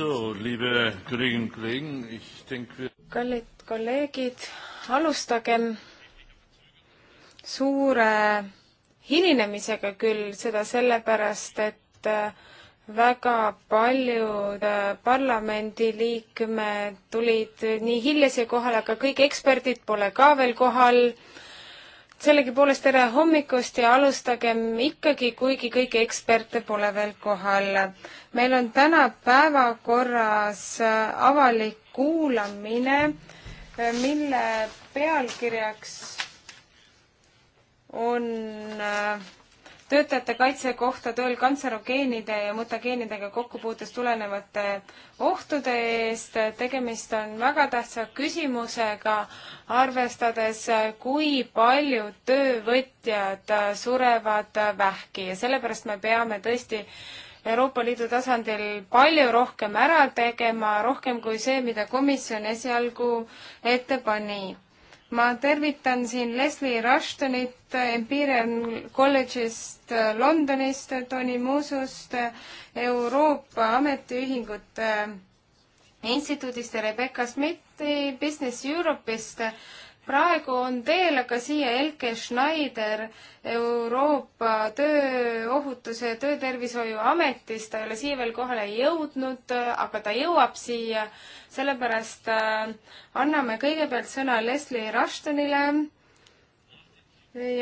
So, liebe Kolleginnen und Kollegen, ich denke... Kallid kolleegid, alustagem suure hilinemisega küll, seda sellepärast, et äh, väga paljud äh, parlamendiliikmed tulid nii hilja siia kohale, aga kõik eksperdid pole ka veel kohal sellegipoolest tere hommikust ja alustagem ikkagi, kuigi kõiki eksperte pole veel kohal. meil on täna päevakorras avalik kuulamine, mille pealkirjaks on äh, töötajate kaitse kohta tööl kantserogeenide ja mutageenidega kokkupuutest tulenevate ohtude eest. tegemist on väga tähtsa küsimusega, arvestades, kui paljud töövõtjad surevad vähki ja sellepärast me peame tõesti Euroopa Liidu tasandil palju rohkem ära tegema, rohkem kui see, mida komisjon esialgu ette pani ma tervitan siin Leslie Rushtonit Empyrean kolledžist Londonist, Tony Musust, Euroopa Ametiühingute Instituudist ja Rebecca Smithi Business Europe'ist praegu on teel aga siia Elke Schneider Euroopa Tööohutuse ja Töötervishoiu Ametist, ta ei ole siia veel kohale jõudnud, aga ta jõuab siia, sellepärast äh, anname kõigepealt sõna Leslie Rushtonile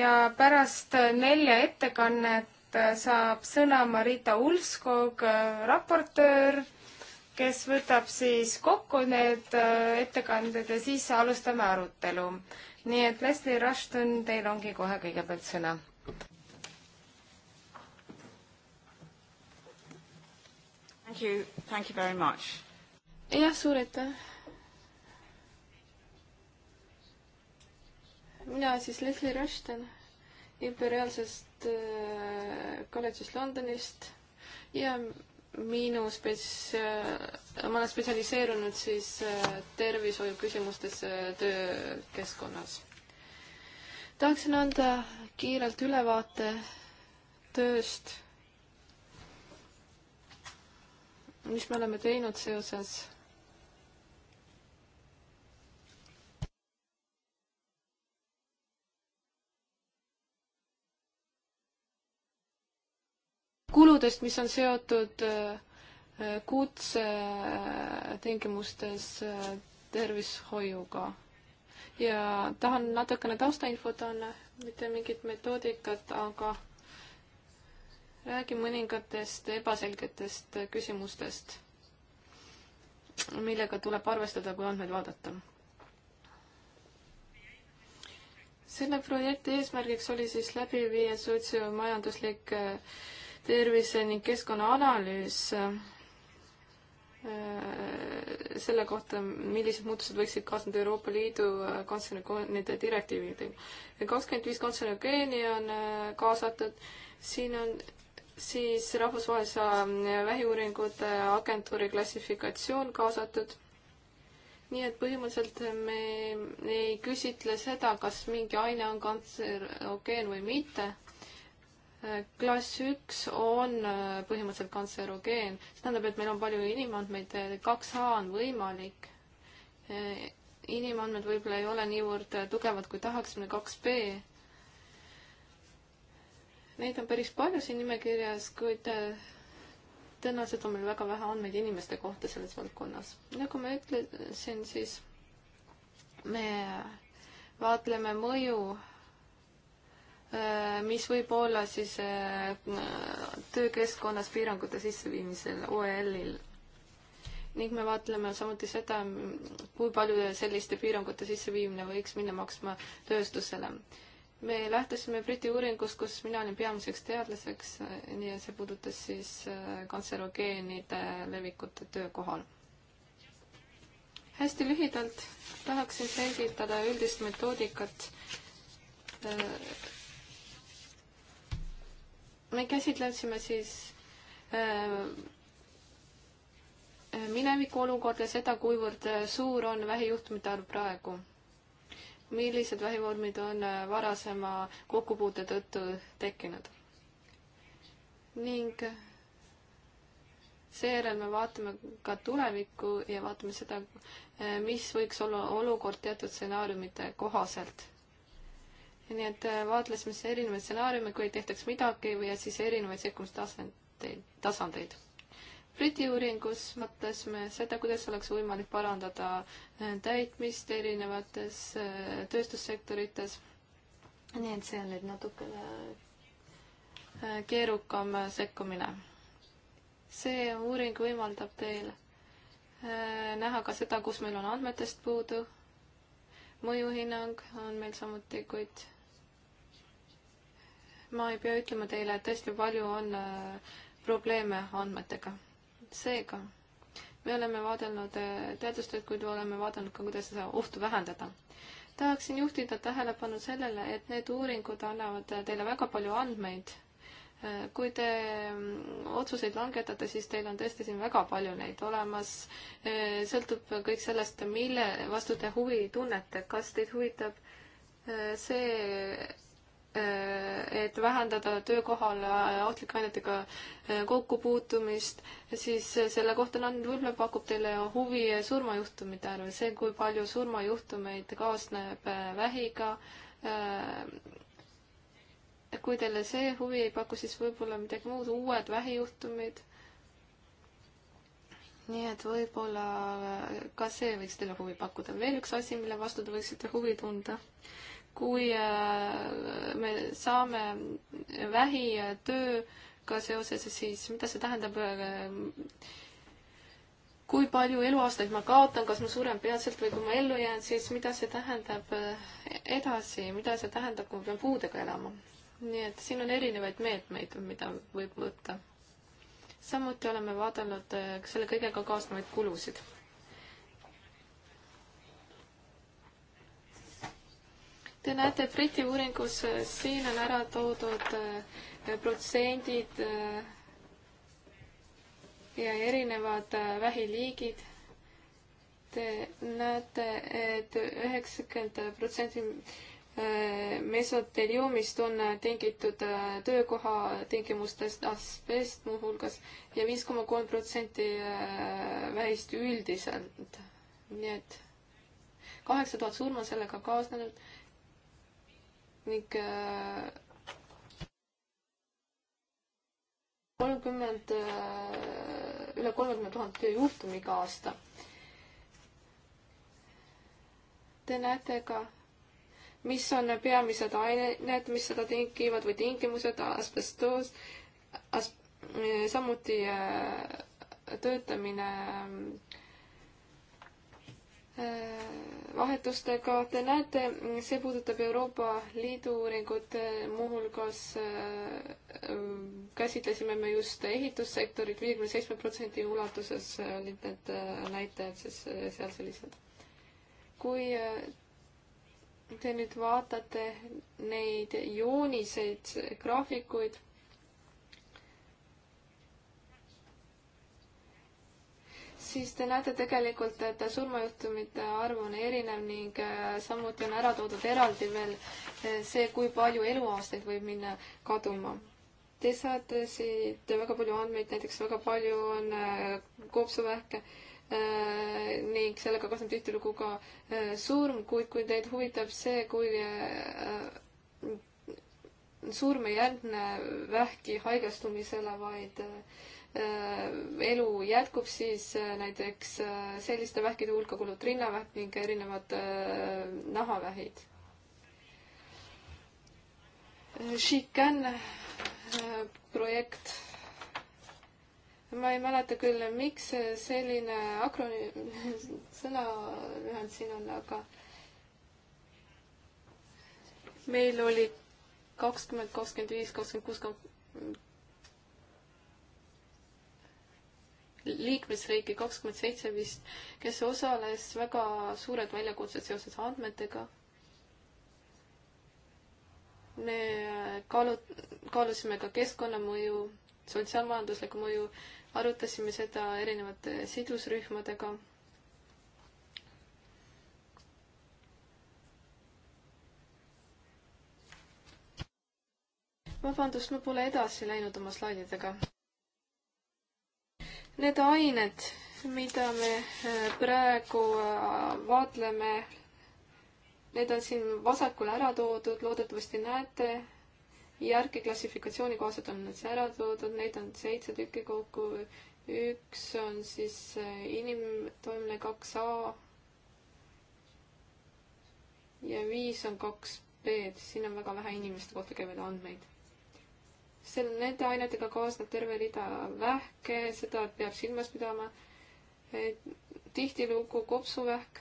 ja pärast nelja ettekannet saab sõna Marita Ulskog, äh, raportöör kes võtab siis kokku need äh, ettekanded ja siis alustame arutelu. nii et Leslie Rushton, teil ongi kohe kõigepealt sõna. Thank you, thank you very much. jah, suur aitäh. mina siis Leslie Rushton imperiaalsest äh, kolledžist Londonist ja minu spets-, äh, ma olen spetsialiseerunud siis äh, tervishoiu küsimustesse töökeskkonnas. tahaksin anda kiirelt ülevaate tööst, mis me oleme teinud seoses kuludest, mis on seotud äh, kutsetingimustes äh, tervishoiuga. ja tahan natukene taustainfot anda, äh, mitte mingit metoodikat, aga räägin mõningatest ebaselgetest küsimustest, millega tuleb arvestada, kui andmeid vaadata selle projekti eesmärgiks oli siis läbi viia sotsiomajanduslik tervise ning keskkonnaanalüüs äh, selle kohta, millised muutused võiksid kaasneda Euroopa Liidu äh, kontsernogeenide direktiividega. kakskümmend viis kontsernogeeni on äh, kaasatud, siin on siis rahvusvahelise vähiuuringute agentuuri klassifikatsioon kaasatud. nii et põhimõtteliselt me ei küsitle seda, kas mingi aine on kantserogeen või mitte klass üks on äh, põhimõtteliselt kantserogeen, see tähendab, et meil on palju inimandmeid, kaks A on võimalik. Äh, inimandmed võib-olla ei ole niivõrd äh, tugevad, kui tahaksime, kaks B. Neid on päris palju siin nimekirjas, kuid tõenäoliselt on meil väga vähe andmeid inimeste kohta selles valdkonnas. nagu ma ütlesin, siis me vaatleme mõju Äh, mis võib olla siis äh, töökeskkonnas piirangute sisseviimisel OEL-il. ning me vaatleme samuti seda, kui palju selliste piirangute sisseviimine võiks minna maksma tööstusele. me lähtusime Briti uuringust, kus mina olin peamiseks teadlaseks, nii et see puudutas siis äh, kantserogeenide levikut töökohal. hästi lühidalt tahaksin selgitada üldist metoodikat me käsitlesime siis äh, äh, mineviku olukorda ja seda, kuivõrd äh, suur on vähijuhtumite arv praegu. millised vähivormid on varasema kokkupuute tõttu tekkinud? ning seejärel me vaatame ka tulevikku ja vaatame seda, mis võiks olla olukord teatud stsenaariumite kohaselt nii et äh, vaatlesime siis erinevaid stsenaariume, kui tehtaks midagi ja siis erinevaid sekkumistasandeid, tasandeid. Briti uuringus mõtlesime seda, kuidas oleks võimalik parandada äh, täitmist erinevates äh, tööstussektorites. nii et see on nüüd natukene keerukam sekkumine. see uuring võimaldab teil näha ka seda, kus meil on andmetest puudu. mõjuhinnang on meil samuti, kuid ma ei pea ütlema teile, et hästi palju on äh, probleeme andmetega. seega, me oleme vaadelnud äh, teadustööd, kuid oleme vaadelnud ka, kuidas seda ohtu vähendada. tahaksin juhtida tähelepanu sellele, et need uuringud annavad äh, teile väga palju andmeid. kui te mm, otsuseid langetate, siis teil on tõesti siin väga palju neid olemas. sõltub kõik sellest, mille vastu te huvi tunnete, kas teid huvitab see et vähendada töökohal ohtlike ainetega äh, kokkupuutumist, siis selle kohta on, võib-olla pakub teile huvi surmajuhtumite arv, see, kui palju surmajuhtumeid kaasneb äh, vähiga. Äh, kui teile see huvi ei paku, siis võib-olla midagi muud, uued vähijuhtumid. nii et võib-olla ka see võiks teile huvi pakkuda. veel üks asi, mille vastu te võiksite huvi tunda kui äh, me saame vähi tööga seoses, siis mida see tähendab? Äh, kui palju eluaastaid ma kaotan, kas ma suren peatselt või kui ma ellu jään, siis mida see tähendab äh, edasi, mida see tähendab, kui ma pean puudega elama? nii et siin on erinevaid meetmeid, mida võib võtta. samuti oleme vaadanud selle kõigega kaasnevaid kulusid Te näete, et Briti uuringus äh, siin on ära toodud äh, protsendid äh, ja erinevad vähiliigid. Te näete et, et üheksakümmend protsenti mesotelioomist on tingitud töökoha tingimustest asbest muuhulgas ja viis koma kolm protsenti vähist üldiselt. nii et kaheksa tuhat surma sellega kaasnenud ning äh, kolmkümmend, äh, üle kolmekümne tuhande tööjuhtumi iga aasta. Te näete ka, mis on peamised ained, mis seda tingivad või tingimused, asbestoos as,, samuti äh, töötamine Äh, vahetustega. Te näete, see puudutab Euroopa Liidu uuringut, muuhulgas äh, käsitlesime me just ehitussektorit, viiekümne seitsme protsendi ulatuses äh, olid need näitajad siis seal sellised. kui te nüüd vaatate neid jooniseid graafikuid siis te näete tegelikult, et surmajuhtumite arv on erinev ning äh, samuti on ära toodud eraldi veel äh, see, kui palju eluaastaid võib minna kaduma. Te saate siit väga palju andmeid, näiteks väga palju on äh, kopsuvähke ning sellega kaasneb tihtilugu ka surm, kuid kui teid huvitab see, kui surm ei järgne vähki haigestumisele, vaid äh, Äh, elu jätkub, siis äh, näiteks äh, selliste vähkide hulka kuulub rinnavähk ning erinevad nahavähid. Chican projekt. ma ei mäleta küll, miks selline akronüüm, sõnaühend siin on, aga meil oli kakskümmend, kakskümmend viis, kakskümmend kuus, liikmesriiki, kakskümmend seitse vist, kes osales, väga suured väljakutsed seoses andmetega. me kaalu-, kaalusime ka keskkonnamõju, sotsiaalmajanduslikku mõju, arutasime seda erinevate sidusrühmadega vabandust, ma pole edasi läinud oma slaididega. Need ained, mida me äh, praegu äh, vaatleme, need on siin vasakule ära toodud, loodetavasti näete. järgi klassifikatsiooni kohaselt on need ära toodud, neid on seitse tükki kokku. üks on siis äh, inimtoimne kaks A ja viis on kaks B-d, siin on väga vähe inimeste kohta käivaid andmeid seal nende ainetega kaasneb terve rida vähke, seda peab silmas pidama. tihtilugu kopsuvähk.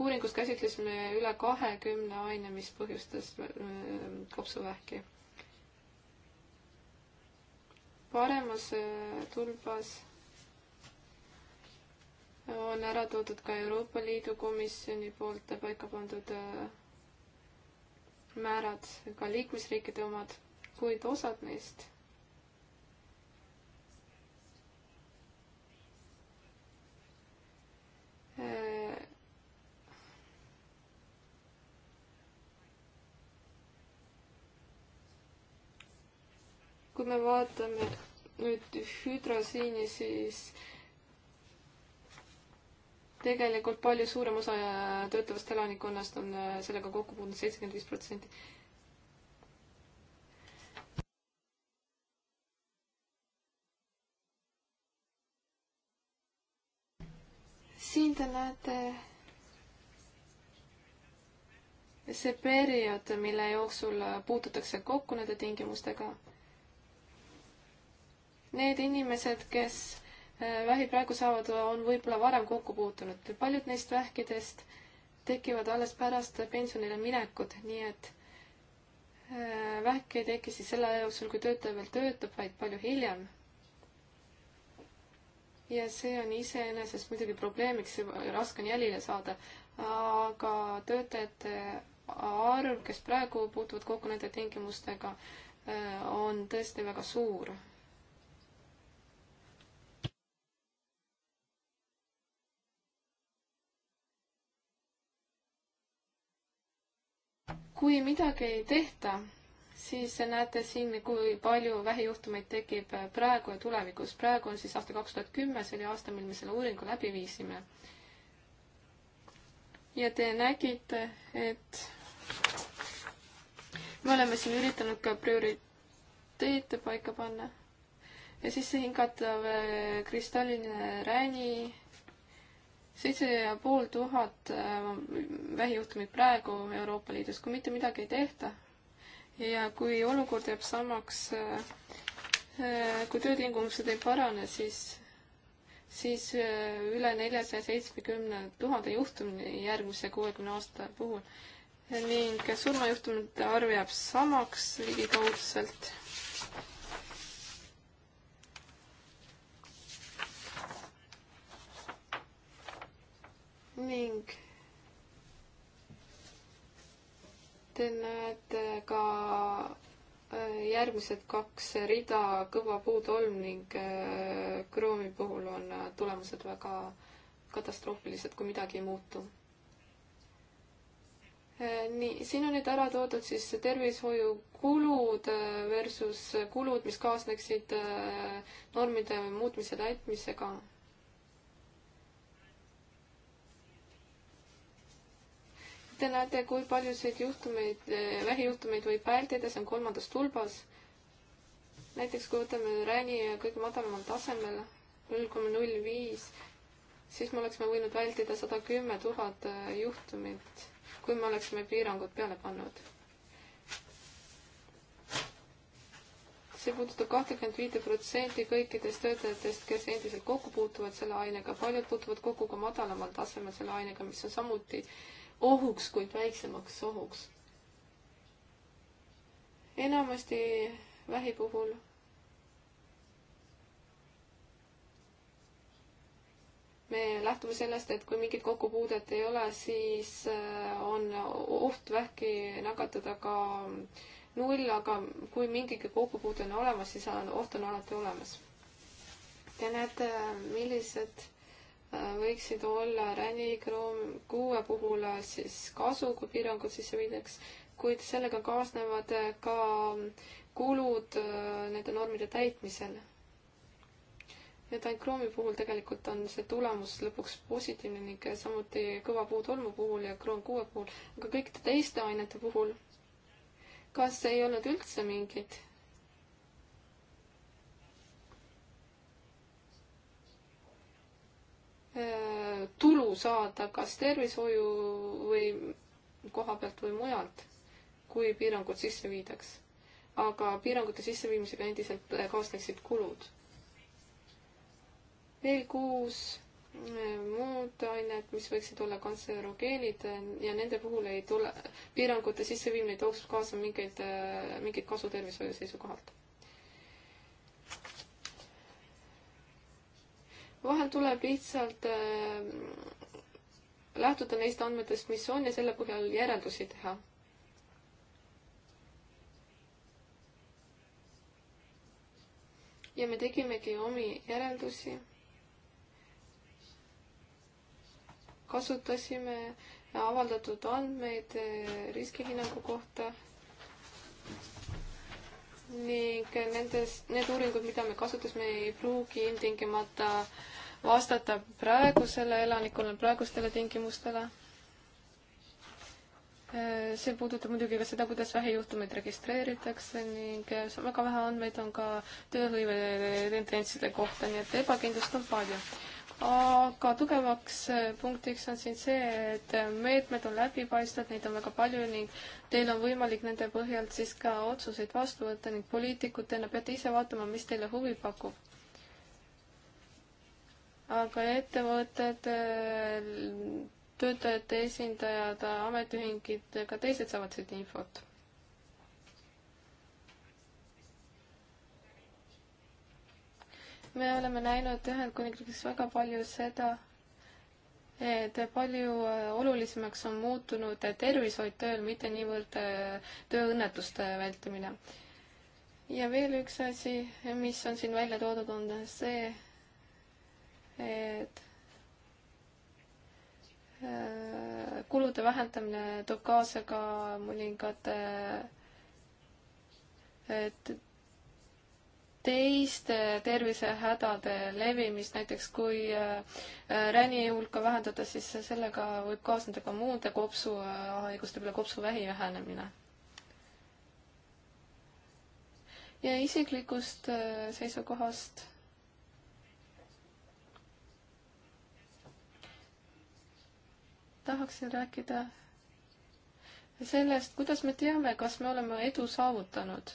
uuringus käsitlesime üle kahekümne aine, mis põhjustas äh, kopsuvähki. paremas äh, tulbas on ära toodud ka Euroopa Liidu komisjoni poolt paika pandud äh, määrad, ka liikmesriikide omad, kuid osad neist kui me vaatame nüüd hüdrosiini, siis tegelikult palju suurem osa töötavast elanikkonnast on äh, sellega kokku puutunud, seitsekümmend viis protsenti. siin te näete see periood, mille jooksul puututakse kokku nende tingimustega. Need inimesed, kes Äh, vähid praegu saavad, on võib-olla varem kokku puutunud. paljud neist vähkidest tekivad alles pärast pensionile minekut, nii et äh, vähk ei teki siis selle aja jooksul, kui töötaja veel töötab, vaid palju hiljem. ja see on iseenesest muidugi probleemiks, raske on jälile saada, aga töötajate arv, kes praegu puutuvad kokku nende tingimustega, äh, on tõesti väga suur kui midagi ei tehta, siis näete siin, kui palju vähijuhtumeid tekib praegu ja tulevikus. praegu on siis aasta kaks tuhat kümme, see oli aasta, mil me selle uuringu läbi viisime. ja te nägite, et me oleme siin üritanud ka prioriteete paika panna. ja siis see hingatav kristalline räni seitse ja pool tuhat äh, vähijuhtumit praegu Euroopa Liidus, kui mitte midagi ei tehta. ja kui olukord jääb samaks, äh, äh, kui töötingimused ei parane, siis, siis üle neljasaja seitsmekümne tuhande juhtumini järgmise kuuekümne aasta puhul ning surmajuhtumite arv jääb samaks ligikaudselt ning te näete ka äh, järgmised kaks rida, kõva puutolm ning äh, kroomi puhul on äh, tulemused väga katastroofilised, kui midagi ei muutu. nii, siin on nüüd ära toodud siis tervishoiukulud versus kulud, mis kaasneksid normide muutmise täitmisega te näete, kui paljusid juhtumeid, vähijuhtumeid eh, võib vältida, see on kolmandas tulbas. näiteks kui võtame räni kõige madalamal tasemel, null koma null viis, siis me oleksime võinud vältida sada kümme tuhat eh, juhtumit, kui me oleksime piirangud peale pannud. see puudutab kahtekümmet viite protsenti kõikidest töötajatest, kes endiselt kokku puutuvad selle ainega, paljud puutuvad kokku ka madalamal tasemel selle ainega, mis on samuti äh, ohuks, kuid väiksemaks ohuks. enamasti vähi puhul me lähtume sellest, et kui mingit kokkupuudet ei ole, siis äh, on oht vähki nakatada ka null, aga kui mingigi kokkupuude on olemas, siis oht on alati olemas. Te näete, millised võiksid olla ränikroom kuue puhul siis kasu, kui piirangud sisse viidaks, kuid sellega kaasnevad ka kulud äh, nende normide täitmisel. et ainult kroomi puhul tegelikult on see tulemus lõpuks positiivne ning samuti kõva puutolmu puhul ja kroon kuue puhul, aga kõikide teiste ainete puhul, kas ei olnud üldse mingit Äh, tulu saada kas tervishoiu või koha pealt või mujalt, kui piirangud sisse viidaks. aga piirangute sisseviimisega endiselt äh, kaasneksid kulud. veel kuus äh, muud ained, mis võiksid olla kantserogeenid ja nende puhul ei tule, piirangute sisseviimine ei tooks kaasa mingeid, mingit kasu tervishoiu seisukohalt vahel tuleb lihtsalt äh, lähtuda neist andmetest, mis on ja selle põhjal järeldusi teha. ja me tegimegi omi järeldusi. kasutasime avaldatud andmeid äh, riskihinnangu kohta ning nendes, need uuringud, mida me kasutasime, ei pruugi ilmtingimata vastata praegusele elanikule, praegustele tingimustele. see puudutab muidugi ka seda, kuidas vähijuhtumeid registreeritakse ning väga vähe andmeid on ka tööhõive tendentside kohta, nii et ebakindlust on palju aga tugevaks äh, punktiks on siin see, et äh, meetmed on läbipaistvad, neid on väga palju ning teil on võimalik nende põhjalt siis ka otsuseid vastu võtta ning poliitikutena peate ise vaatama, mis teile huvi pakub. aga ettevõtted, äh, töötajate esindajad, ametiühingid, ka teised saavad siit infot me oleme näinud Ühendkuningriigis väga palju seda, et palju äh, olulisemaks on muutunud tervishoid tööl, mitte niivõrd äh, tööõnnetuste vältimine. ja veel üks asi, mis on siin välja toodud, on see, et äh, kulude vähendamine toob kaasa ka mõningate et teiste tervisehädade levimist, näiteks kui äh, äh, räni hulka vähendada, siis sellega võib kaasneda ka muude kopsuhaiguste äh, peale kopsuvähi vähenemine. ja isiklikust seisukohast tahaksin rääkida sellest, kuidas me teame, kas me oleme edu saavutanud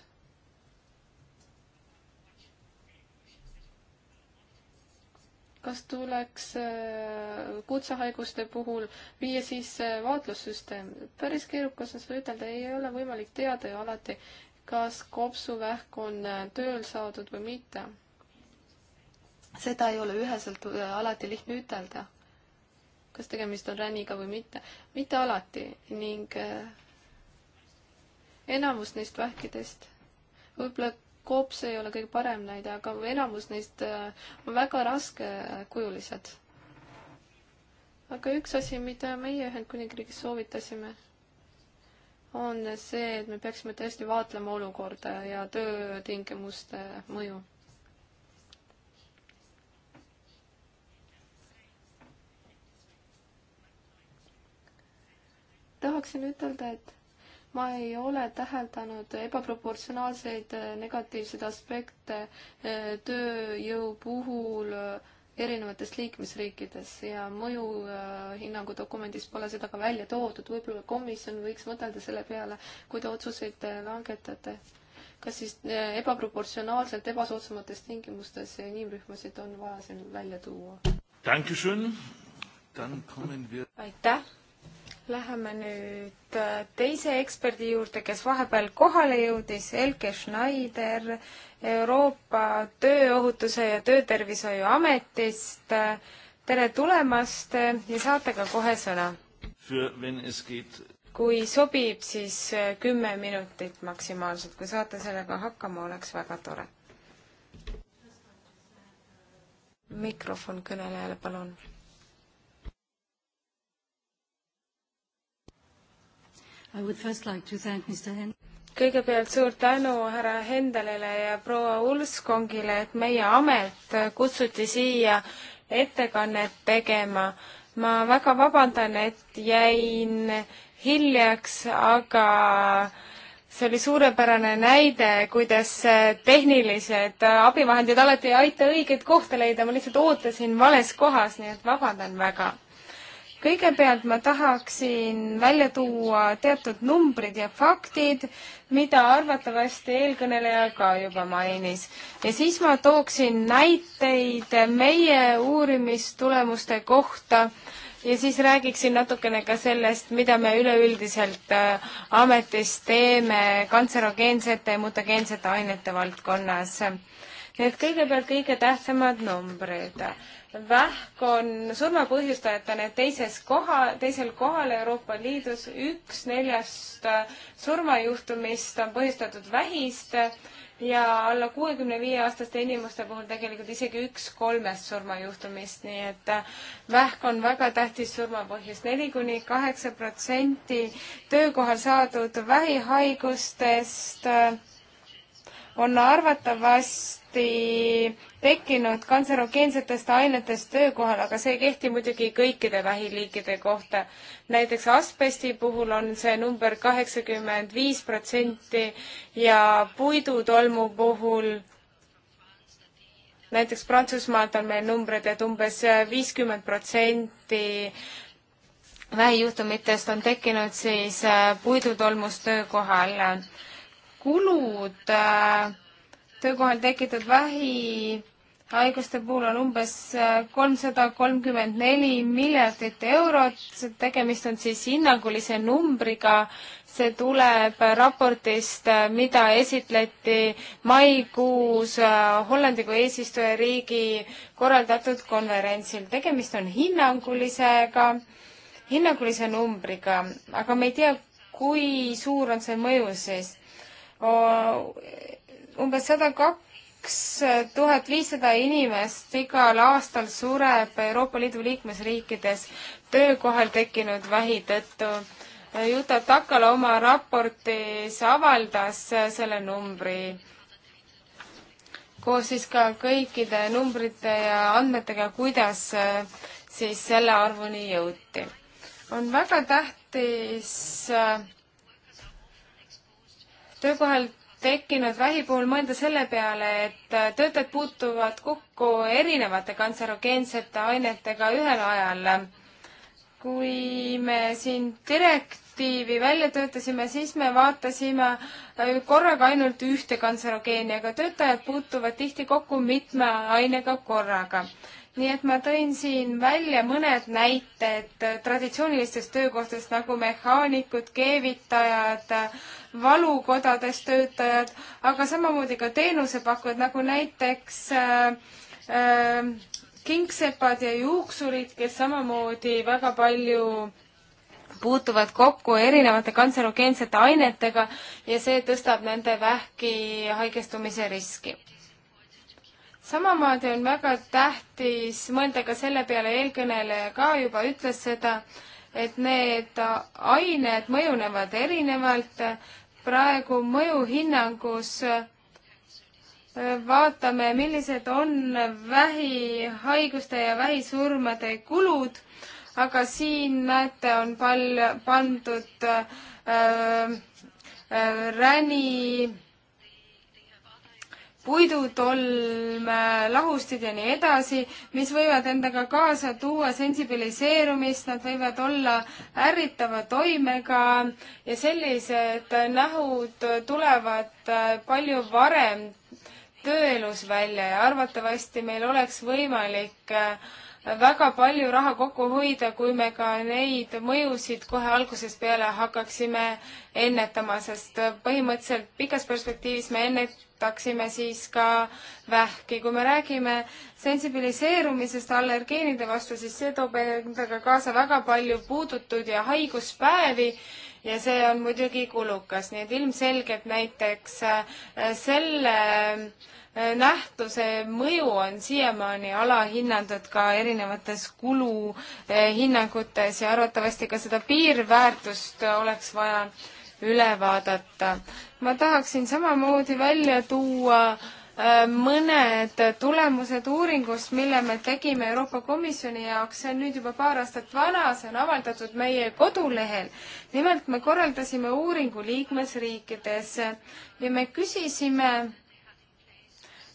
kas tuleks äh, kutsehaiguste puhul viia sisse vaatlussüsteem? päris keerukas on seda ütelda, ei ole võimalik teada ju alati, kas kopsuvähk on äh, tööl saadud või mitte. seda ei ole üheselt äh, alati lihtne ütelda, kas tegemist on räniga või mitte. mitte alati ning enamus neist vähkidest võib-olla Koops ei ole kõige parem näide, aga enamus neist äh, on väga raskekujulised. aga üks asi, mida meie Ühendkuningriigis soovitasime, on see, et me peaksime tõesti vaatlema olukorda ja töötingimuste mõju. tahaksin ütelda, et ma ei ole täheldanud ebaproportsionaalseid äh, negatiivseid aspekte äh, tööjõu puhul äh, erinevates liikmesriikides ja mõjuhinnangu dokumendis pole seda ka välja toodud, võib-olla komisjon võiks mõtelda selle peale, kui te otsuseid langetate. kas siis ebaproportsionaalselt ebasoodsamates tingimustes inimrühmasid on vaja siin välja tuua? aitäh! Läheme nüüd äh, teise eksperdi juurde, kes vahepeal kohale jõudis, Elke Schneider Euroopa Tööohutuse ja Töötervishoiu Ametist. tere tulemast ja saate ka kohe sõna. kui sobib, siis äh, kümme minutit maksimaalselt, kui saate sellega hakkama, oleks väga tore. mikrofon kõnelejale, palun I would first like to thank Mr Hen- kõigepealt suur tänu härra Hendelile ja proua Ulskongile, et meie amet kutsuti siia ettekannet tegema. ma väga vabandan, et jäin hiljaks, aga see oli suurepärane näide, kuidas tehnilised abivahendid alati ei aita õiget kohta leida, ma lihtsalt ootasin vales kohas, nii et vabandan väga kõigepealt ma tahaksin välja tuua teatud numbrid ja faktid, mida arvatavasti eelkõneleja ka juba mainis. ja siis ma tooksin näiteid meie uurimistulemuste kohta ja siis räägiksin natukene ka sellest, mida me üleüldiselt äh, ametis teeme kantserogeensete ja mutageensete ainete valdkonnas. nii et kõigepealt kõige tähtsamad numbrid vähk on surmapõhjustajatena teises koha, teisel kohal Euroopa Liidus. üks neljast äh, surmajuhtumist on põhjustatud vähist ja alla kuuekümne viie aastaste inimeste puhul tegelikult isegi üks kolmest surmajuhtumist, nii et äh, vähk on väga tähtis surmapõhjus. neli kuni kaheksa protsenti töökohal saadud vähihaigustest äh, on arvatavasti tekkinud kantserogeensetest ainetest töökohal, aga see ei kehti muidugi kõikide vähiliikide kohta. näiteks asbesti puhul on see number kaheksakümmend viis protsenti ja puidutolmu puhul näiteks Prantsusmaalt on meil numbrid, et umbes viiskümmend protsenti vähijuhtumitest on tekkinud siis äh, puidutolmust töökohal kulud äh, töökohal tekitatud vähihaiguste puhul on umbes äh, kolmsada kolmkümmend neli miljardit eurot, tegemist on siis hinnangulise numbriga, see tuleb raportist, äh, mida esitleti maikuus Hollandi kui eesistujariigi korraldatud konverentsil. tegemist on hinnangulisega, hinnangulise numbriga, aga me ei tea, kui suur on see mõju siis Äh, umbes sada kaks tuhat viissada inimest igal aastal sureb Euroopa Liidu liikmesriikides töökohal tekkinud vähi tõttu. Juta Takala oma raportis avaldas selle numbri koos siis ka kõikide numbrite ja andmetega, kuidas siis selle arvuni jõuti. on väga tähtis äh, töökohal tekkinud vähi puhul mõelda selle peale, et äh, töötajad puutuvad kokku erinevate kantserogeensete ainetega ühel ajal. kui me siin direktiivi välja töötasime, siis me vaatasime äh, korraga ainult ühte kantserogeeni, aga töötajad puutuvad tihti kokku mitme ainega korraga nii et ma tõin siin välja mõned näited traditsioonilistest töökohtadest nagu mehaanikud, keevitajad, valukodades töötajad, aga samamoodi ka teenusepakkujad, nagu näiteks äh, äh, kingsepad ja juuksurid, kes samamoodi väga palju puutuvad kokku erinevate kantserogeensete ainetega ja see tõstab nende vähki haigestumise riski samamoodi on väga tähtis mõelda ka selle peale, eelkõneleja ka juba ütles seda, et need ained mõjunevad erinevalt, praegu mõjuhinnangus äh, vaatame, millised on vähihaiguste ja vähisurmade kulud, aga siin näete, on pal-, pandud äh, äh, räni puidutolme, lahustid ja nii edasi, mis võivad endaga kaasa tuua sensibiliseerumist, nad võivad olla ärritava toimega ja sellised nähud tulevad äh, palju varem tööelus välja ja arvatavasti meil oleks võimalik äh, väga palju raha kokku hoida, kui me ka neid mõjusid kohe algusest peale hakkaksime ennetama, sest põhimõtteliselt pikas perspektiivis me ennet-, kasutaksime siis ka vähki. kui me räägime sensibiliseerumisest allergeenide vastu, siis see toob endaga kaasa väga palju puudutud ja haiguspäevi ja see on muidugi kulukas, nii et ilmselgelt näiteks äh, selle äh, nähtuse mõju on siiamaani alahinnatud ka erinevates kuluhinnangutes ja arvatavasti ka seda piirväärtust oleks vaja äh, üle vaadata. ma tahaksin samamoodi välja tuua äh, mõned tulemused uuringust, mille me tegime Euroopa Komisjoni jaoks, see on nüüd juba paar aastat vana, see on avaldatud meie kodulehel. nimelt me korraldasime uuringu liikmesriikides ja me küsisime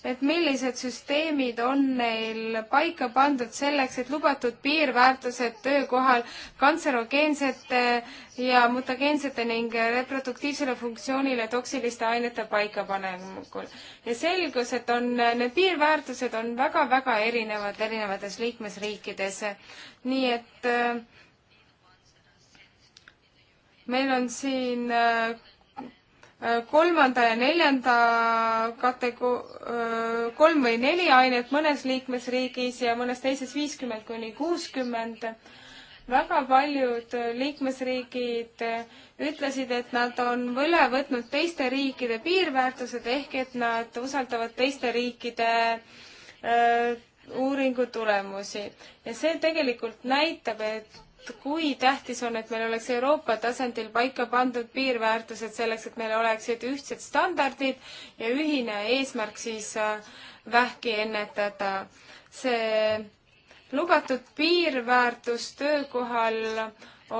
et millised süsteemid on neil paika pandud selleks, et lubatud piirväärtused töökohal kantserogeensete ja mutageensete ning reproduktiivsele funktsioonile toksiliste ainete paikapanekul. ja selgus, et on, need piirväärtused on väga-väga erinevad erinevates liikmesriikides. nii et äh, meil on siin äh, kolmanda ja neljanda katego-, kolm või neli ainet mõnes liikmesriigis ja mõnes teises viiskümmend kuni kuuskümmend. väga paljud liikmesriigid ütlesid, et nad on üle võtnud teiste riikide piirväärtused ehk et nad usaldavad teiste riikide öö, uuringu tulemusi ja see tegelikult näitab, et kui tähtis on, et meil oleks Euroopa tasandil paika pandud piirväärtused selleks, et meil oleksid ühtsed standardid ja ühine eesmärk siis äh, vähki ennetada. see lubatud piirväärtus töökohal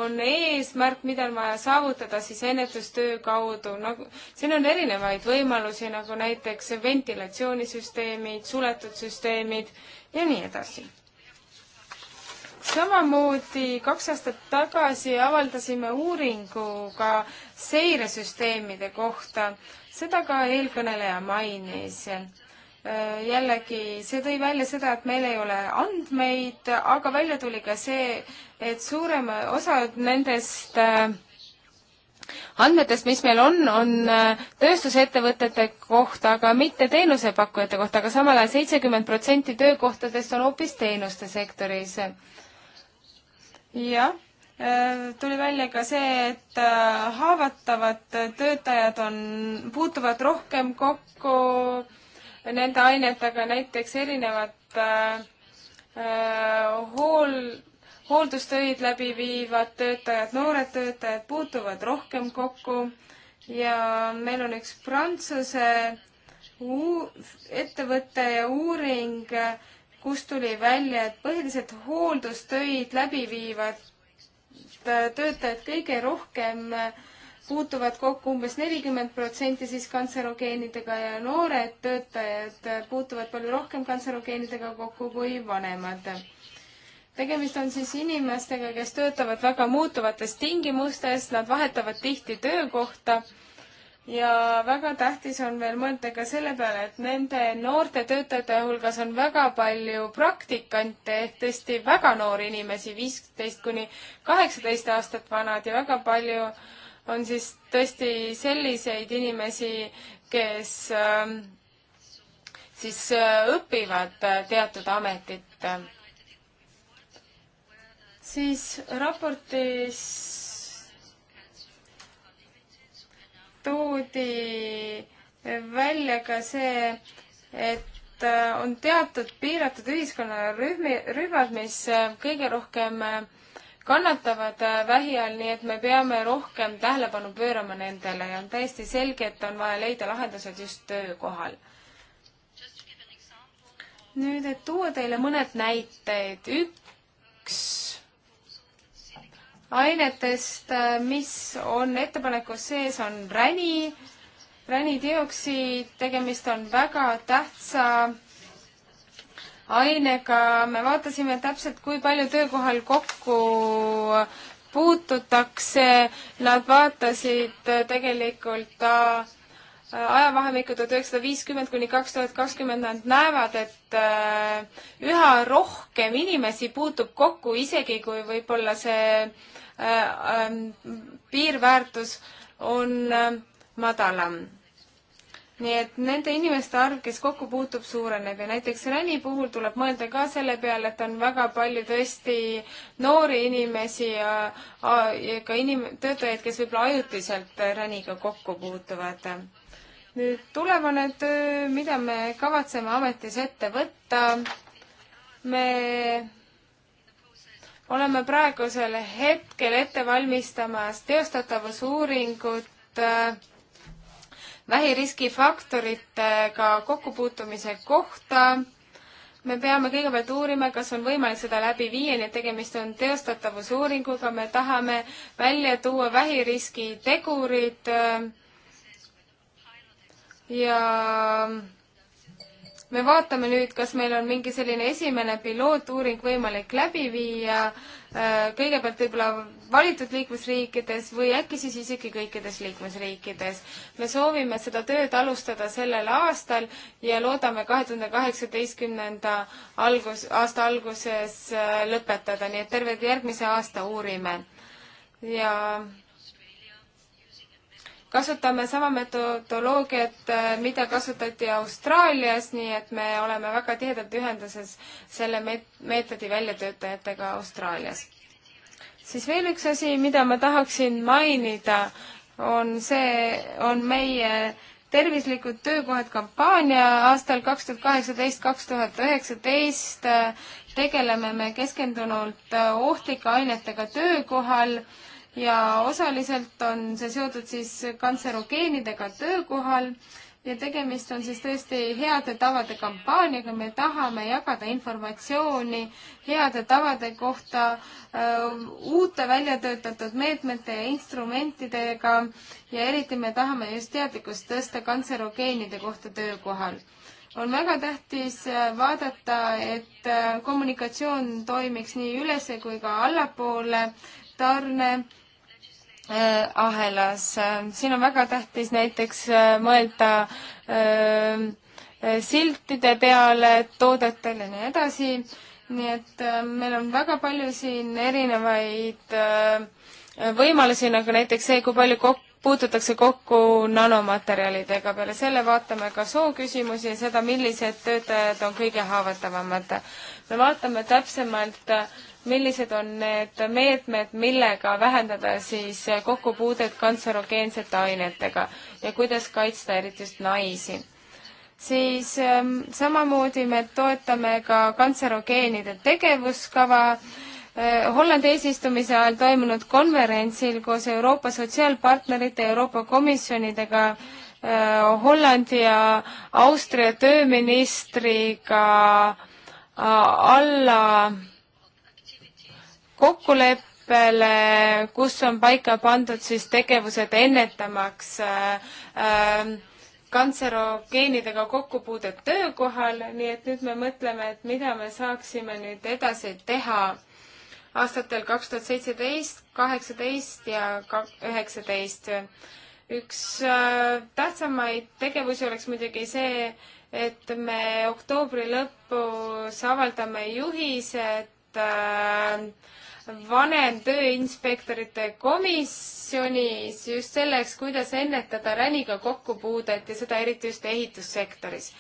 on eesmärk, mida on vaja saavutada siis ennetustöö kaudu, nagu siin on erinevaid võimalusi, nagu näiteks ventilatsioonisüsteemid, suletud süsteemid ja nii edasi samamoodi kaks aastat tagasi avaldasime uuringu ka seiresüsteemide kohta, seda ka eelkõneleja mainis. Äh, jällegi, see tõi välja seda, et meil ei ole andmeid, aga välja tuli ka see, et suurem osa nendest äh, andmetest, mis meil on, on äh, tööstusettevõtete kohta, aga mitte teenusepakkujate kohta aga, aga samal ajal seitsekümmend protsenti töökohtadest on hoopis teenuste sektoris jah, äh, tuli välja ka see, et äh, haavatavad töötajad on, puutuvad rohkem kokku nende ainetega, näiteks erinevad äh, äh, hool, hooldustöid läbi viivad töötajad, noored töötajad puutuvad rohkem kokku ja meil on üks Prantsuse ettevõte ja uuring, kus tuli välja, et põhiliselt hooldustöid läbi viivad äh, töötajad kõige rohkem äh, puutuvad kokku umbes nelikümmend protsenti siis kantserogeenidega ja noored töötajad äh, puutuvad palju rohkem kantserogeenidega kokku kui vanemad. tegemist on siis inimestega, kes töötavad väga muutuvates tingimustes, nad vahetavad tihti töökohta ja väga tähtis on veel mõelda ka selle peale, et nende noorte töötajate hulgas on väga palju praktikante ehk tõesti väga noori inimesi, viisteist kuni kaheksateist aastat vanad ja väga palju on siis tõesti selliseid inimesi, kes äh, siis äh, õpivad äh, teatud ametit. siis raportis toodi välja ka see, et äh, on teatud piiratud ühiskonnarühmi, rühmad, mis äh, kõige rohkem äh, kannatavad vähi all, nii et me peame rohkem tähelepanu pöörama nendele ja on täiesti selge, et on vaja leida lahendused just töökohal. nüüd, et tuua teile mõned näited. üks ainetest, äh, mis on ettepanekus sees, on räni, ränidioksiid, tegemist on väga tähtsa ainega, me vaatasime täpselt, kui palju töökohal kokku puututakse, nad vaatasid äh, tegelikult äh, ajavahemikku tuhat üheksasada viiskümmend kuni kaks tuhat kakskümmend nad näevad, et äh, üha rohkem inimesi puutub kokku, isegi kui võib-olla see äh, ähm, piirväärtus on äh, madalam nii et nende inimeste arv, kes kokku puutub, suureneb ja näiteks Räni puhul tuleb mõelda ka selle peale, et on väga palju tõesti noori inimesi ja, ja ka inim-, töötajaid, kes võib-olla ajutiselt Räniga kokku puutuvad. nüüd tulevane töö, mida me kavatseme ametis ette võtta, me oleme praegusel hetkel ette valmistamas teostatavusuuringut äh, vähiriskifaktoritega kokkupuutumise kohta me peame kõigepealt uurima, kas on võimalik seda läbi viia, nii et tegemist on teostatavusuuringuga, me tahame välja tuua vähiriski tegurid äh, ja me vaatame nüüd, kas meil on mingi selline esimene pilootuuring võimalik läbi viia Äh, kõigepealt võib-olla valitud liikmesriikides või äkki siis isegi kõikides liikmesriikides. me soovime seda tööd alustada sellel aastal ja loodame kahe tuhande kaheksateistkümnenda algus, aasta alguses äh, lõpetada, nii et terve järgmise aasta uurime. ja kasutame sama metodoloogiat, äh, mida kasutati Austraalias, nii et me oleme väga tihedalt ühenduses selle meetodi väljatöötajatega Austraalias. siis veel üks asi, mida ma tahaksin mainida, on see, on meie tervislikud töökohad kampaania aastal kaks tuhat kaheksateist, kaks tuhat üheksateist tegeleme me keskendunult äh, ohtlike ainetega töökohal ja osaliselt on see seotud siis kantserogeenidega töökohal ja tegemist on siis tõesti heade tavade kampaaniaga, me tahame jagada informatsiooni heade tavade kohta äh, uute välja töötatud meetmete ja instrumentidega ja eriti me tahame just teadlikkust tõsta kantserogeenide kohta töökohal on väga tähtis äh, vaadata, et äh, kommunikatsioon toimiks nii üles kui ka allapoole tarne Äh, ahelas. siin on väga tähtis näiteks äh, mõelda äh, siltide peale, toodetel ja nii edasi. nii et meil on väga palju siin erinevaid võimalusi, nagu näiteks see, kui palju kokku puututakse kokku nanomaterjalidega, peale selle vaatame ka sooküsimusi ja seda, millised töötajad on kõige haavatavamad. me vaatame täpsemalt äh, millised on need meetmed, millega vähendada siis kokkupuudet kantserogeensete ainetega ja kuidas kaitsta eriti just naisi. siis ähm, samamoodi me toetame ka kantserogeenide tegevuskava äh,. Hollandi eesistumise ajal toimunud konverentsil koos Euroopa sotsiaalpartnerite, Euroopa komisjonidega äh,, Hollandi ja Austria tööministriga äh, alla kokkuleppele, kus on paika pandud siis tegevused ennetamaks äh, äh kantserogeenidega kokkupuudet töökohal, nii et nüüd me mõtleme, et mida me saaksime nüüd edasi teha aastatel kaks tuhat seitseteist, kaheksateist ja üheksateist. üks äh, tähtsamaid tegevusi oleks muidugi see, et me oktoobri lõpus avaldame juhised äh, vanemtööinspektorite komisjonis just selleks, kuidas ennetada räniga kokkupuudet ja seda eriti just ehitussektoris.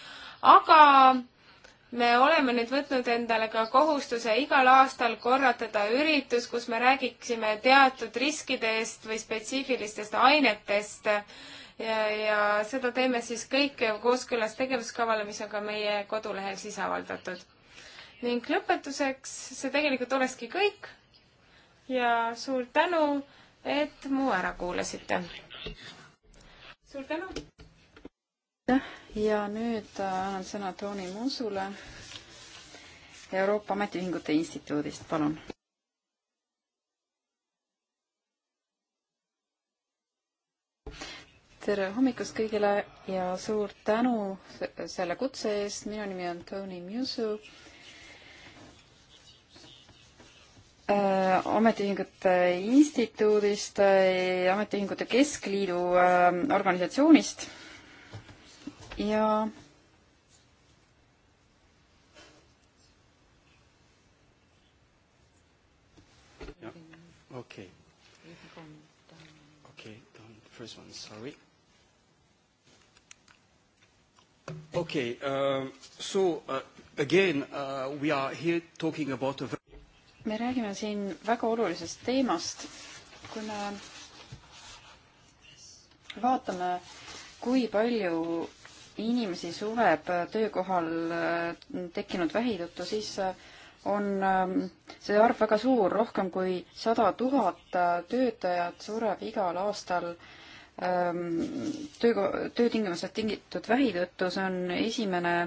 aga me oleme nüüd võtnud endale ka kohustuse igal aastal korratada üritus, kus me räägiksime teatud riskidest või spetsiifilistest ainetest ja, ja seda teeme siis kõik kooskõlas tegevuskavale, mis on ka meie kodulehel siis avaldatud. ning lõpetuseks, see tegelikult olekski kõik ja suur tänu, et mu ära kuulasite. suur tänu. ja nüüd äh, annan sõna Toni Muusule Euroopa Ametiühingute Instituudist, palun. tere hommikust kõigile ja suur tänu selle kutse eest, minu nimi on Tony Musu Äh, ametiühingute instituudist, äh, ametiühingute keskliidu äh, organisatsioonist ja Okay. Okay, down the first one, sorry. Okay, um, so uh, again, uh, we are here talking about a very me räägime siin väga olulisest teemast, kui me vaatame, kui palju inimesi sureb töökohal äh, tekkinud vähi tõttu, siis äh, on ähm, see arv väga suur, rohkem kui sada tuhat äh, töötajat sureb igal aastal ähm, töö, töötingimustest tingitud vähi tõttu, see on esimene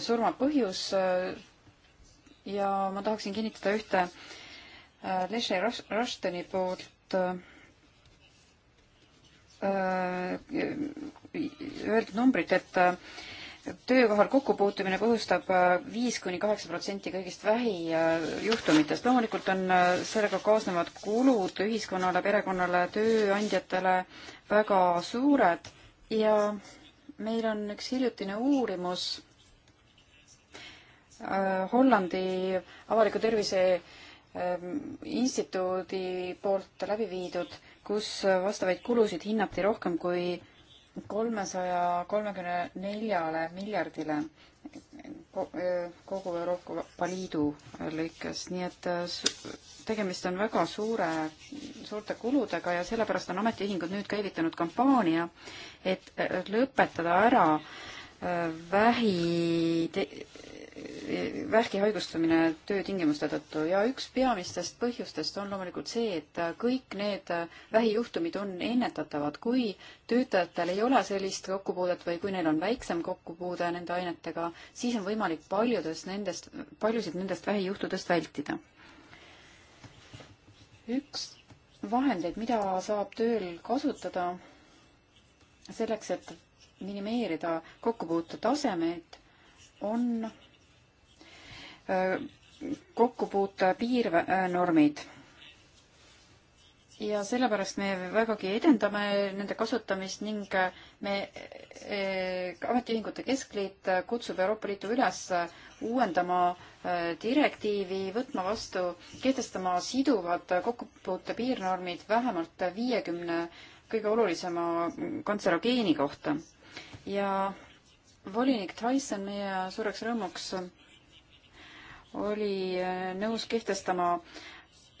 surmapõhjus ja ma tahaksin kinnitada ühte äh, Leslie Rushtoni poolt äh, öeldud numbrit, et äh, töökohal kokkupuutumine põhjustab viis kuni kaheksa protsenti kõigist vähijuhtumitest. loomulikult on sellega kaasnevad kulud ühiskonnale, perekonnale, tööandjatele väga suured ja meil on üks hiljutine uurimus Äh, Hollandi avaliku tervise ähm, instituudi poolt läbi viidud, kus äh, vastavaid kulusid hinnati rohkem kui kolmesaja kolmekümne neljale miljardile äh, kogu Euroopa Liidu lõikes, nii et tegemist on väga suure, suurte kuludega ja sellepärast on ametiühingud nüüd käivitanud kampaania, et lõpetada ära vähi vähki haigustumine töötingimuste tõttu ja üks peamistest põhjustest on loomulikult see, et kõik need vähijuhtumid on ennetatavad, kui töötajatel ei ole sellist kokkupuudet või kui neil on väiksem kokkupuude nende ainetega, siis on võimalik paljudest nendest, paljusid nendest vähijuhtudest vältida. üks vahendeid, mida saab tööl kasutada selleks, et minimeerida kokkupuute tasemeid, on kokkupuute piirnormid. ja sellepärast me vägagi edendame nende kasutamist ning me e, Ametiühingute Keskliit kutsub Euroopa Liitu üles uuendama e, direktiivi, võtma vastu, kehtestama siduvad kokkupuute piirnormid vähemalt viiekümne kõige olulisema kantserogeeni kohta. ja volinik Tyson meie suureks rõõmuks oli äh, nõus kehtestama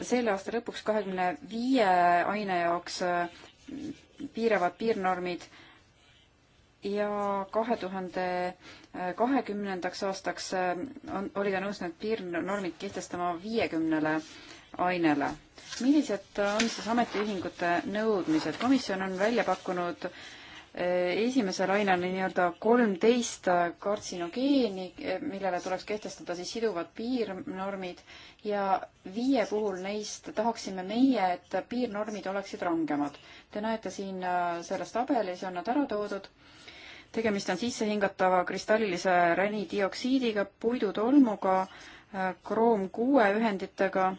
selle aasta lõpuks kahekümne viie aine jaoks äh, piiravad piirnormid ja kahe tuhande kahekümnendaks aastaks äh, on, oli ta nõus need piirnormid kehtestama viiekümnele ainele. millised on siis ametiühingute nõudmised? komisjon on välja pakkunud äh, Eh, esimese lainele nii-öelda kolmteist kartsinogeeni, eh, millele tuleks kehtestada siis siduvad piirnormid ja viie puhul neist tahaksime meie, et piirnormid oleksid rangemad. Te näete siin eh, selles tabelis on nad ära toodud. tegemist on sissehingatava kristallilise ränidioksiidiga, puidutolmuga, kroom kuue ühenditega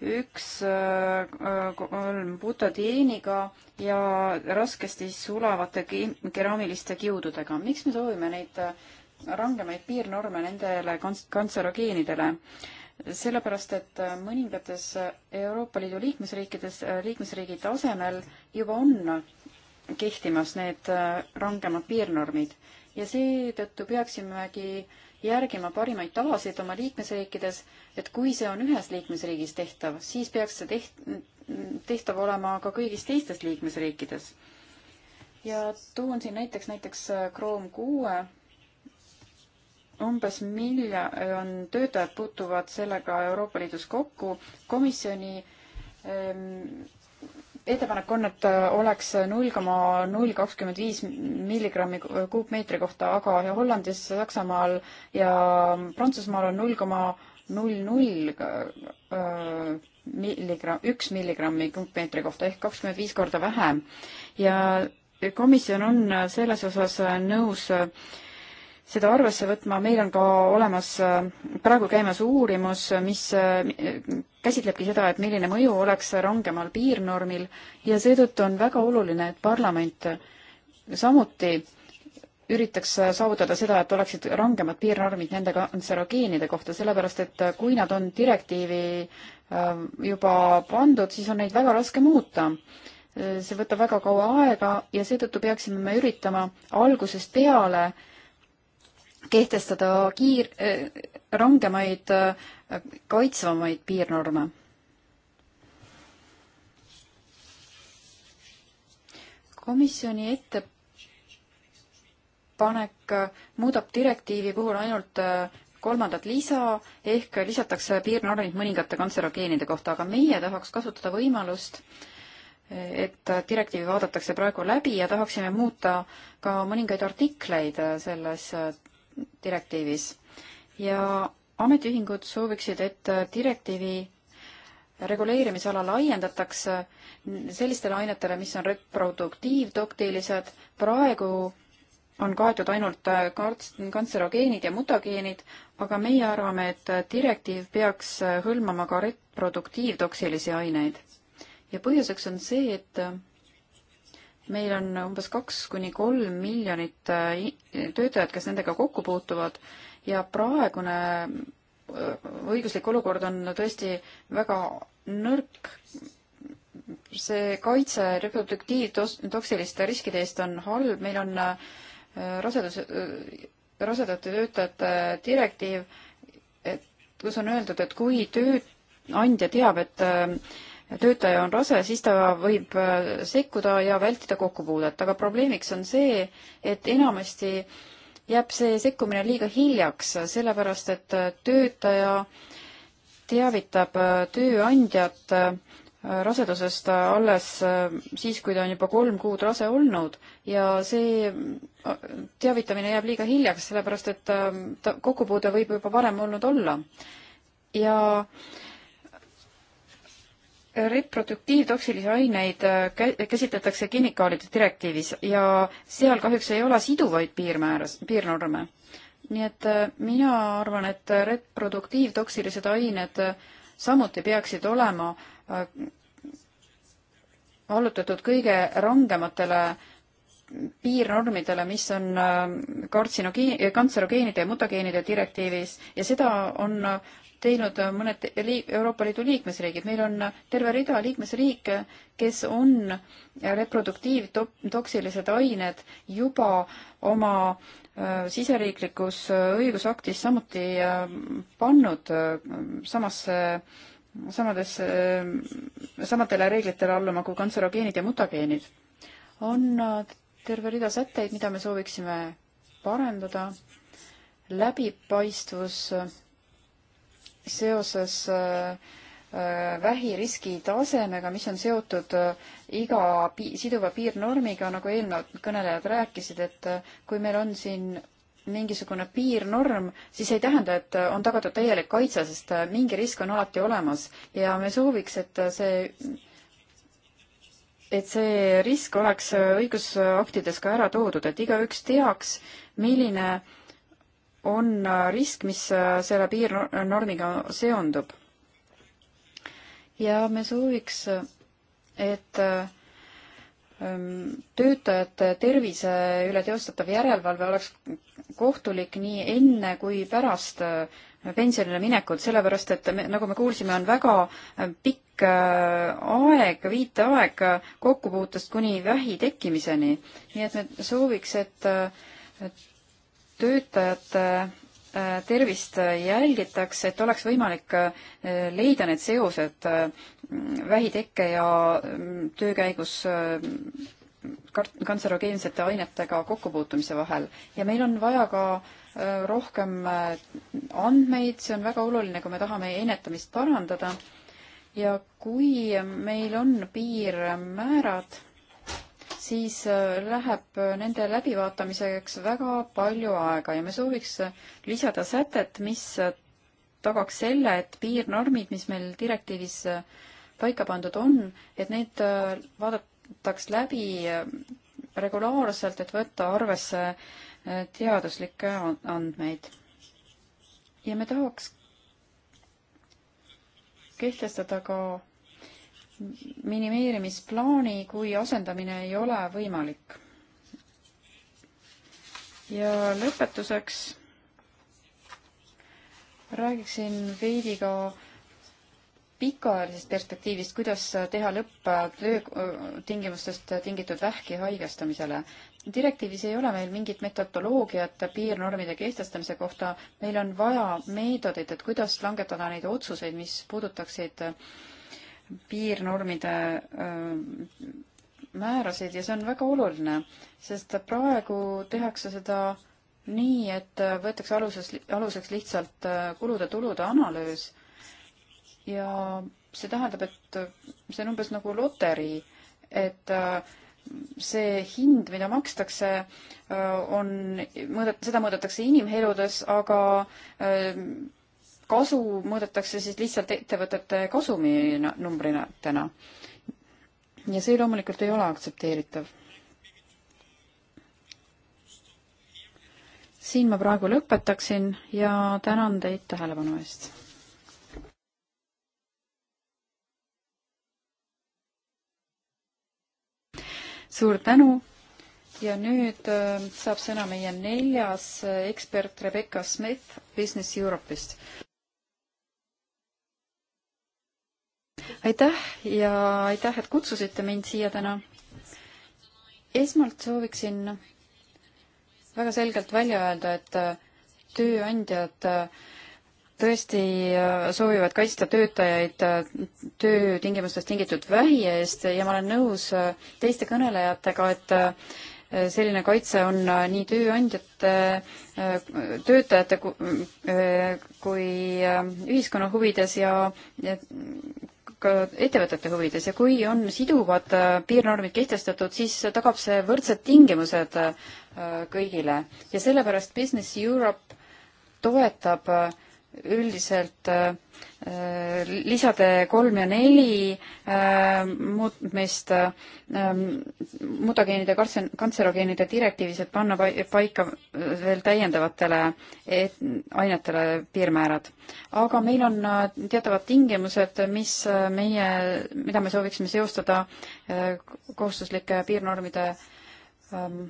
üks äh, kolm butodeeniga ja raskesti sulavate keraamiliste kiududega. miks me soovime neid äh, rangemaid piirnorme nendele kantserogeenidele? sellepärast, et äh, mõningates Euroopa Liidu liikmesriikides, liikmesriigi tasemel juba on kehtimas need rangemad piirnormid ja seetõttu peaksimegi äh, järgima parimaid tavasid oma liikmesriikides, et kui see on ühes liikmesriigis tehtav, siis peaks see teht-, tehtav olema ka kõigis teistes liikmesriikides. ja toon siin näiteks, näiteks äh, Chrome kuue, umbes miljon töötajat puutuvad sellega Euroopa Liidus kokku, komisjoni ähm, ettepanek on, et äh, oleks null koma null kakskümmend viis milligrammi kuupmeetri kohta, aga Hollandis, Saksamaal ja Prantsusmaal on null koma null null äh, milligramm, üks milligrammi kuupmeetri kohta ehk kakskümmend viis korda vähem. ja komisjon on äh, selles osas nõus äh, seda arvesse võtma, meil on ka olemas, äh, praegu käimas uurimus, äh, mis äh, käsitlebki seda, et milline mõju oleks rangemal piirnormil ja seetõttu on väga oluline, et parlament samuti üritaks saavutada seda, et oleksid rangemad piirnormid nende kantserogeenide kohta, sellepärast et kui nad on direktiivi juba pandud, siis on neid väga raske muuta see võtab väga kaua aega ja seetõttu peaksime me üritama algusest peale äh, kehtestada kiir-, rangemaid, kaitsvamaid piirnorme. komisjoni ettepanek muudab direktiivi puhul ainult äh, kolmandat lisa ehk lisatakse piirnormid mõningate kantserogeenide kohta, aga meie tahaks kasutada võimalust et direktiivi vaadatakse praegu läbi ja tahaksime muuta ka mõningaid artikleid selles direktiivis ja ametiühingud sooviksid, et direktiivi reguleerimisala laiendatakse sellistele ainetele, mis on reproduktiivdoktiilised, praegu on kaetud ainult kantserogeenid ja mutageenid, aga meie arvame, et direktiiv peaks hõlmama ka reproduktiivtoksilisi aineid. ja põhjuseks on see, et meil on umbes kaks kuni kolm miljonit äh, töötajat, kes nendega kokku puutuvad ja praegune äh, õiguslik olukord on tõesti väga nõrk. see kaitse reproduktiivtoksiliste riskide eest on halb, meil on äh, rasedus, rasedate töötajate direktiiv, et kus on öeldud, et kui tööandja teab, et töötaja on rase, siis ta võib äh, sekkuda ja vältida kokkupuudet, aga probleemiks on see, et enamasti jääb see sekkumine liiga hiljaks, sellepärast et äh, töötaja teavitab äh, tööandjat rasedusest alles siis, kui ta on juba kolm kuud rase olnud ja see teavitamine jääb liiga hiljaks, sellepärast et ta, kokkupuude võib juba varem olnud olla. ja äh, reproduktiivtoksilisi aineid äh, käsitletakse kemikaalide direktiivis ja seal kahjuks ei ole siduvaid piirmääras, piirnorme. nii et äh, mina arvan, et reproduktiivtoksilised ained äh, samuti peaksid olema allutatud kõige rangematele piirnormidele, mis on kartsinogeen-, kantserogeenide ja mutageenide direktiivis ja seda on teinud mõned Euroopa Liidu liikmesriigid. meil on terve rida liikmesriike, kes on reproduktiivtoksilised ained juba oma äh, siseriiklikus äh, õigusaktis samuti äh, pannud samasse samadesse, samadele reeglitele alluma kui kantserogeenid ja mutageenid. on terve rida sätteid, mida me sooviksime parendada, läbipaistvus seoses äh, äh, vähiriski tasemega, mis on seotud äh, iga pi siduva piirnormiga, nagu eelnevad kõnelejad rääkisid, et kui meil on siin mingisugune piirnorm, siis ei tähenda, et on tagatud täielik kaitse, sest mingi risk on alati olemas ja me sooviks, et see, et see risk oleks õigusaktides ka ära toodud, et igaüks teaks, milline äh, on äh, risk, mis äh, selle piirnormiga seondub. ja me sooviks, äh, et ähm, töötajate tervise üle teostatav järelevalve oleks kohtulik nii enne kui pärast pensionile minekut, sellepärast et me, nagu me kuulsime, on väga pikk aeg, viiteaeg kokkupuutest kuni vähi tekkimiseni. nii et me sooviks, et, et töötajate äh, tervist jälgitakse, et oleks võimalik äh, leida need seosed äh, vähitekke ja töö käigus kantserogeensete ainetega kokkupuutumise vahel ja meil on vaja ka rohkem andmeid, see on väga oluline, kui me tahame ennetamist parandada. ja kui meil on piirmäärad siis äh, läheb äh, nende läbivaatamiseks väga palju aega ja me sooviks äh, lisada sätet, mis tagaks selle, et piirnormid, mis meil direktiivis paika pandud on, et need vaadataks läbi regulaarselt, et võtta arvesse teaduslikke andmeid. ja me tahaks kehtestada ka minimeerimisplaani, kui asendamine ei ole võimalik. ja lõpetuseks räägiksin veidi ka pikaajalisest perspektiivist, kuidas teha lõpp töötingimustest tingitud vähki haigestamisele. direktiivis ei ole meil mingit metodoloogiat piirnormide kehtestamise kohta, meil on vaja meetodeid, et kuidas langetada neid otsuseid, mis puudutaksid äh, piirnormide määrasid ja see on väga oluline, sest praegu tehakse seda nii, et võetakse aluses, aluseks lihtsalt kulude-tulude analüüs ja see tähendab, et see on umbes nagu loterii, et see hind, mida makstakse, on, mõõdet-, seda mõõdetakse inimeludes, aga kasu mõõdetakse siis lihtsalt ettevõtete kasuminumbritena. ja see loomulikult ei ole aktsepteeritav. siin ma praegu lõpetaksin ja tänan teid tähelepanu eest. suur tänu ja nüüd äh, saab sõna meie neljas äh, ekspert Rebecca Smith Business Europe'ist. aitäh ja aitäh, et kutsusite mind siia täna. esmalt sooviksin väga selgelt välja öelda, et äh, tööandjad äh, tõesti äh, soovivad kaitsta töötajaid töötingimustest tingitud vähi eest ja ma olen nõus teiste kõnelejatega, et selline kaitse on nii tööandjate, töötajate kui ühiskonna huvides ja ka ettevõtete huvides ja kui on siduvad äh, piirnormid kehtestatud, siis tagab see võrdsed tingimused äh, kõigile ja sellepärast Business Europe toetab äh, üldiselt äh, äh, lisade kolm ja neli äh, muutmist ähm, mutageenide kantserogeenide direktiivis, et panna paika veel täiendavatele ainetele piirmäärad. aga meil on teatavad tingimused, mis meie, mida me sooviksime seostada kohustuslike piirnormide ähm,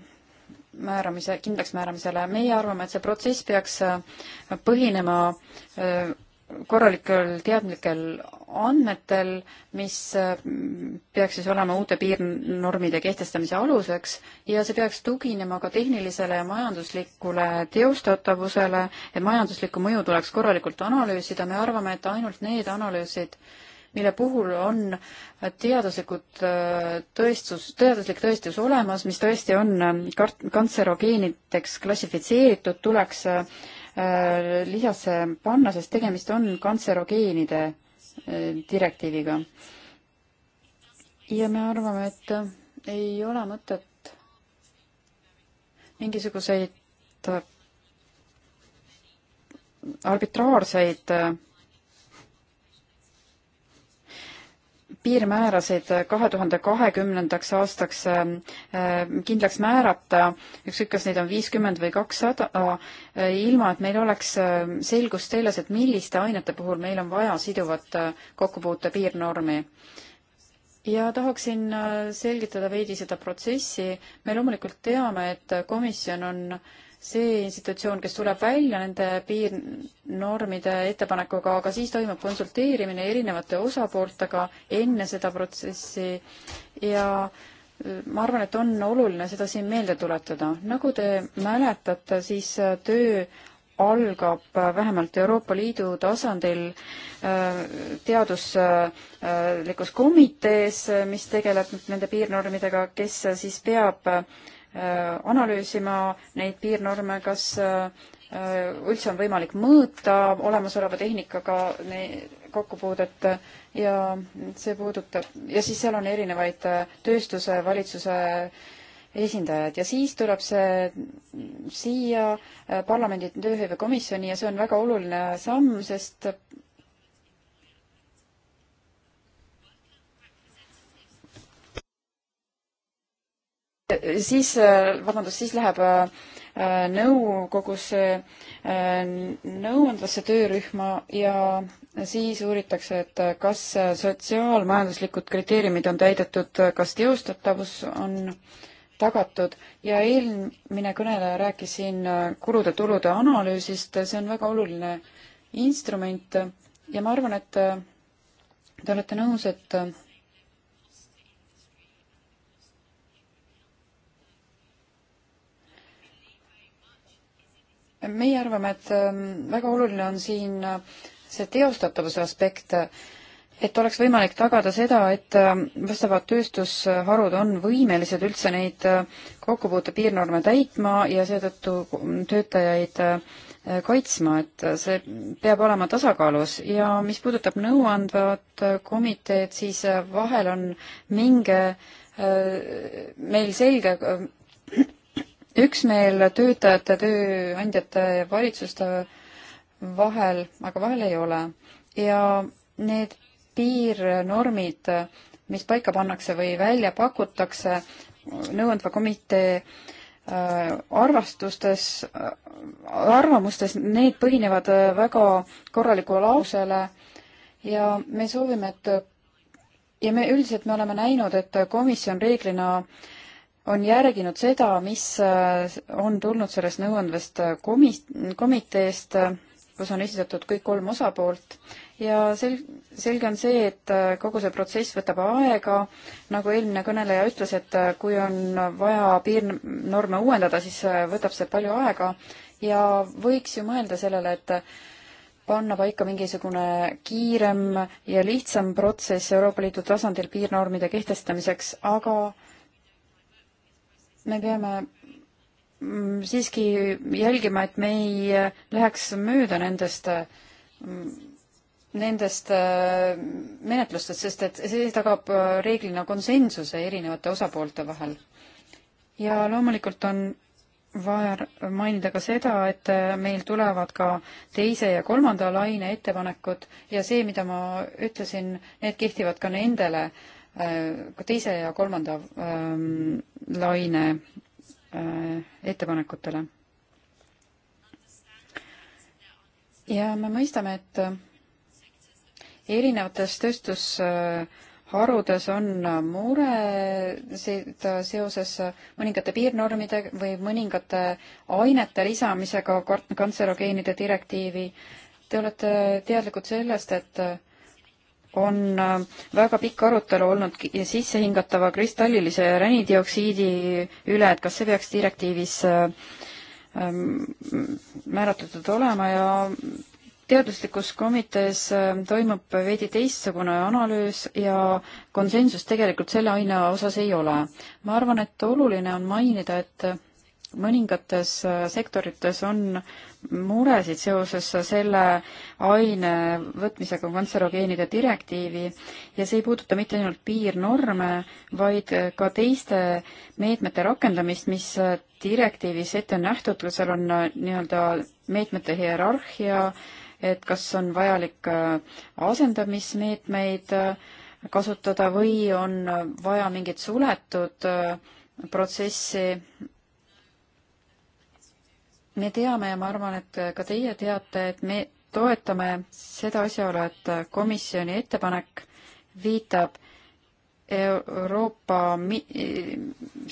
määramise, kindlaksmääramisele. meie arvame, et see protsess peaks äh, põhinema äh, korralikel teadlikel andmetel, mis äh, peaks siis olema uute piirnormide kehtestamise aluseks ja see peaks tuginema ka tehnilisele ja majanduslikule teostatavusele, et majanduslikku mõju tuleks korralikult analüüsida, me arvame, et ainult need analüüsid, mille puhul on teaduslikud äh, tõestus, teaduslik tõestus olemas, mis tõesti on äh, kantserogeenideks klassifitseeritud, tuleks äh, lisasse panna, sest tegemist on kantserogeenide direktiiviga. ja me arvame, et ei ole mõtet mingisuguseid arbitraarseid äh, piirmäärasid kahe tuhande kahekümnendaks aastaks ähm, ähm, kindlaks määrata, ükskõik, kas neid on viiskümmend või kakssada, ilma et meil oleks ähm, selgust selles, et milliste ainete puhul meil on vaja siduvat äh, kokkupuute piirnormi ja tahaksin äh, selgitada veidi seda protsessi. me loomulikult teame, et komisjon on äh, see institutsioon, kes tuleb välja nende piirnormide ettepanekuga, aga siis toimub konsulteerimine erinevate osapooltega enne seda protsessi ja äh, ma arvan, et on oluline seda siin meelde tuletada. nagu te mäletate, siis äh, töö algab äh, vähemalt Euroopa Liidu tasandil teaduslikus komitees, mis tegeleb nende piirnormidega, kes siis peab Äh, analüüsima neid piirnorme, kas äh, üldse on võimalik mõõta olemasoleva tehnikaga kokkupuudet ja see puudutab, ja siis seal on erinevaid äh, tööstuse, valitsuse esindajad ja siis tuleb see siia parlamendi tööhõivekomisjoni ja see on väga oluline samm, sest siis, äh, vabandust, siis läheb äh, nõukogusse, äh, nõuandvasse töörühma ja siis uuritakse, et kas sotsiaalmajanduslikud kriteeriumid on täidetud, kas teostatavus on tagatud ja eelmine kõneleja rääkis siin kulude-tulude analüüsist, see on väga oluline instrument ja ma arvan, et te olete nõus, et meie arvame, et ähm, väga oluline on siin äh, see teostatavuse aspekt, äh, et oleks võimalik tagada seda, et ähm, vastavad tööstusharud on võimelised üldse neid äh, kokkupuute piirnorme täitma ja seetõttu mm, töötajaid kaitsma, et see peab olema tasakaalus ja mis puudutab nõuandvat komiteed, siis vahel on minge meil selge üksmeel töötajate, tööandjate ja valitsuste vahel, aga vahel ei ole. ja need piirnormid, mis paika pannakse või välja pakutakse nõuandva komitee äh, arvastustes, äh, arvamustes, need põhinevad äh, väga korralikule lausele ja me soovime, et ja me üldiselt me oleme näinud, et komisjon reeglina äh, on järginud seda, mis äh, on tulnud sellest nõuandvast äh, komi-, komiteest, äh, kus on esindatud kõik kolm osapoolt ja sel-, selge on see, et kogu see protsess võtab aega, nagu eelmine kõneleja ütles, et kui on vaja piirnorme uuendada, siis võtab see palju aega ja võiks ju mõelda sellele, et panna paika mingisugune kiirem ja lihtsam protsess Euroopa Liidu tasandil piirnormide kehtestamiseks, aga me peame mm, siiski jälgima, et me ei äh, läheks mööda nendest, mm, nendest äh, menetlustest, sest et see tagab äh, reeglina konsensuse erinevate osapoolte vahel. ja loomulikult on vaja mainida ka seda, et meil tulevad ka teise ja kolmanda laine ettepanekud ja see, mida ma ütlesin, need kehtivad ka nendele äh, Äh, ka teise ja kolmanda ähm, laine äh, ettepanekutele. ja me mõistame, et erinevates tööstusharudes on muresid seoses mõningate piirnormide või mõningate ainete lisamisega kantserogeenide direktiivi. Te olete teadlikud sellest, et on äh, väga pikk arutelu olnud sissehingatava kristallilise ränidioksiidi üle, et kas see peaks direktiivis äh, ähm, määratletud olema ja teaduslikus komitees äh, toimub veidi teistsugune analüüs ja konsensust tegelikult selle aine osas ei ole. ma arvan, et oluline on mainida, et mõningates äh, sektorites on muresid seoses selle aine võtmisega kantserogeenide direktiivi ja see ei puuduta mitte ainult piirnorme, vaid äh, ka teiste meetmete rakendamist, mis äh, direktiivis ette on nähtud, seal on nii-öelda meetmete hierarhia, et kas on vajalik asendamismeetmeid kasutada või on vaja mingit suletud protsessi me teame ja ma arvan, et ka teie teate, et me toetame seda asjaolu, et komisjoni ettepanek viitab Euroopa mi-,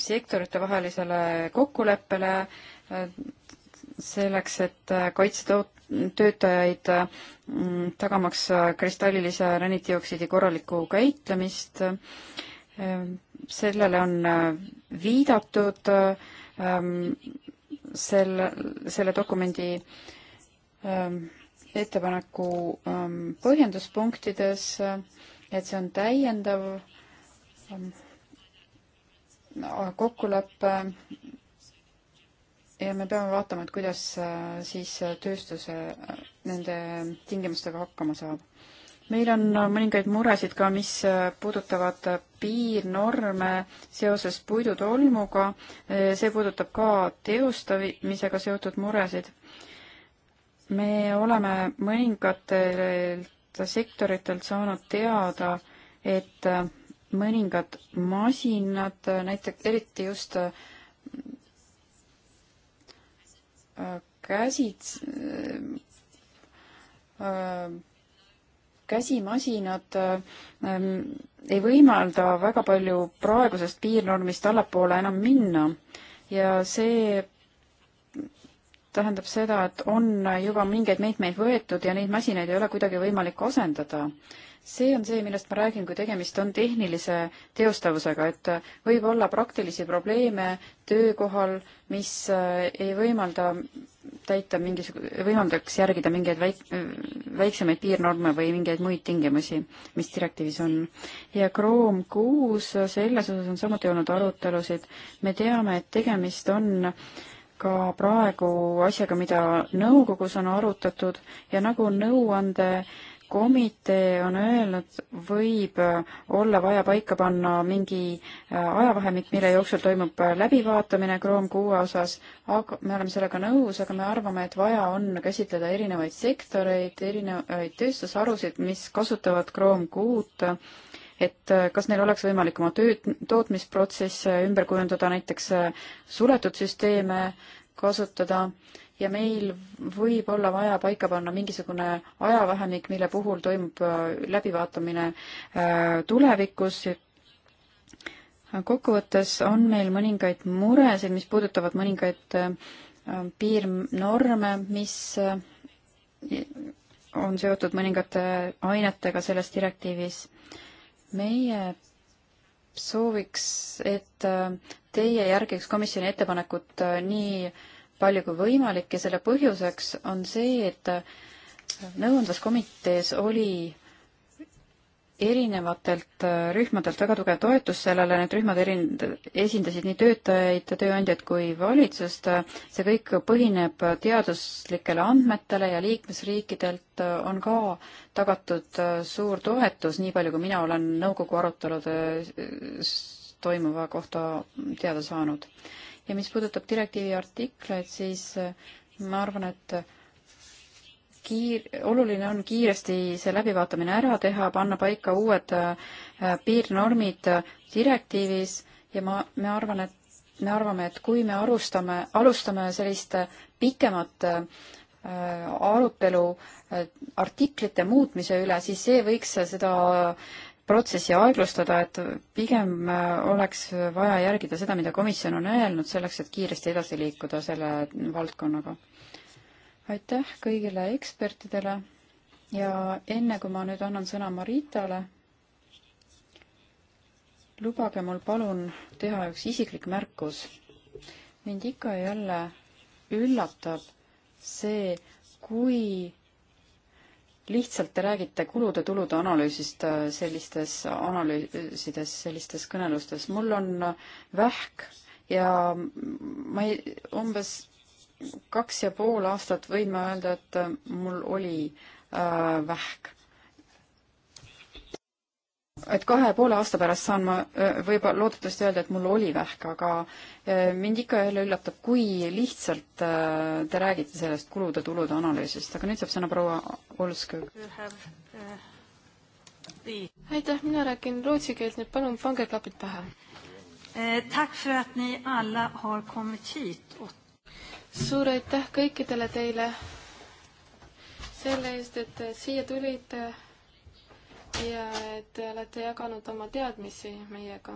sektoritevahelisele kokkuleppele selleks, et kaitsetööt-, töötajaid mm, tagamaks kristallilise ranitioksiidi korralikku käitlemist. sellele on viidatud ähm, selle, selle dokumendi ähm, ettepaneku ähm, põhjenduspunktides, et see on täiendav ähm, kokkulepe ja me peame vaatama, et kuidas äh, siis tööstuse äh, nende tingimustega hakkama saab meil on mõningaid muresid ka, mis puudutavad piirnorme seoses puidutolmuga. see puudutab ka teostamisega seotud muresid. me oleme mõningatelt sektoritelt saanud teada, et mõningad masinad, näiteks eriti just käsid äh, äh käsimasinad ähm, ei võimalda väga palju praegusest piirnormist allapoole enam minna ja see tähendab seda, et on juba mingeid meetmeid võetud ja neid masinaid ei ole kuidagi võimalik asendada see on see, millest ma räägin, kui tegemist on tehnilise teostavusega, et võib olla praktilisi probleeme töökohal, mis äh, ei võimalda täita mingisuguse, võimaldaks järgida mingeid väik-, väiksemaid piirnorme või mingeid muid tingimusi, mis direktiivis on. ja Chrome kuus, selles osas on samuti olnud arutelusid, me teame, et tegemist on ka praegu asjaga, mida nõukogus on arutatud ja nagu nõuande komitee on öelnud, võib olla vaja paika panna mingi äh, ajavahemik, mille jooksul toimub äh, läbivaatamine Chrome kuue osas, aga me oleme sellega nõus, aga me arvame, et vaja on käsitleda erinevaid sektoreid, erinevaid tööstusharusid, mis kasutavad Chrome kuut, et äh, kas neil oleks võimalik oma tööd, tootmisprotsesse ümber kujundada, näiteks suletud süsteeme kasutada äh, ja meil võib olla vaja paika panna mingisugune ajavahemik, mille puhul toimub äh, läbivaatamine äh, tulevikus. kokkuvõttes on meil mõningaid muresid, mis puudutavad mõningaid äh, piirnorme, mis on seotud mõningate ainetega selles direktiivis. meie sooviks, et teie järgiks komisjoni ettepanekut nii äh, palju kui võimalik ja selle põhjuseks on see, et nõuandvas komitees oli erinevatelt äh, rühmadelt väga tugev toetus sellele, need rühmad erin-, esindasid nii töötajaid, tööandjaid kui valitsust, see kõik põhineb teaduslikele andmetele ja liikmesriikidelt äh, on ka tagatud äh, suur toetus, nii palju kui mina olen nõukogu aruteludes toimuva kohta teada saanud ja mis puudutab direktiivi artikleid, siis äh, ma arvan, et kiir-, oluline on kiiresti see läbivaatamine ära teha, panna paika uued äh, piirnormid äh, direktiivis ja ma, me arvan, et me arvame, et kui me arustame, alustame sellist pikemat arutelu artiklite muutmise üle, siis see võiks seda äh, protsessi aeglustada, et pigem äh, oleks vaja järgida seda, mida komisjon on öelnud, selleks et kiiresti edasi liikuda selle valdkonnaga. aitäh kõigile ekspertidele ja enne, kui ma nüüd annan sõna Maritale, lubage mul palun teha üks isiklik märkus. mind ikka ja jälle üllatab see, kui lihtsalt te räägite kulude-tulude analüüsist äh, sellistes analüüsides, sellistes kõnelustes. mul on äh, vähk ja ma ei, umbes kaks ja pool aastat võin ma öelda, et äh, mul oli äh, vähk et kahe ja poole aasta pärast saan ma võib-olla loodetavasti öelda, et mul oli vähk, aga mind ikka jälle üllatab, kui lihtsalt te räägite sellest kulude-tulude analüüsist, aga nüüd saab sõna proua Olskõg. Uh, aitäh, mina räägin rootsi keelt, nüüd palun pange klapid pähe. Eh, suur aitäh kõikidele teile selle eest, et siia tulite ja et te olete jaganud oma teadmisi meiega.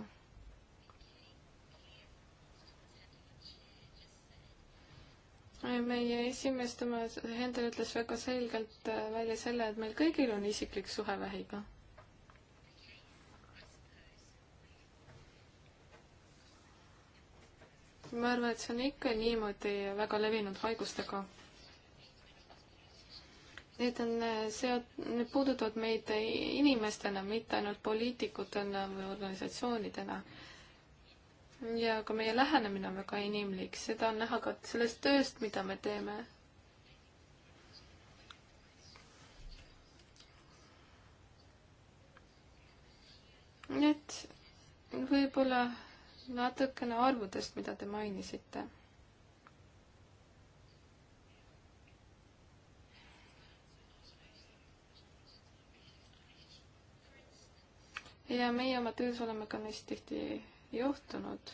meie esimees, tema, Hendel ütles väga selgelt äh, välja selle, et meil kõigil on isiklik suhe vähiga. ma arvan, et see on ikka niimoodi väga levinud haigustega Need on äh, seot-, need puudutavad meid inimestena, mitte ainult poliitikutena või organisatsioonidena. ja ka meie lähenemine on väga inimlik, seda on näha ka sellest tööst, mida me teeme nii et võib-olla natukene arvudest, mida te mainisite. ja meie oma töös oleme ka neist tihti juhtunud.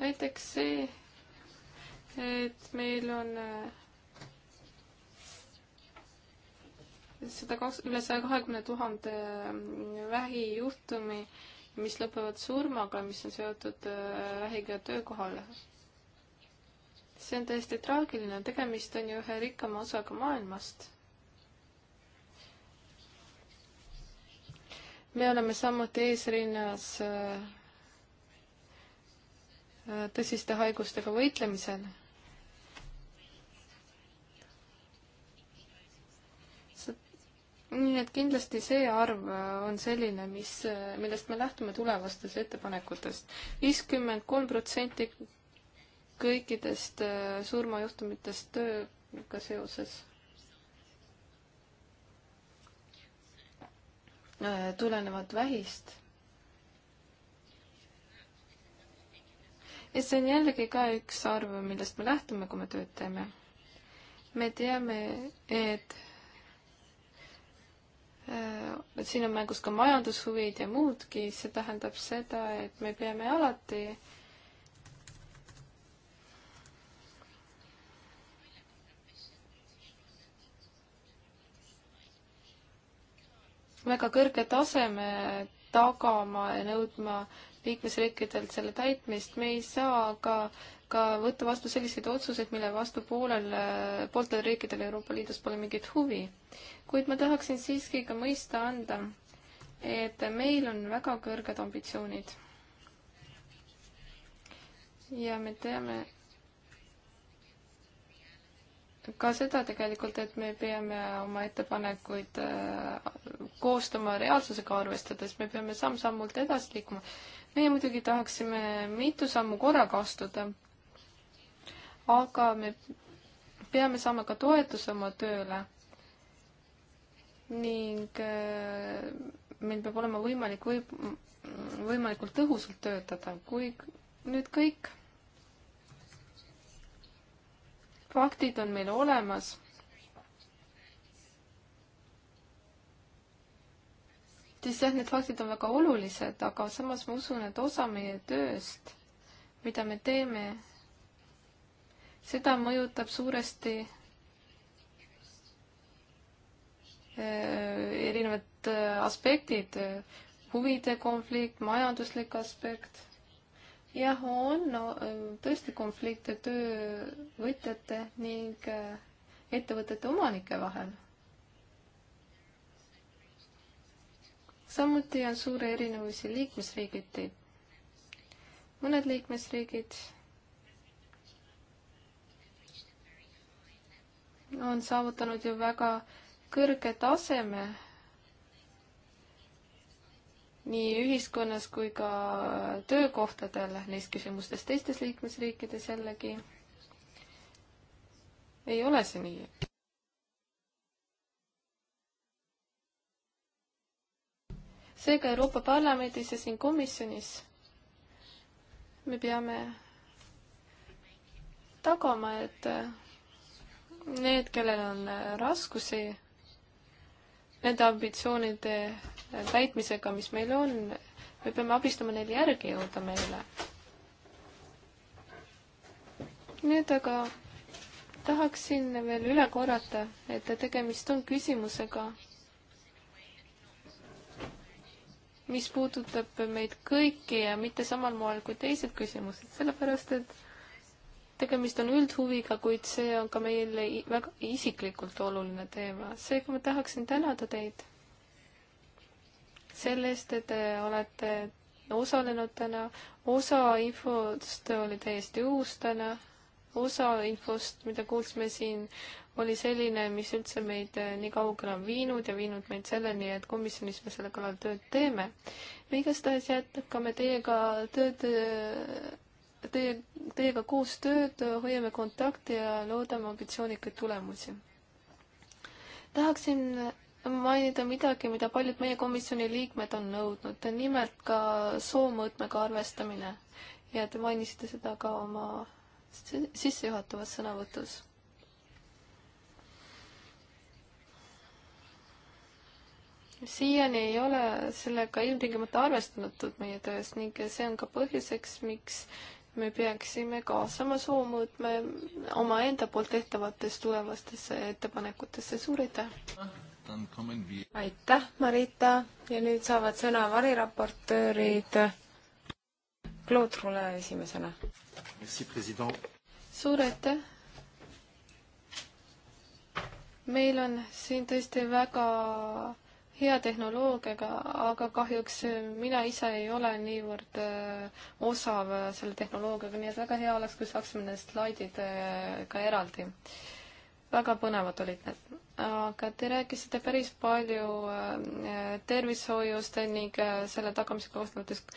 näiteks see, et meil on äh, sada kaks, üle saja kahekümne tuhande äh, vähijuhtumi, mis lõpevad surmaga, mis on seotud äh, vähiga töökohal. see on täiesti traagiline, tegemist on ju ühe rikkama osaga maailmast me oleme samuti eesrinnas äh, tõsiste haigustega võitlemisel. nii et kindlasti see arv äh, on selline, mis, äh, millest me lähtume tulevastes ettepanekutest. viiskümmend kolm protsenti kõikidest surmajuhtumitest tööga seoses Äh, tulenevad vähist. ja see on jällegi ka üks arv, millest me lähtume, kui me tööd teeme. me teame, et äh, siin on mängus ka majandushuvid ja muudki, see tähendab seda, et me peame alati äh, väga kõrge taseme tagama ja nõudma liikmesriikidelt selle täitmist, me ei saa ka ka võtta vastu selliseid otsuseid, mille vastu poolel, pooltel riikidel Euroopa Liidus pole mingit huvi. kuid ma tahaksin siiski ka mõista anda, et meil on väga kõrged ambitsioonid. ja me teame, ka seda tegelikult, et me peame oma ettepanekuid äh, koostama reaalsusega arvestades, me peame samm-sammult edasi liikuma. meie muidugi tahaksime mitu sammu korraga astuda, aga me peame saama ka toetuse oma tööle. ning äh, meil peab olema võimalik või võimalikult tõhusalt töötada, kui nüüd kõik faktid on meil olemas. siis jah, need faktid on väga olulised, aga samas ma usun, et osa meie tööst, mida me teeme, seda mõjutab suuresti äh, erinevad äh, aspektid, huvide konflikt, majanduslik aspekt jah, on no, äh, tõesti konflikte töövõtjate ning äh, ettevõtete omanike vahel. samuti on suuri erinevusi liikmesriigiti. mõned liikmesriigid on saavutanud ju väga kõrge taseme nii ühiskonnas kui ka töökohtadel neis küsimustes teistes liikmesriikides jällegi ei ole see nii. seega Euroopa Parlamendis ja siin komisjonis me peame tagama, et need, kellel on raskusi nende ambitsioonide täitmisega, mis meil on, me peame abistama neil järgi jõuda meile. nüüd aga tahaksin veel üle korrata, et tegemist on küsimusega, mis puudutab meid kõiki ja mitte samal moel kui teised küsimused, sellepärast et tegemist on üldhuviga, kuid see on ka meile väga isiklikult oluline teema, seega ma tahaksin tänada teid selle eest, et te olete osalenud täna, osa infost oli täiesti uus täna, osa infost, mida kuulsime siin, oli selline, mis üldse meid eh, nii kaugele on viinud ja viinud meid selleni, et komisjonis me selle kallal tööd teeme. me igastahes jätkame teiega tööd eh, teen teiega koos tööd, hoiame kontakti ja loodame ambitsioonikaid tulemusi. tahaksin mainida midagi, mida paljud meie komisjoni liikmed on nõudnud, nimelt ka soomõõtmega arvestamine. ja te mainisite seda ka oma sissejuhatavas sõnavõtus siiani ei ole sellega ilmtingimata arvestatud meie töös ning see on ka põhjuseks, miks me peaksime kaasama soomõõtme omaenda poolt tehtavatesse tulevastesse ettepanekutesse. suur aitäh! aitäh, Marita! ja nüüd saavad sõna variraportöörid. Claude Rule esimesena. suur aitäh! meil on siin tõesti väga hea tehnoloogiaga, aga kahjuks mina ise ei ole niivõrd äh, osav äh, selle tehnoloogiaga, nii et väga hea oleks, kui saaksime need slaidid äh, ka eraldi. väga põnevad olid need. aga te rääkisite päris palju tervishoiust ning selle tagamisega kaasnevatest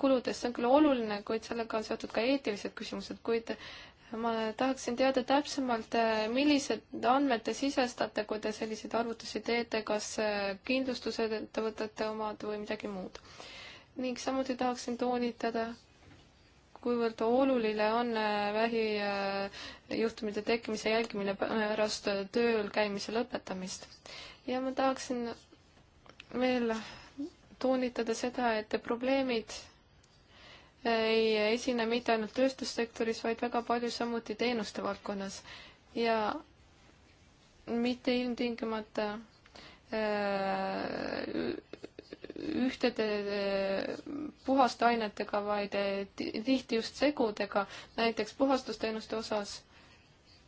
kuludest, see on küll oluline, kuid sellega on seotud ka eetilised küsimused, kuid ma tahaksin teada täpsemalt, äh, millised andmed te sisestate, kui te selliseid arvutusi teete, kas äh, kindlustusettevõtete omad või midagi muud. ning samuti tahaksin toonitada, kuivõrd oluline on äh, vähijuhtumite tekkimise jälgimine pärast tööl käimise lõpetamist. ja ma tahaksin veel toonitada seda, et probleemid ei esine mitte ainult tööstussektoris, vaid väga palju samuti teenuste valdkonnas ja mitte ilmtingimata äh, ühtede äh, puhaste ainetega, vaid äh, tihti just segudega, näiteks puhastusteenuste osas.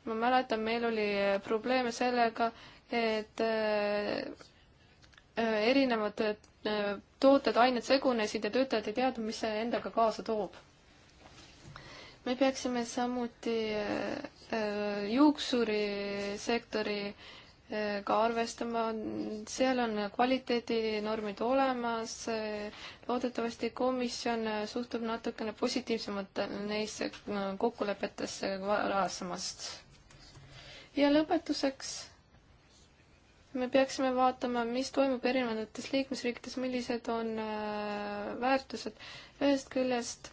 ma mäletan, meil oli probleeme sellega, et erinevad tooted, ained segunesid ja töötajad ei teadnud, mis see endaga kaasa toob. me peaksime samuti äh, äh, juuksurisektori äh, ka arvestama, seal on kvaliteedinormid olemas, loodetavasti komisjon suhtub natukene positiivsemalt neisse kokkulepetesse varasemast. ja lõpetuseks me peaksime vaatama, mis toimub erinevates liikmesriikides, millised on äh, väärtused. ühest küljest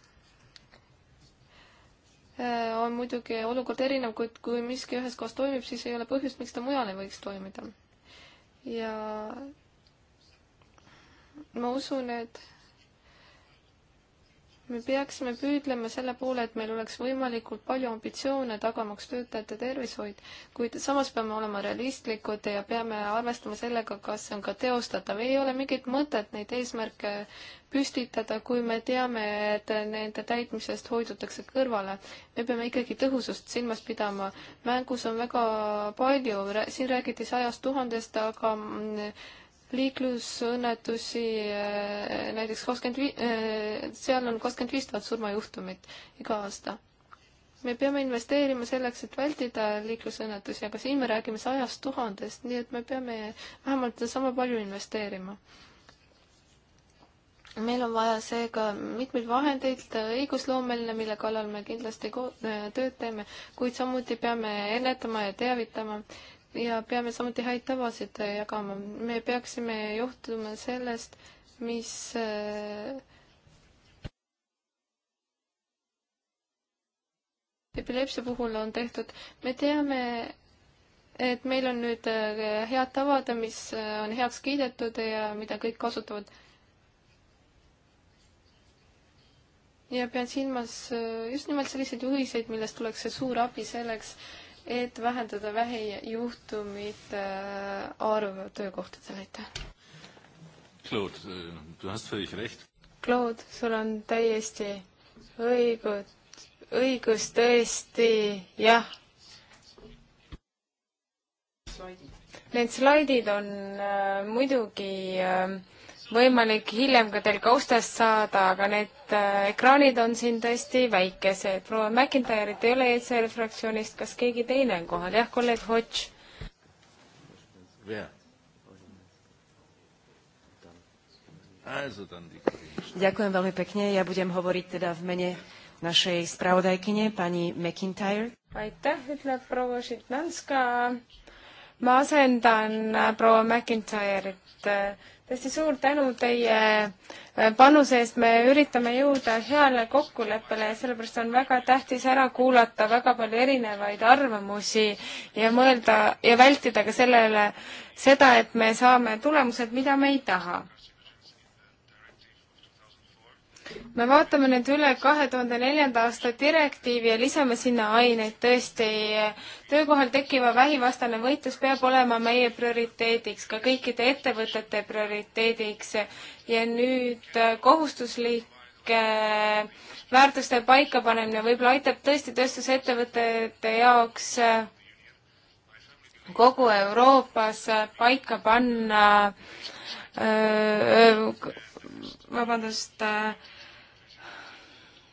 äh, on muidugi olukord erinev, kuid kui miski ühes kohas toimib, siis ei ole põhjust, miks ta mujal ei võiks toimida. ja ma usun, et me peaksime püüdlema selle poole, et meil oleks võimalikult palju ambitsioone tagamaks töötajate tervishoid, kuid samas peame olema realistlikud ja peame arvestama sellega, kas see on ka teostatav. ei ole mingit mõtet neid eesmärke püstitada, kui me teame, et nende täitmisest hoidutakse kõrvale. me peame ikkagi tõhusust silmas pidama. mängus on väga palju, siin räägiti sajast tuhandest, aga mm, liiklusõnnetusi äh, näiteks kakskümmend viis, äh, seal on kakskümmend viis tuhat surmajuhtumit iga aasta. me peame investeerima selleks, et vältida liiklusõnnetusi, aga siin me räägime sajast tuhandest, nii et me peame vähemalt sama palju investeerima. meil on vaja seega mitmeid vahendeid, õigusloomeline, mille kallal me kindlasti äh, tööd teeme, kuid samuti peame ennetama ja teavitama äh, ja peame samuti häid tavasid jagama. me peaksime juhtuma sellest, mis äh, epilepsia puhul on tehtud. me teame, et meil on nüüd äh, head tavad, mis äh, on heaks kiidetud ja mida kõik kasutavad. ja pean silmas just nimelt selliseid juhiseid, millest oleks see suur abi selleks, et vähendada vähijuhtumite äh, arvu töökohtadel, aitäh. Claude, äh, du hast völlig recht. Claude, sul on täiesti õigus, õigus tõesti, jah. Need slaidid on äh, muidugi äh, võimalik hiljem ka teil kaustast saada, aga need äh, ekraanid on siin tõesti väikesed. proua McIntyre'it ei ole ECR fraktsioonist, kas keegi teine on kohal? jah, kolleeg Hodž. Ďakujem veľmi pekne. Ja budem hovoriť teda v mene našej spravodajkyne, pani McIntyre. Aitäh, ütleb proua Šitnanska. ma asendan äh, proua McIntyre'it tõesti suur tänu teie äh, panuse eest, me üritame jõuda heale kokkuleppele ja sellepärast on väga tähtis ära kuulata väga palju erinevaid arvamusi ja mõelda ja vältida ka sellele, seda, et me saame tulemused, mida me ei taha me vaatame nüüd üle kahe tuhande neljanda aasta direktiivi ja lisame sinna aineid tõesti. töökohal tekkiva vähivastane võitlus peab olema meie prioriteediks, ka kõikide ettevõtete prioriteediks ja nüüd äh, kohustuslike äh, väärtuste paikapanemine võib-olla aitab tõesti tööstusettevõtete jaoks äh, kogu Euroopas paika panna öö, vabandust äh,,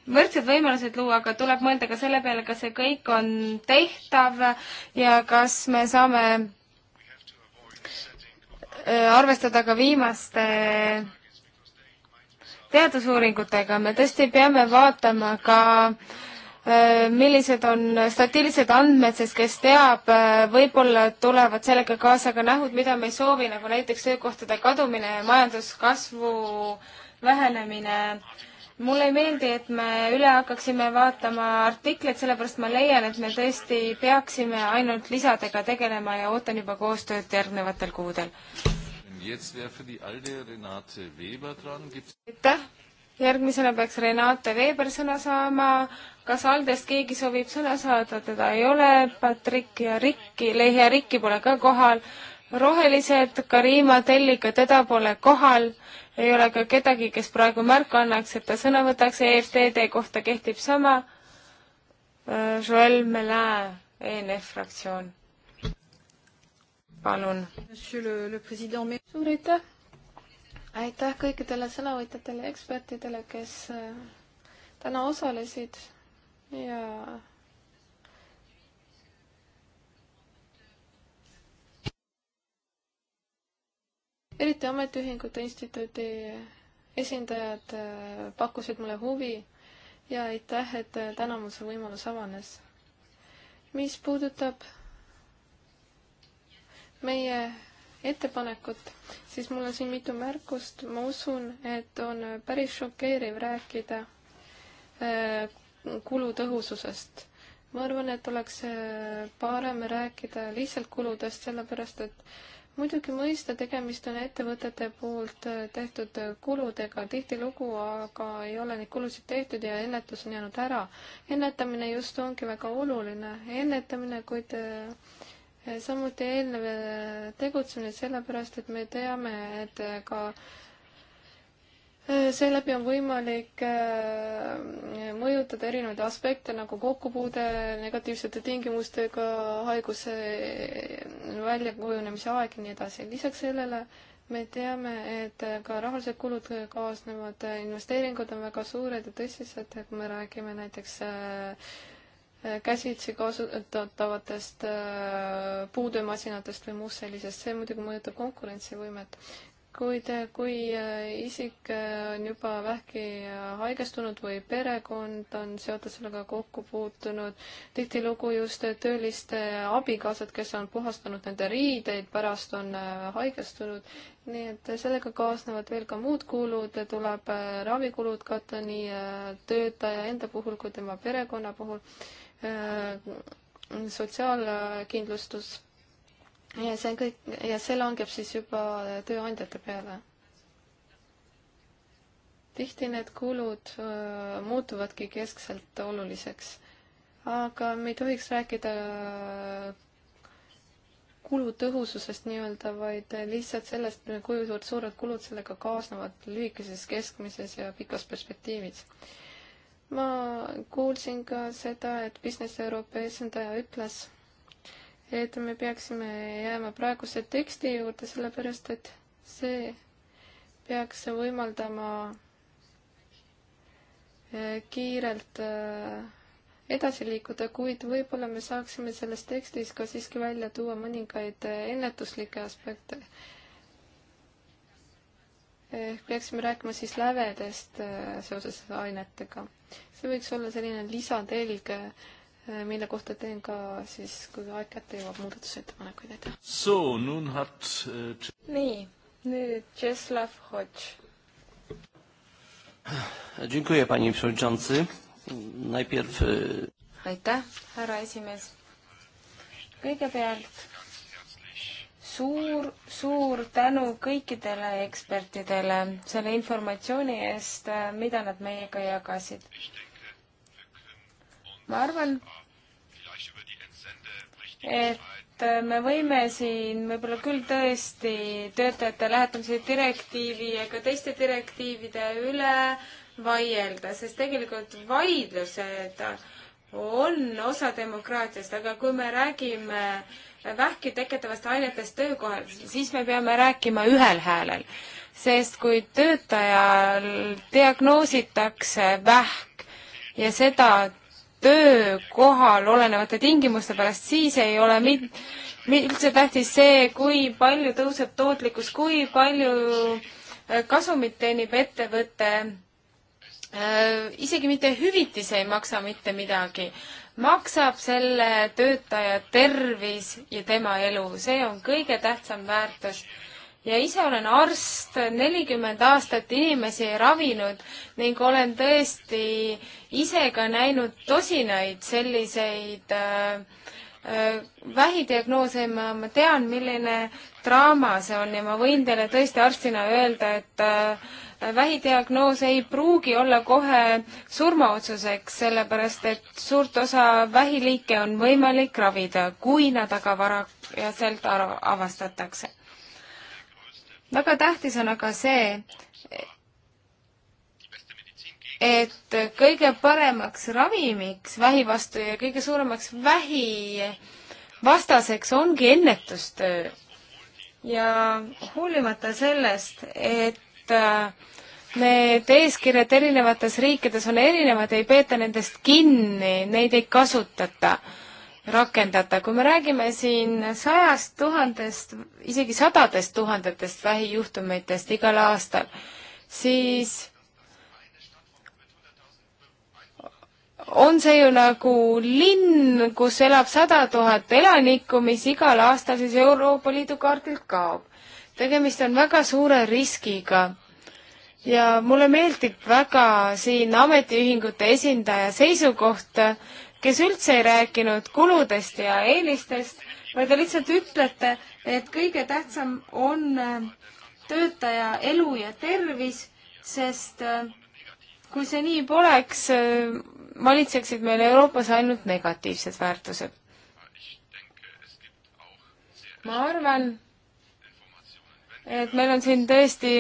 võrdsed võimalused luua, aga tuleb mõelda ka selle peale, kas see kõik on tehtav ja kas me saame äh, arvestada ka viimaste teadusuuringutega, me tõesti peame vaatama ka äh, millised on statiilised andmed, sest kes teab, äh, võib-olla tulevad sellega kaasa ka nähud, mida me ei soovi, nagu näiteks töökohtade kadumine ja majanduskasvu vähenemine äh, mulle ei meeldi, et me üle hakkaksime vaatama artikleid, sellepärast ma leian, et me tõesti peaksime ainult lisadega tegelema ja ootan juba koostööd järgnevatel kuudel. aitäh, järgmisena peaks Renate Veber sõna saama. kas Aldest keegi soovib sõna saada, teda ei ole, Patrick ja Rikki, Lehi ja Rikki pole ka kohal. rohelised, Karima Telliga, teda pole kohal ei ole ka kedagi, kes praegu märku annaks, et ta sõna võtaks, EFTD kohta kehtib sama. Äh, Joel Melin, ENF fraktsioon. palun. suur aitäh. aitäh kõikidele sõnavõtjatele ja ekspertidele, kes äh, täna osalesid ja eriti Ametiühingute Instituudi esindajad äh, pakkusid mulle huvi ja aitäh, et äh, täna mul see võimalus avanes. mis puudutab meie ettepanekut, siis mul on siin mitu märkust, ma usun, et on päris šokeeriv rääkida äh, kulutõhususest. ma arvan, et oleks parem rääkida lihtsalt kuludest, sellepärast et äh, muidugi mõista, tegemist on ettevõtete poolt äh, tehtud äh, kuludega tihtilugu, aga ei ole neid kulusid tehtud ja ennetus on jäänud ära. ennetamine just ongi väga oluline, ennetamine, kuid äh, samuti eelnev tegutsemine, sellepärast et me teame, et ka äh, Äh, seeläbi on võimalik äh, mõjutada erinevaid aspekte nagu kokkupuude negatiivsete tingimustega, haiguse äh, väljakujunemise aeg ja nii edasi. lisaks sellele me teame, et ka rahalised kulud kaasnevad, investeeringud on väga suured ja tõsised, et kui me räägime näiteks käsitsi kasutatavatest puutöömasinatest või muust sellisest, see muidugi mõjutab konkurentsivõimet kuid äh, kui äh, isik äh, on juba vähki haigestunud või perekond on seotud sellega kokku puutunud, tihtilugu just tööliste abikaasad, kes on puhastanud nende riideid, pärast on haigestunud, nii et sellega kaasnevad veel ka muud kulud, tuleb ravikulud katta nii töötaja enda puhul kui tema perekonna puhul, sotsiaalkindlustus ja see on kõik ja see langeb siis juba tööandjate peale. tihti need kulud muutuvadki keskselt oluliseks, aga me ei tohiks rääkida kulutõhususest nii-öelda, vaid lihtsalt sellest, kui suured kulud sellega kaasnevad lühikeses, keskmises ja pikas perspektiivis. ma kuulsin ka seda, et Business Euroopa esindaja ütles, et me peaksime jääma praeguse teksti juurde, sellepärast et see peaks võimaldama äh, kiirelt äh, edasi liikuda, kuid võib-olla me saaksime selles tekstis ka siiski välja tuua mõningaid äh, ennetuslikke aspekte. ehk peaksime rääkima siis lävedest seoses ainetega. see võiks olla selline lisatelg Äh, mille kohta teen ka siis, kui aeg kätte jõuab, muudatusettepanekuid, aitäh. So, nun hat äh, nii, nüüd Czeslaw Hodž. Dziękuję, panie przewodniczący. Najpierw... E, aitäh, härra esimees. kõigepealt suur, suur tänu kõikidele ekspertidele selle informatsiooni eest, äh, mida nad meiega jagasid. ma arvan, et me võime siin võib-olla küll tõesti töötajate lähetamise direktiivi ja ka teiste direktiivide üle vaielda, sest tegelikult vaidlused on osa demokraatiast, aga kui me räägime vähki tekitavast ainetest töökohal, siis me peame rääkima ühel häälel. sest kui töötajal diagnoositakse vähk ja seda töökohal olenevate tingimuste pärast, siis ei ole mit-, üldse tähtis see, kui palju tõuseb tootlikkus, kui palju äh, kasumit teenib ettevõte. Äh, isegi mitte hüvitis ei maksa mitte midagi, maksab selle töötaja tervis ja tema elu, see on kõige tähtsam väärtus ja ise olen arst, nelikümmend aastat inimesi ravinud ning olen tõesti ise ka näinud tosinaid selliseid äh, äh, vähidiagnoose ja ma, ma tean, milline draama see on ja ma võin teile tõesti arstina öelda, et äh, vähidiagnoos ei pruugi olla kohe surmaotsuseks, sellepärast et suurt osa vähiliike on võimalik ravida, kui nad aga varajaselt avastatakse väga tähtis on aga see, et kõige paremaks ravimiks vähi vastu ja kõige suuremaks vähi vastaseks ongi ennetustöö. ja hoolimata sellest, et äh, need eeskirjad erinevates riikides on erinevad, ei peeta nendest kinni, neid ei kasutata rakendada. kui me räägime siin sajast tuhandest, isegi sadadest tuhandetest vähijuhtumitest igal aastal, siis on see ju nagu linn, kus elab sada tuhat elanikku, mis igal aastal siis Euroopa Liidu kaardilt kaob. tegemist on väga suure riskiga ja mulle meeldib väga siin ametiühingute esindaja seisukoht, kes üldse ei rääkinud kuludest ja eelistest, vaid te lihtsalt ütlete, et kõige tähtsam on äh, töötaja elu ja tervis, sest äh, kui see nii poleks, äh, valitseksid meil Euroopas ainult negatiivsed väärtused. ma arvan, et meil on siin tõesti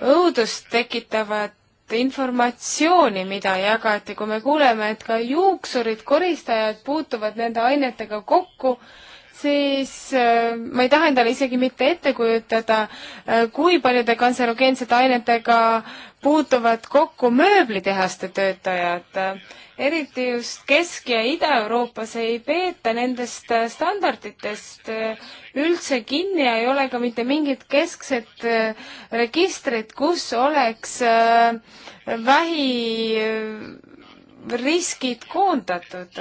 õudust tekitavad informatsiooni, mida jagati, kui me kuuleme, et ka juuksurid, koristajad puutuvad nende ainetega kokku, siis äh, ma ei taha endale isegi mitte ette kujutada, äh, kui paljude kantserogeensete ainetega puutuvad kokku mööblitehaste töötajad eriti just Kesk- ja Ida-Euroopas ei peeta nendest standarditest äh, üldse kinni ja ei ole ka mitte mingit keskset äh, registrit, kus oleks äh, vähiriskid koondatud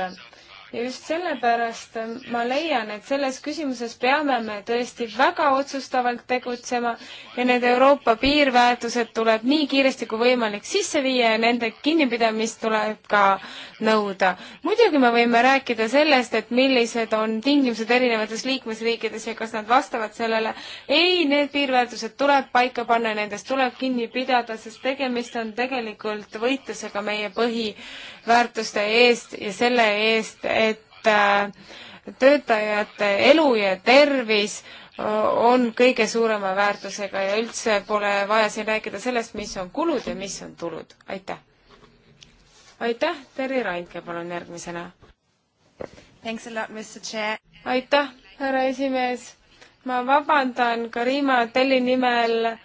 ja just sellepärast ma leian, et selles küsimuses peame me tõesti väga otsustavalt tegutsema ja need Euroopa piirväärtused tuleb nii kiiresti kui võimalik sisse viia ja nende kinnipidamist tuleb ka nõuda. muidugi me võime rääkida sellest, et millised on tingimused erinevates liikmesriikides ja kas nad vastavad sellele. ei, need piirväärtused tuleb paika panna ja nendest tuleb kinni pidada, sest tegemist on tegelikult võitlusega meie põhiväärtuste eest ja selle eest, Äh, töötajate elu ja tervis äh, on kõige suurema väärtusega ja üldse pole vaja siin rääkida sellest, mis on kulud ja mis on tulud. aitäh! aitäh, Terri Randke, palun järgmisena. aitäh, härra esimees. ma vabandan Karima Telli nimel,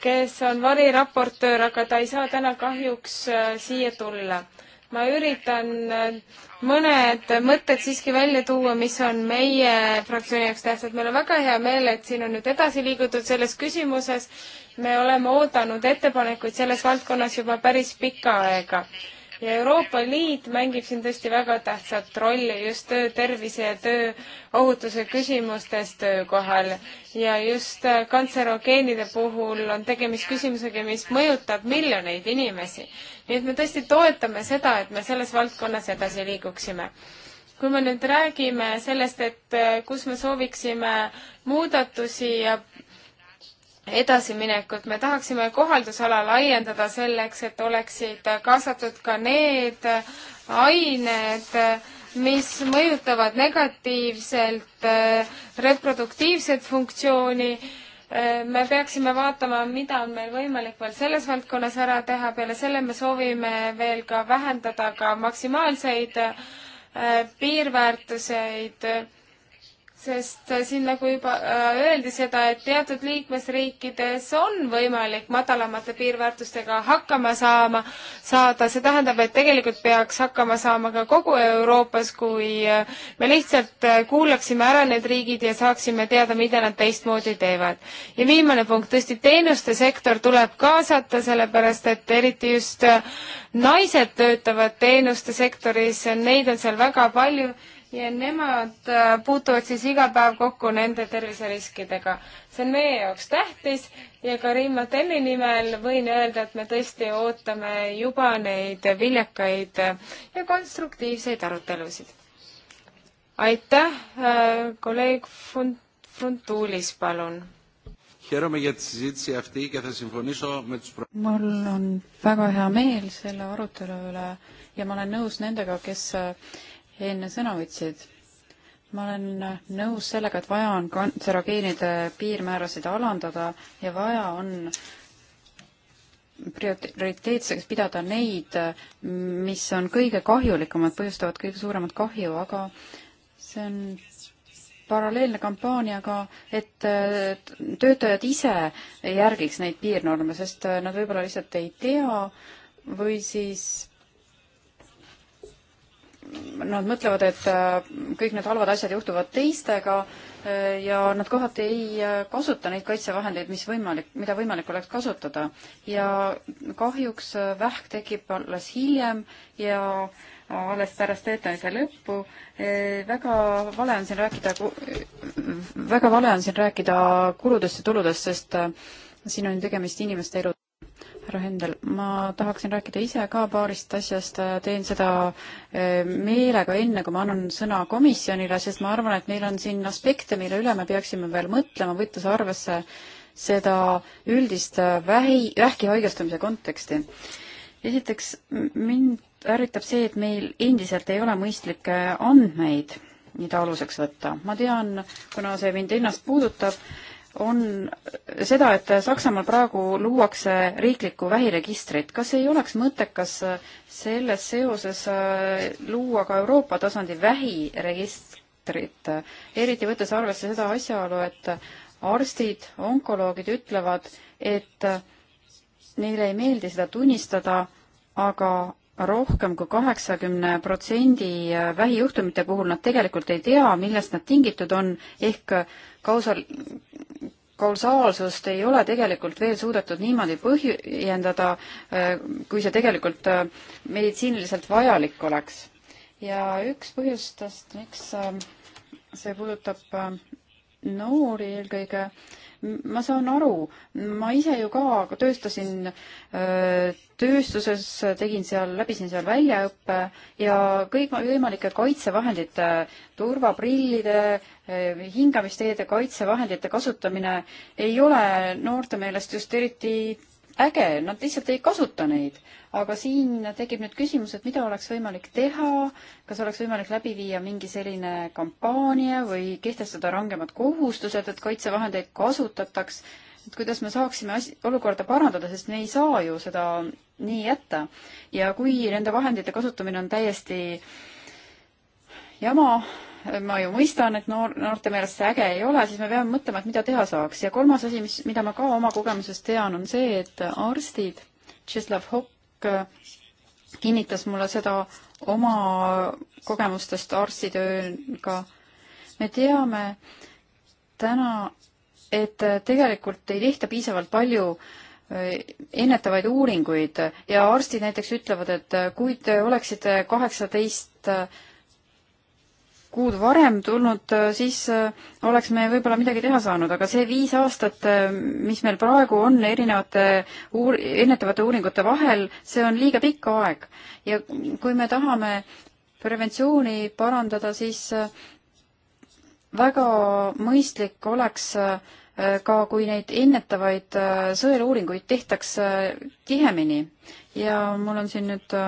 kes on variraportöör, aga ta ei saa täna kahjuks äh, siia tulla ma üritan äh, mõned mõtted siiski välja tuua, mis on meie fraktsiooni jaoks tähtsad. meil on väga hea meel, et siin on nüüd edasi liigutud selles küsimuses. me oleme oodanud ettepanekuid selles valdkonnas juba päris pikka aega ja Euroopa Liit mängib siin tõesti väga tähtsat rolli just töötervise ja tööohutuse küsimustes töökohal. ja just äh, kantserogeenide puhul on tegemist küsimusega, mis mõjutab miljoneid inimesi. nii et me tõesti toetame seda, et me selles valdkonnas edasi liiguksime kui me nüüd räägime sellest, et äh, kus me sooviksime muudatusi ja edasiminekut. me tahaksime kohaldusala laiendada selleks, et oleksid kaasatud ka need ained, mis mõjutavad negatiivselt eh, reproduktiivset funktsiooni. Eh, me peaksime vaatama, mida on meil võimalik veel selles valdkonnas ära teha. peale selle me soovime veel ka vähendada ka maksimaalseid eh, piirväärtuseid sest äh, siin nagu juba äh, öeldi seda, et teatud liikmesriikides on võimalik madalamate piirväärtustega hakkama saama, saada, see tähendab, et tegelikult peaks hakkama saama ka kogu Euroopas, kui äh, me lihtsalt kuulaksime ära need riigid ja saaksime teada, mida nad teistmoodi teevad. ja viimane punkt, tõesti teenuste sektor tuleb kaasata, sellepärast et eriti just naised töötavad teenuste sektoris, neid on seal väga palju ja nemad äh, puutuvad siis iga päev kokku nende terviseriskidega. see on meie jaoks tähtis ja Karim Hotelli nimel võin öelda, et me tõesti ootame juba neid viljakaid ja konstruktiivseid arutelusid. aitäh, äh, kolleeg Fruntulis, palun. mul on väga hea meel selle arutelu üle ja ma olen nõus nendega, kes enne sõna võtsid. ma olen nõus sellega, et vaja on kantserogeenide piirmäärasid alandada ja vaja on prioriteetseks pidada neid, mis on kõige kahjulikumad, põhjustavad kõige suuremat kahju, aga see on paralleelne kampaaniaga, et töötajad ise järgiks neid piirnorme, sest nad võib-olla lihtsalt ei tea või siis nad mõtlevad, et äh, kõik need halvad asjad juhtuvad teistega äh, ja nad kohati ei äh, kasuta neid kaitsevahendeid, mis võimalik, mida võimalik oleks kasutada. ja kahjuks vähk tekib alles hiljem ja alles pärast töötamise lõppu. väga vale on siin rääkida, väga vale on siin rääkida kuludest ja tuludest, sest siin on tegemist inimeste elu härra Hendel, ma tahaksin rääkida ise ka paarist asjast, äh, teen seda äh, meelega enne, kui ma annan sõna komisjonile, sest ma arvan, et meil on siin aspekte, mille üle me peaksime veel mõtlema, võttes arvesse seda üldist äh, vähi, vähki haigestumise konteksti. esiteks, mind ärritab see, et meil endiselt ei ole mõistlikke andmeid, mida aluseks võtta. ma tean, kuna see mind ennast puudutab, on seda, et Saksamaal praegu luuakse riiklikku vähiregistrit. kas ei oleks mõttekas selles seoses äh, luua ka Euroopa tasandi vähiregistrit, eriti võttes arvesse seda asjaolu, et arstid, onkoloogid ütlevad, et neile ei meeldi seda tunnistada, aga rohkem kui kaheksakümne protsendi vähijuhtumite puhul nad tegelikult ei tea, millest nad tingitud on, ehk kausal, kausaalsust ei ole tegelikult veel suudetud niimoodi põhjendada, kui see tegelikult äh, meditsiiniliselt vajalik oleks. ja üks põhjustest, miks äh, see puudutab äh, noori eelkõige, ma saan aru, ma ise ju ka töötasin tööstuses, tegin seal, läbisin seal väljaõppe ja kõikvõimalike kaitsevahendite, turvaprillide, hingamisteede kaitsevahendite kasutamine ei ole noorte meelest just eriti äge, nad lihtsalt ei kasuta neid. aga siin tekib nüüd küsimus, et mida oleks võimalik teha, kas oleks võimalik läbi viia mingi selline kampaania või kehtestada rangemad kohustused, et kaitsevahendeid kasutataks, et kuidas me saaksime asi, olukorda parandada, sest me ei saa ju seda nii jätta. ja kui nende vahendite kasutamine on täiesti jama, ma ju mõistan, et noor, noorte meelest see äge ei ole, siis me peame mõtlema, et mida teha saaks. ja kolmas asi, mis, mida ma ka oma kogemusest tean, on see, et arstid, Tšeslav Hokk kinnitas mulle seda oma kogemustest arstitööga. me teame täna, et tegelikult ei tehta piisavalt palju äh, ennetavaid uuringuid ja arstid näiteks ütlevad, et kui te oleksite kaheksateist 18 äh, kuud varem tulnud, äh, siis äh, oleks me võib-olla midagi teha saanud, aga see viis aastat, äh, mis meil praegu on erinevate uur-, ennetavate uuringute vahel, see on liiga pikk aeg. ja kui me tahame preventsiooni parandada, siis väga mõistlik oleks ka, kui neid ennetavaid sõeluuringuid tehtaks tihemini. ja mul on siin nüüd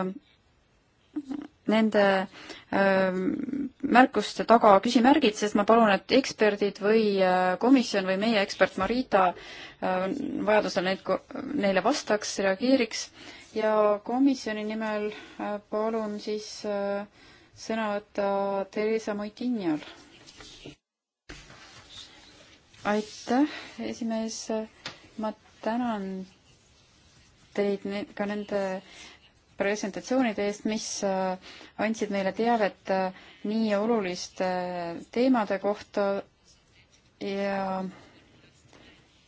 nende ähm, märkuste taga küsimärgid, sest ma palun, et eksperdid või äh, komisjon või meie ekspert Marita äh, vajadusel neid, neile vastaks, reageeriks ja komisjoni nimel äh, palun siis sõna võtta Theresa Moitinjal. aitäh, esimees, ma tänan teid ka nende äh, presentatsioonide eest, mis äh, andsid meile teavet äh, nii oluliste äh, teemade kohta ja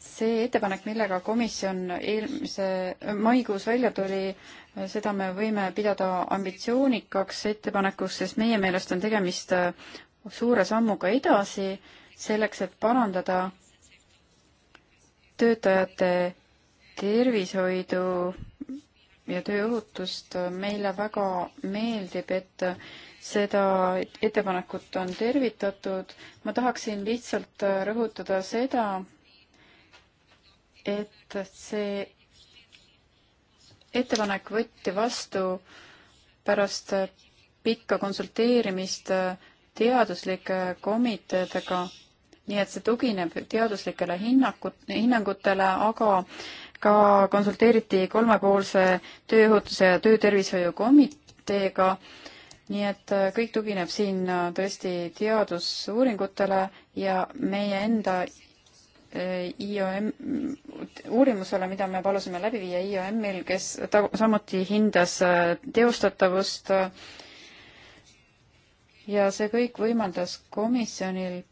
see ettepanek, millega komisjon eelmise maikuus välja tuli, seda me võime pidada ambitsioonikaks ettepanekuks, sest meie meelest on tegemist suure sammuga edasi selleks, et parandada töötajate tervishoidu ja tööohutust. meile väga meeldib, et seda ettepanekut on tervitatud. ma tahaksin lihtsalt rõhutada seda, et see ettepanek võtti vastu pärast pikka konsulteerimist teaduslike komiteedega, nii et see tugineb teaduslikele hinnakud, hinnangutele, aga ka konsulteeriti kolmepoolse tööohutuse ja töötervishoiu komiteega, nii et äh, kõik tugineb siin äh, tõesti teadusuuringutele ja meie enda äh, IOM uurimusele, mida me palusime läbi viia IOM-il, kes ta samuti hindas teostatavust ja see kõik võimaldas komisjonil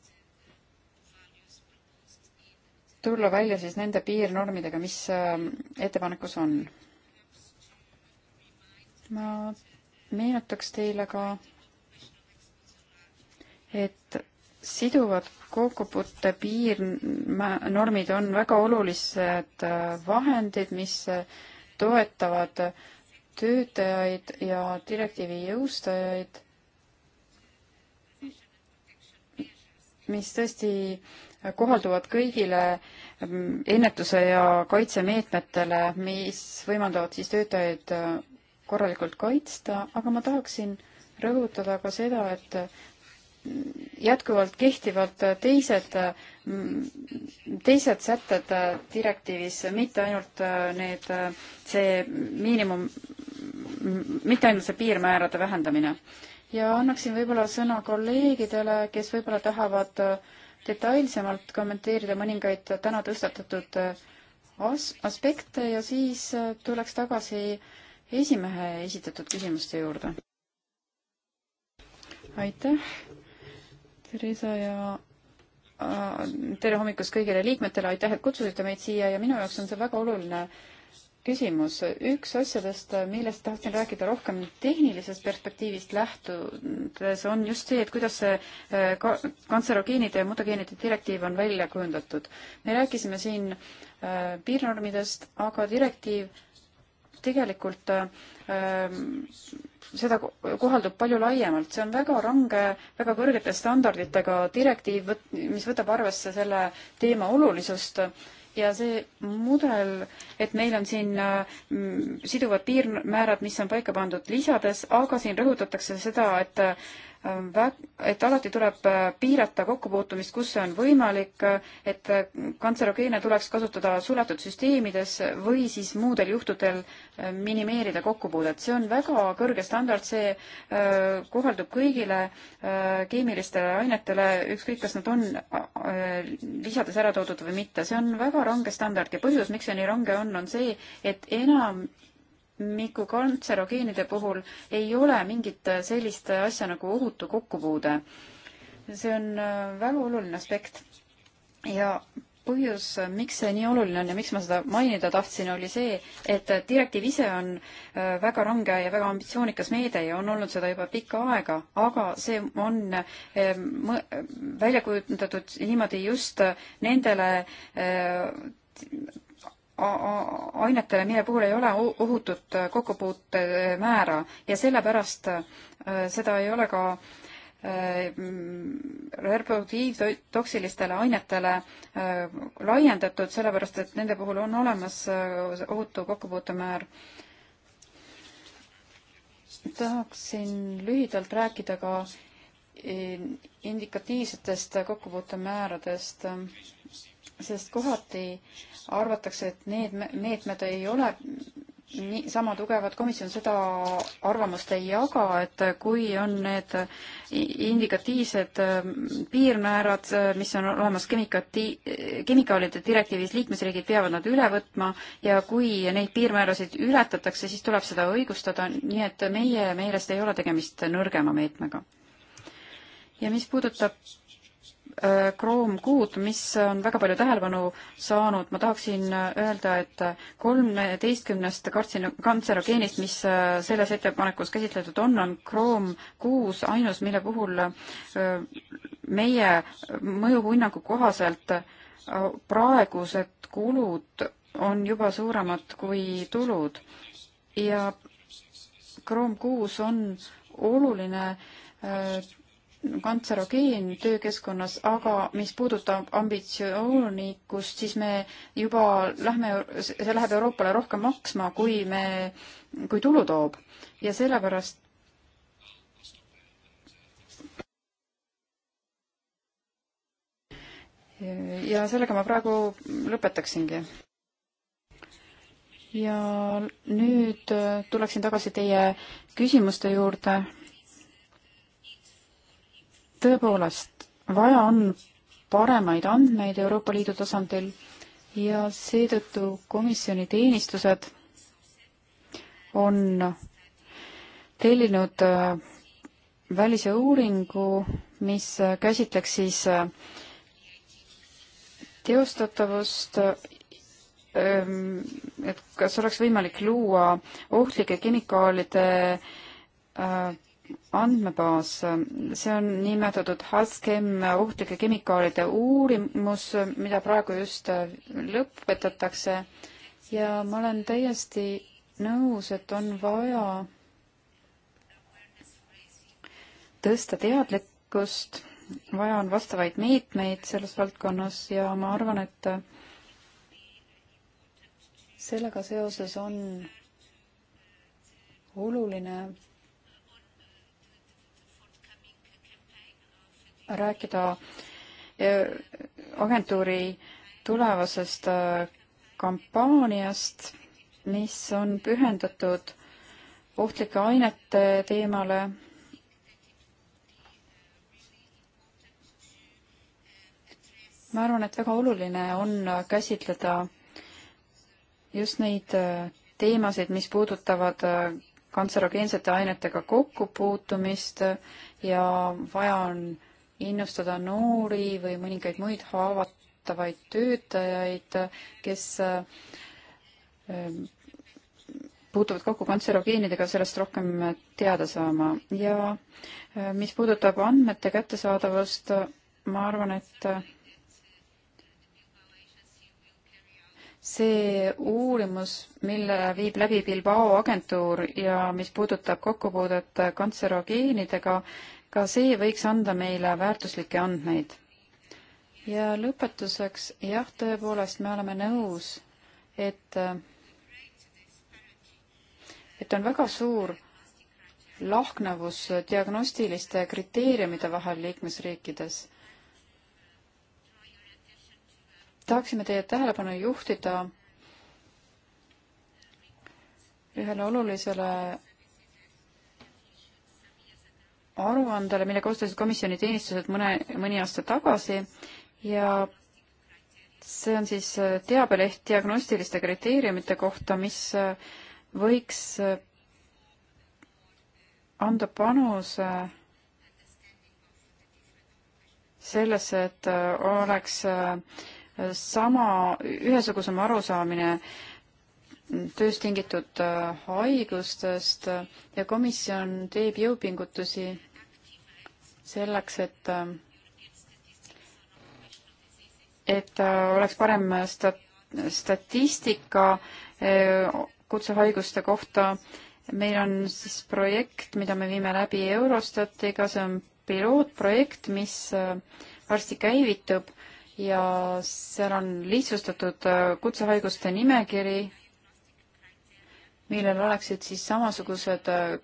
tulla välja siis nende piirnormidega, mis äh, ettepanekus on. ma meenutaks teile ka, et siduvad kokkupute piirnormid on väga olulised äh, vahendid, mis äh, toetavad töötajaid ja direktiivi jõustajaid, mis tõesti kohalduvad kõigile mm, ennetuse ja kaitsemeetmetele, mis võimaldavad siis töötajaid äh, korralikult kaitsta, aga ma tahaksin rõhutada ka seda, et mm, jätkuvalt kehtivad äh, teised, mm, teised sätted äh, direktiivis, mitte ainult need, see miinimum, mitte ainult see piirmäärade vähendamine. ja annaksin võib-olla sõna kolleegidele, kes võib-olla tahavad äh, detailsemalt kommenteerida mõningaid täna tõstatatud äh, as-, aspekte ja siis äh, tuleks tagasi esimehe esitatud küsimuste juurde. aitäh, Theresa ja äh, tere hommikust kõigile liikmetele, aitäh, et kutsusite meid siia ja minu jaoks on see väga oluline äh, küsimus. üks asjadest, millest tahtsin rääkida rohkem tehnilisest perspektiivist lähtudes, on just see, et kuidas see eh, ka-, kantserogeenide ja mutageenide direktiiv on välja kujundatud. me rääkisime siin äh, piirnormidest, aga direktiiv tegelikult äh, seda kohaldub palju laiemalt, see on väga range, väga kõrgete standarditega direktiiv, mis võtab arvesse selle teema olulisust äh, ja see mudel, et meil on siin äh, siduvad piirmäärad, mis on paika pandud lisades, aga siin rõhutatakse seda, et äh, et alati tuleb äh, piirata kokkupuutumist, kus see on võimalik, et äh, kantserogeene tuleks kasutada suletud süsteemides või siis muudel juhtudel äh, minimeerida kokkupuudet. see on väga kõrge standard, see kohaldub kõigile keemilistele ainetele, ükskõik, kas nad on lisades ära toodud või mitte. see on väga range standard ja põhjus, miks see nii range on, on see, et enam mikrokantserogeenide puhul ei ole mingit sellist asja nagu ohutu kokkupuude. see on äh, väga oluline aspekt ja põhjus, miks see nii oluline on ja miks ma seda mainida tahtsin, oli see, et direktiiv ise on äh, väga range ja väga ambitsioonikas meede ja on olnud seda juba pikka aega, aga see on äh, välja kujundatud niimoodi just nendele ainetele, mille puhul ei ole ohutut äh, kokkupuute äh, määra ja sellepärast äh, seda ei ole ka mm, reproduktiivtoksilistele ainetele laiendatud, sellepärast et nende puhul on olemas ohutu kokkupuutemäär. tahaksin lühidalt rääkida ka indikatiivsetest kokkupuutemääradest sest kohati arvatakse, et need meetmed ei ole nii sama tugevad, komisjon seda arvamust ei jaga, et kui on need indikatiivsed ähm, piirmäärad, äh, mis on olemas kemikati-, kemikaalide direktiivis, liikmesriigid peavad nad üle võtma ja kui neid piirmäärasid ületatakse, siis tuleb seda õigustada, nii et meie meelest ei ole tegemist nõrgema meetmega. ja mis puudutab Äh, Chrome kuud, mis on väga palju tähelepanu saanud, ma tahaksin öelda, et kolmeteistkümnest kantserogeenist, mis äh, selles ettepanekus käsitletud on, on Chrome kuus ainus, mille puhul äh, meie mõjuhinnangu kohaselt praegused kulud on juba suuremad kui tulud ja Chrome kuus on oluline kantserogeen töökeskkonnas, aga mis puudutab ambitsioonikust, siis me juba lähme, see läheb Euroopale rohkem maksma, kui me, kui tulu toob ja sellepärast ja sellega ma praegu lõpetaksingi. ja nüüd tuleksin tagasi teie küsimuste juurde tõepoolest, vaja on paremaid andmeid Euroopa Liidu tasandil ja seetõttu komisjoni teenistused on tellinud äh, välise uuringu, mis käsitleks siis äh, teostatavust, ähm, et kas oleks võimalik luua ohtlike kemikaalide äh, andmebaas, see on niinimetatud HASCEM ohtlike kemikaalide uurimus, mida praegu just lõpetatakse ja ma olen täiesti nõus, et on vaja tõsta teadlikkust, vaja on vastavaid meetmeid selles valdkonnas ja ma arvan, et sellega seoses on oluline rääkida e, agentuuri tulevasest e, kampaaniast, mis on pühendatud ohtlike ainete teemale. ma arvan, et väga oluline on käsitleda just neid e, teemasid, mis puudutavad kantserogeensete ainetega kokkupuutumist ja vaja on äh, innustada noori või mõningaid muid haavatavaid töötajaid, kes äh, puutuvad kokku kantserogeenidega, sellest rohkem teada saama ja äh, mis puudutab andmete kättesaadavust, ma arvan, et äh, see uurimus, mille viib läbi Bilbao agentuur ja mis puudutab kokkupuudet kantserogeenidega, ka see võiks anda meile väärtuslikke andmeid. ja lõpetuseks, jah, tõepoolest, me oleme nõus, et, et on väga suur lahknevus diagnostiliste kriteeriumide vahel liikmesriikides. tahaksime teie tähelepanu juhtida ühele olulisele aruandele, mille koostasid komisjoni teenistused mõne, mõni aasta tagasi ja see on siis teabeleht diagnostiliste kriteeriumite kohta, mis võiks anda panuse sellesse, et oleks sama, ühesugusem arusaamine äh, tööst tingitud äh, haigustest äh, ja komisjon teeb jõupingutusi selleks, et äh, et oleks parem stat-, statistika kutsehaiguste kohta. meil on siis projekt, mida me viime läbi Eurostatiga, see on pilootprojekt, mis varsti käivitub ja seal on lihtsustatud kutsehaiguste nimekiri millel oleksid siis samasugused äh,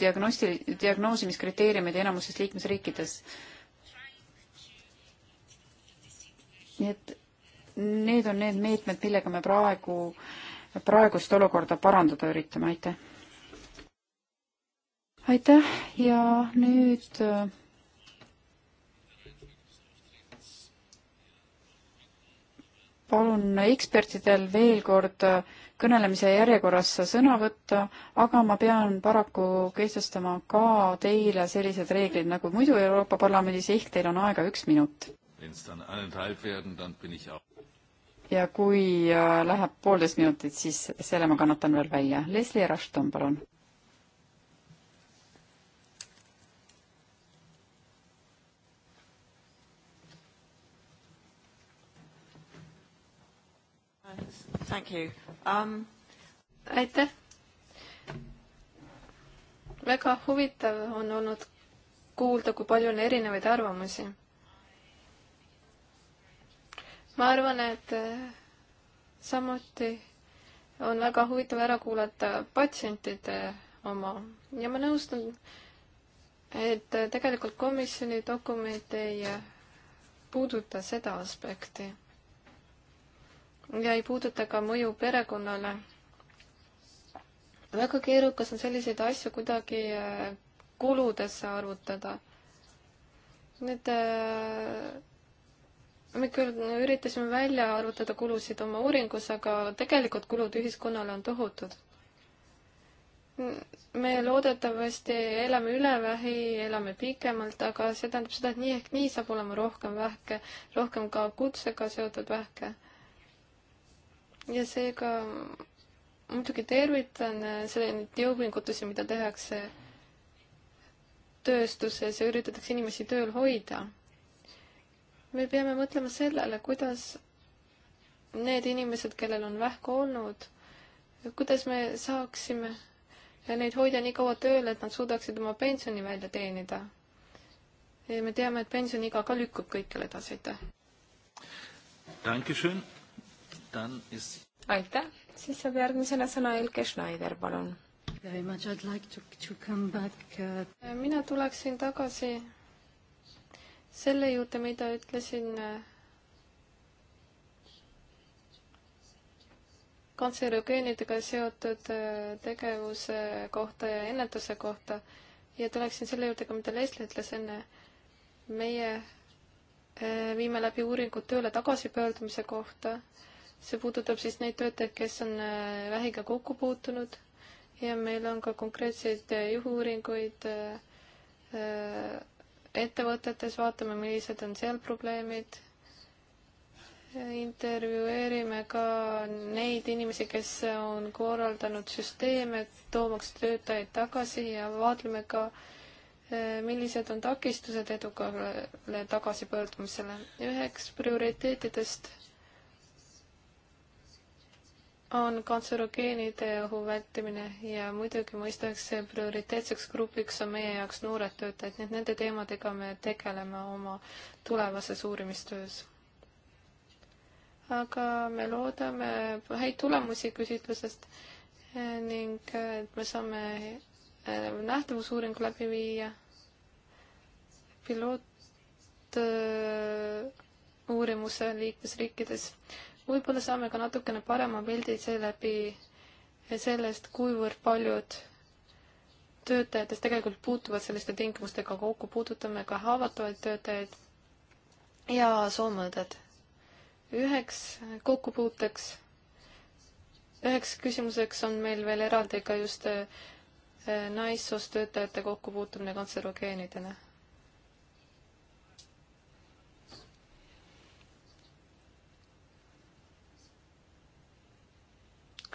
diagnosti-, diagnoosimiskriteeriumid enamuses liikmesriikides. nii et need on need meetmed, millega me praegu, praegust olukorda parandada üritame, aitäh! aitäh ja nüüd äh, palun ekspertidel veel kord äh, kõnelemise järjekorras sõna võtta, aga ma pean paraku kehtestama ka teile sellised reeglid nagu muidu Euroopa Parlamendis, ehk teil on aega üks minut. ja kui äh, läheb poolteist minutit, siis selle ma kannatan veel välja. Leslie Rushton, palun Thank you um.... aitäh. väga huvitav on olnud kuulda, kui palju on erinevaid arvamusi. ma arvan, et eh, samuti on väga huvitav ära kuulata patsientide oma ja ma nõustun, et tegelikult komisjoni dokument ei eh, puuduta seda aspekti ja ei puuduta ka mõju perekonnale. väga keerukas on selliseid asju kuidagi äh, kuludesse arvutada. Need, äh, me küll üritasime välja arvutada kulusid oma uuringus, aga tegelikult kulud ühiskonnale on tohutud. me loodetavasti elame ülevähi, elame pikemalt, aga see tähendab seda, et nii ehk nii saab olema rohkem vähke, rohkem ka kutsega seotud vähke ja seega muidugi tervitan äh, selle, neid jõupingutusi, mida tehakse tööstuses ja üritatakse inimesi tööl hoida. me peame mõtlema sellele, kuidas need inimesed, kellel on vähku olnud, kuidas me saaksime neid hoida nii kaua tööl, et nad suudaksid oma pensioni välja teenida. me teame, et pensioniiga ka lükkub kõikjal edasi, aitäh aitäh, siis saab järgmisena sõna Elke Schneider, palun. Uh, mina tuleksin tagasi selle juurde, mida ütlesin uh, kantserogeenidega seotud uh, tegevuse kohta ja ennetuse kohta ja tuleksin selle juurde ka, mida Leslie ütles enne. meie viime läbi uuringut tööle tagasipöördumise kohta see puudutab siis neid töötajaid, kes on äh, vähiga kokku puutunud ja meil on ka konkreetseid äh, juhu-uuringuid äh, ettevõtetes, vaatame, millised on seal probleemid. intervjueerime ka neid inimesi, kes on korraldanud süsteeme, toomaks töötajaid tagasi ja vaatleme ka, millised on takistused edukale tagasipöördumisele. üheks prioriteetidest on kantserogeenide ohu vältimine ja muidugi mõistakse prioriteetseks grupiks on meie jaoks noored töötajad, nii et nende teemadega me tegeleme oma tulevases uurimistöös. aga me loodame häid tulemusi küsitlusest eh, ning eh, et me saame eh, nähtavusuuringu läbi viia. piloot uurimuse liikmesriikides võib-olla saame ka natukene parema pildi seeläbi sellest, kuivõrd paljud töötajatest tegelikult puutuvad selliste tingimustega kokku, puudutame ka haavatavaid töötajaid ja soomõõded. üheks kokkupuuteks, üheks küsimuseks on meil veel eraldi ka just eh, naissoost töötajate kokkupuutumine kantserogeenidena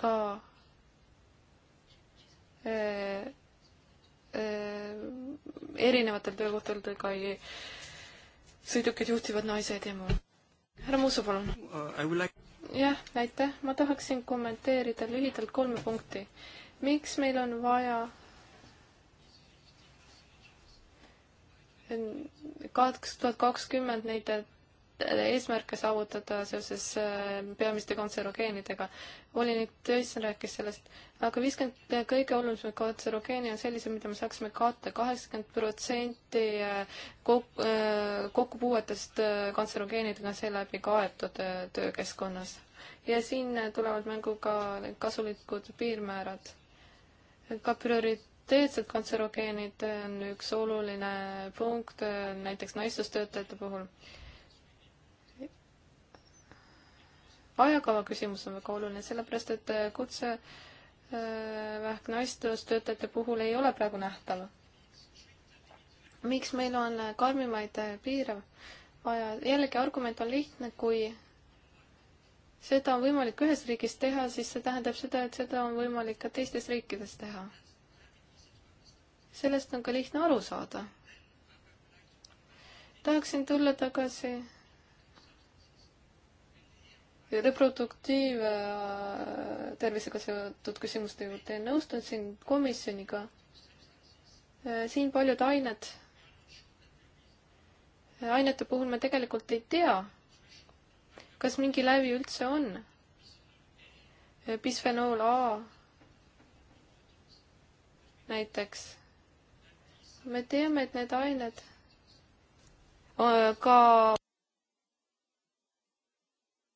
ka äh, äh, erinevatel töökohtadel ka ei, sõidukid juhtivad naised ja muu. härra Muuso, palun. Uh, jah, aitäh, ma tahaksin kommenteerida lühidalt kolme punkti. miks meil on vaja kaks tuhat kakskümmend neid eesmärke saavutada seoses äh, peamiste kontserogeenidega. volinik Tõisson rääkis sellest, aga viiskümmend kõige olulisemaid kontserogeene on sellised, mida me saaksime kaota. kaheksakümmend protsenti äh, äh, kokkupuuetest kontserogeenidega on seeläbi kaetud töökeskkonnas. ja siin tulevad mängu ka kasulikud piirmäärad. ka priori-, teedsed kantserogeenid on üks oluline punkt näiteks naistustöötajate puhul. ajakava küsimus on väga oluline, sellepärast et äh, kutse äh, vähk naistööstustöötajate puhul ei ole praegu nähtav. miks meil on äh, karmimaid piire vaja, jällegi argument on lihtne, kui seda on võimalik ühes riigis teha, siis see tähendab seda, et seda on võimalik ka teistes riikides teha. sellest on ka lihtne aru saada tahaksin tulla tagasi reproduktiiv tervisega seotud küsimuste juurde nõustun siin komisjoniga. Äh, siin paljud ained, äh, ainete puhul me tegelikult ei tea, kas mingi lävi üldse on. Äh, bisfenool A näiteks. me teame, et need ained ka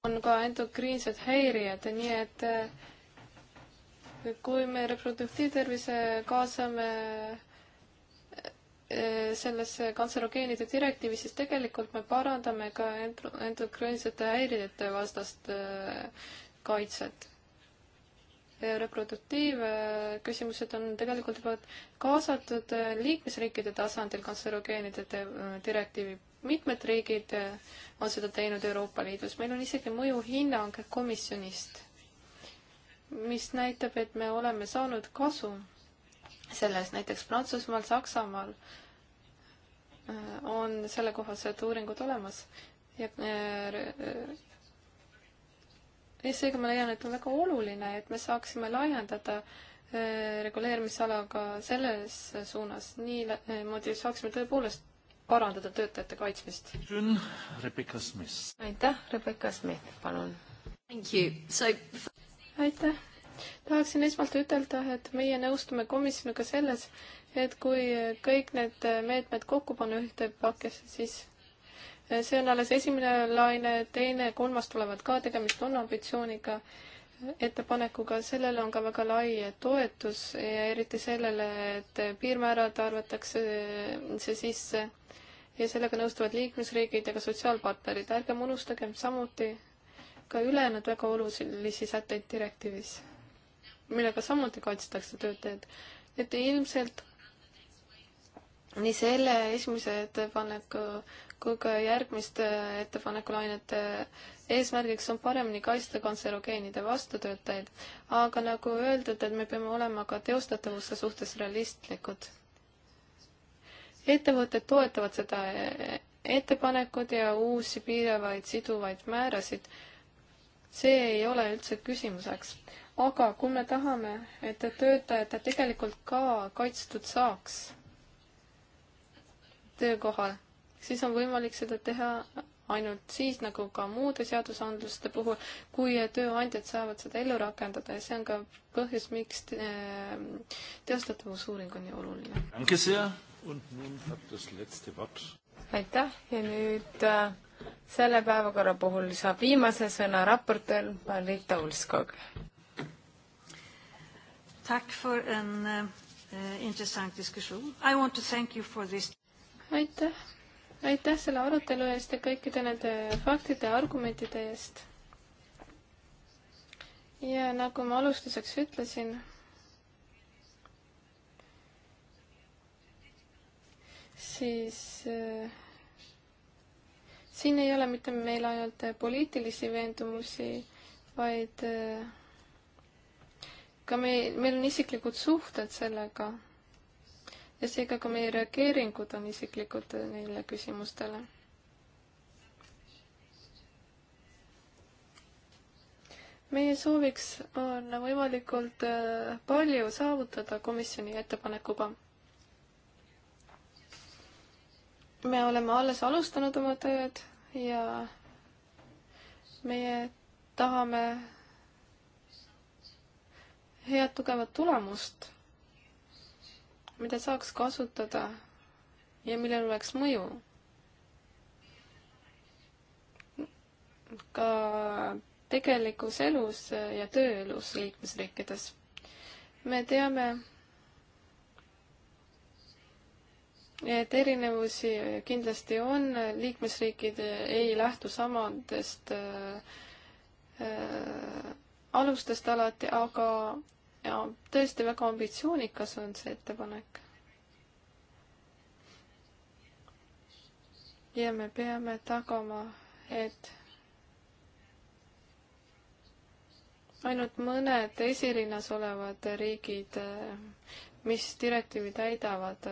on ka endokriinsed häirijad, nii et eh, kui me reproduktiivtervise kaasame eh, sellesse kantserogeenide direktiivi, siis tegelikult me parandame ka endokriinsete häirijate vastast eh, kaitset. reproduktiivküsimused on tegelikult juba kaasatud liikmesriikide tasandil kantserogeenide direktiivi mitmed riigid eh, on seda teinud Euroopa Liidus, meil on isegi mõjuhinnang komisjonist, mis näitab, et me oleme saanud kasu selles, näiteks Prantsusmaal, Saksamaal eh, on sellekohased uuringud olemas ja ja eh, seega ma leian, et on väga oluline, et me saaksime laiendada reguleerimisalaga selles suunas, niimoodi saaksime tõepoolest parandada töötajate kaitsmist. aitäh, Rebecca Smith, palun. So... aitäh. tahaksin esmalt ütelda, et meie nõustume komisjoniga selles, et kui kõik need meetmed kokku panna ühte pakesse, siis see on alles esimene laine, teine, kolmas tulevad ka, tegemist on ambitsiooniga ettepanekuga, sellele on ka väga lai toetus ja eriti sellele, et piirmäärad arvatakse eh, see sisse ja sellega nõustuvad liikmesriigid ja ka sotsiaalpartnerid. ärgem unustagem samuti ka ülejäänud väga olulisi sätteid direktiivis, millega samuti kaitstakse töötajaid. et ilmselt nii selle esimese ettepaneku kui ka järgmiste ettepanekulainete eh, eesmärgiks on paremini kaitsta kantserogeenide vastutöötajaid, aga nagu öeldud, et me peame olema ka teostatavuse suhtes realistlikud. ettevõtted toetavad seda eh, ettepanekut ja uusi piiravaid siduvaid määrasid. see ei ole üldse küsimuseks. aga kui me tahame, et töötajad tegelikult ka kaitstud saaks töökohal, siis on võimalik seda teha ainult siis, nagu ka muude seadusandluste puhul, kui tööandjad saavad seda ellu rakendada ja see on ka põhjus, miks teostatavusuuring on nii oluline. aitäh ja nüüd äh, selle päevakorra puhul saab viimase sõna raportöör Marita Ulskog. Tack för en uh, intressant diskussion. I want to thank you for this aitäh, aitäh selle arutelu eest ja kõikide nende faktide ja argumentide eest. ja nagu ma alustuseks ütlesin, siis äh, siin ei ole mitte meil ainult poliitilisi veendumusi, vaid äh, ka meil, meil on isiklikud suhted sellega ja seega ka meie reageeringud on isiklikud neile küsimustele. meie sooviks on võimalikult äh, palju saavutada komisjoni ettepanekuga. me oleme alles alustanud oma tööd ja meie tahame head tugevat tulemust mida saaks kasutada ja millel oleks mõju. ka tegelikus elus ja tööelus liikmesriikides. me teame, et erinevusi kindlasti on, liikmesriigid ei lähtu samadest äh, äh, alustest alati, aga ja tõesti väga ambitsioonikas on see ettepanek. ja me peame tagama, et ainult mõned esirinnas olevad riigid, mis direktiivi täidavad,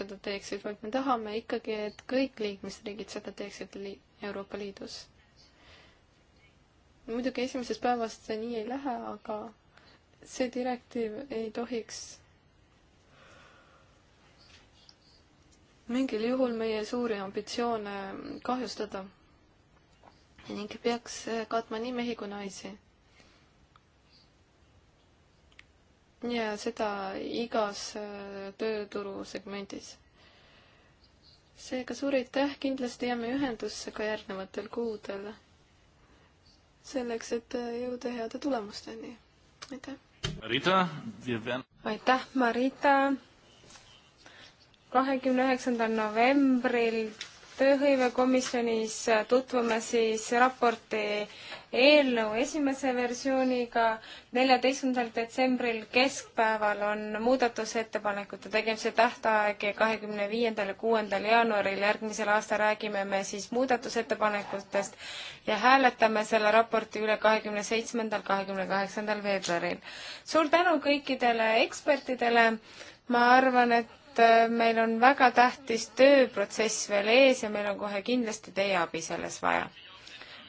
seda teeksid, vaid me tahame ikkagi, et kõik liikmesriigid seda teeksid li Euroopa Liidus. muidugi esimesest päevast see nii ei lähe, aga see direktiiv ei tohiks mingil juhul meie suuri ambitsioone kahjustada ning peaks katma nii mehi kui naisi. ja seda igas äh, tööturu segmendis. seega suur aitäh, kindlasti jääme ühendusse ka järgnevatel kuudel selleks, et äh, jõuda heade tulemusteni. aitäh! Marita, pean... aitäh, Marita. kahekümne üheksandal novembril tööhõivekomisjonis tutvume siis raporti eelnõu esimese versiooniga. neljateistkümnendal detsembril keskpäeval on muudatusettepanekute tegemise tähtaeg ja kahekümne viiendal ja kuuendal jaanuaril järgmisel aastal räägime me siis muudatusettepanekutest ja hääletame selle raporti üle kahekümne seitsmendal, kahekümne kaheksandal veebruaril. suur tänu kõikidele ekspertidele. ma arvan, et äh, meil on väga tähtis tööprotsess veel ees ja meil on kohe kindlasti teie abi selles vaja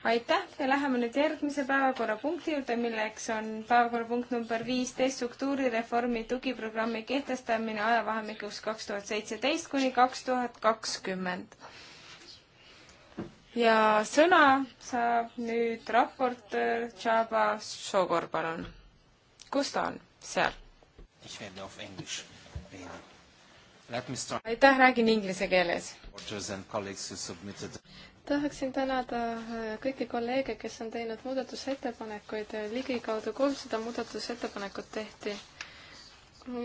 aitäh ja läheme nüüd järgmise päevakorrapunkti juurde, milleks on päevakorrapunkt number viisteist, struktuurireformi tugiprogrammi kehtestamine ajavahemikuks kaks tuhat seitseteist kuni kaks tuhat kakskümmend. ja sõna saab nüüd raportöör Tšaba Šogor, palun. kus ta on? seal. aitäh, räägin inglise keeles tahaksin tänada äh, kõiki kolleege, kes on teinud muudatusettepanekuid, ligikaudu kolmsada muudatusettepanekut tehti.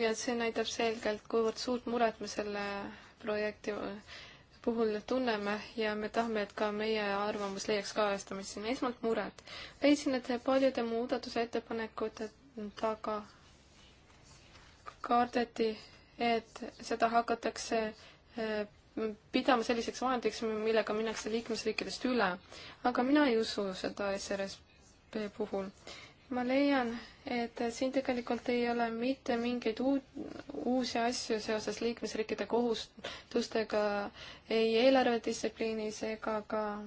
ja see näitab selgelt, kuivõrd suurt muret me selle projekti puhul tunneme ja me tahame, et ka meie arvamus leiaks kajastamist siin. esmalt mured. leidsin, et paljude muudatusettepanekute taga kardeti, et seda hakatakse äh, pidama selliseks vahendiks, millega minnakse liikmesriikidest üle. aga mina ei usu seda SRSP puhul. ma leian, et siin tegelikult ei ole mitte mingeid uut, uusi asju seoses liikmesriikide kohustustega ei eelarvedistsipliinis ega ka äh,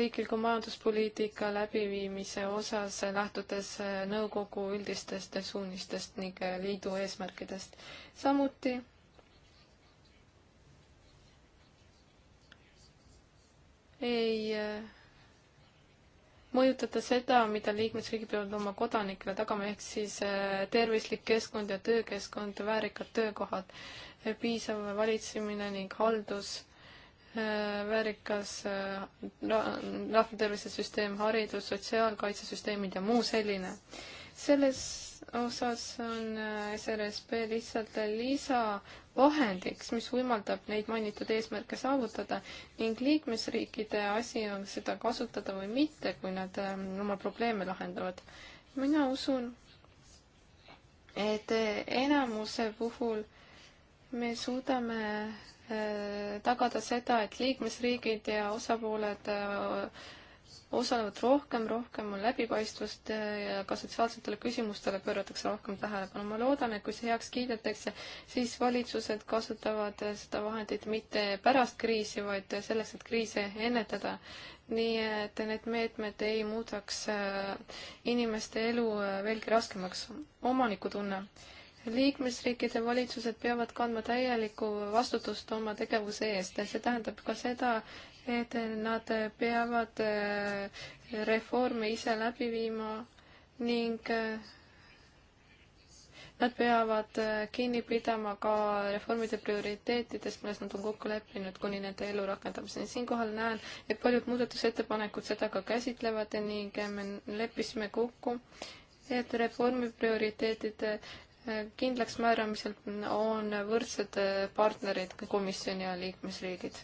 riikliku majanduspoliitika läbiviimise osas, lähtudes äh, nõukogu üldistest suunistest ning äh, liidu eesmärkidest. samuti ei äh, mõjutada seda, mida liikmesriigid peavad oma kodanikele tagama, ehk siis äh, tervislik keskkond ja töökeskkond, väärikad töökohad, äh, piisav valitsemine ning haldus, väärikas rahvatervise süsteem, haridus, sotsiaalkaitsesüsteemid ja muu selline. selles osas on äh, SRSP lihtsalt lisavahendiks, mis võimaldab neid mainitud eesmärke saavutada ning liikmesriikide asi on seda kasutada või mitte, kui nad ähm, oma probleeme lahendavad. mina usun, et äh, enamuse puhul me suudame äh, tagada seda, et liikmesriigid ja osapooled osalevad rohkem, rohkem on läbipaistvust ja ka sotsiaalsetele küsimustele pööratakse rohkem tähelepanu. ma loodan, et kui see heaks kiidetakse, siis valitsused kasutavad seda vahendit mitte pärast kriisi, vaid selleks, et kriise ennetada. nii et need meetmed ei muudaks äh, inimeste elu äh, veelgi raskemaks. omanikutunne liikmesriikide valitsused peavad kandma täielikku vastutust oma tegevuse eest ja see tähendab ka seda, et nad peavad äh, reforme ise läbi viima ning äh, nad peavad äh, kinni pidama ka reformide prioriteetidest, milles nad on kokku leppinud kuni nende elu rakendamiseni. siinkohal näen, et paljud muudatusettepanekud seda ka käsitlevad ning me leppisime kokku, et reformi prioriteetide kindlaksmääramisel on võrdsed partnerid komisjoni ja liikmesriigid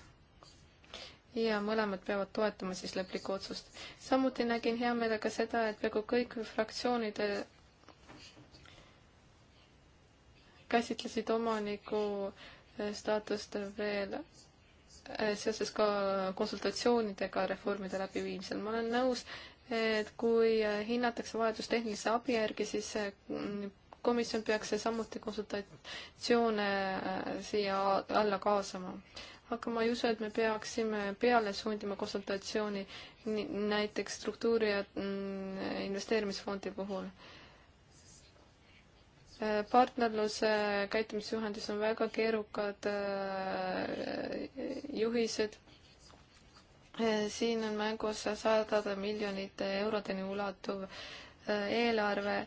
ja mõlemad peavad toetama siis lõplikku otsust. samuti nägin hea meelega seda, et peaaegu kõik fraktsioonide äh, käsitlesid omaniku äh, staatust veel äh, seoses ka konsultatsioonidega reformide läbiviimisel. ma olen nõus, et kui hinnatakse vajadust tehnilise abi järgi, siis komisjon peaks samuti konsultatsioone siia alla kaasama aga ma ei usu, et me peaksime peale suundima konsultatsiooni näiteks struktuuri ja mm, investeerimisfondi puhul. Äh, partnerluse käitumisjuhendis on väga keerukad äh, juhised. Äh, siin on mängus sadade miljonite eurodeni ulatuv eelarve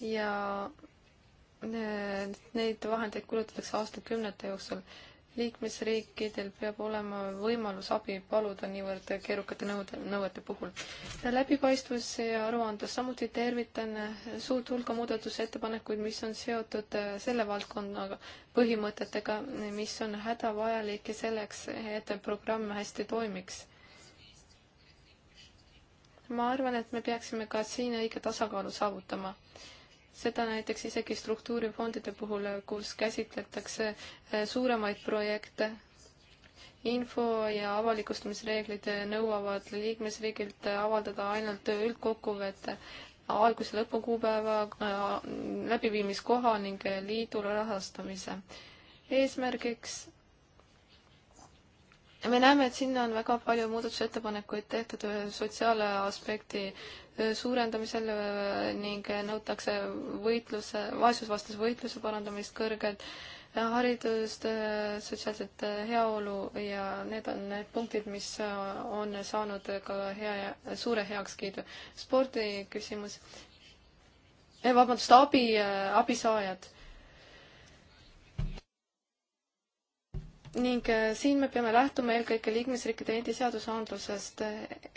ja neid vahendeid kulutatakse aastakümnete jooksul liikmesriikidel peab olema võimalus abi paluda niivõrd keerukate nõude, nõuete puhul. läbipaistvus ja aruandlus, samuti tervitan suurt hulka muudatusettepanekuid, mis on seotud äh, selle valdkonnaga, põhimõtetega, mis on hädavajalik selleks, et programm hästi toimiks. ma arvan, et me peaksime ka siin õige tasakaalu saavutama seda näiteks isegi struktuurifondide puhul, kus käsitletakse eh, suuremaid projekte. info ja avalikustamisreeglid nõuavad liikmesriigilt avaldada ainult üldkokkuvõtte algus- ja lõpukuupäeva, eh, läbiviimiskoha ning eh, liidule rahastamise. eesmärgiks me näeme, et sinna on väga palju muudatusettepanekuid tehtud äh, sotsiaalaspekti äh, suurendamisel äh, ning nõutakse võitluse, vaesusvastase võitluse parandamist kõrgelt, haridust, sotsiaalset heaolu ja need on need punktid, mis on saanud ka hea ja suure heakskiidu. spordiküsimus, vabandust, abi, abisaajad ning äh, siin me peame lähtuma eelkõige liikmesriikide endi seadusandlusest,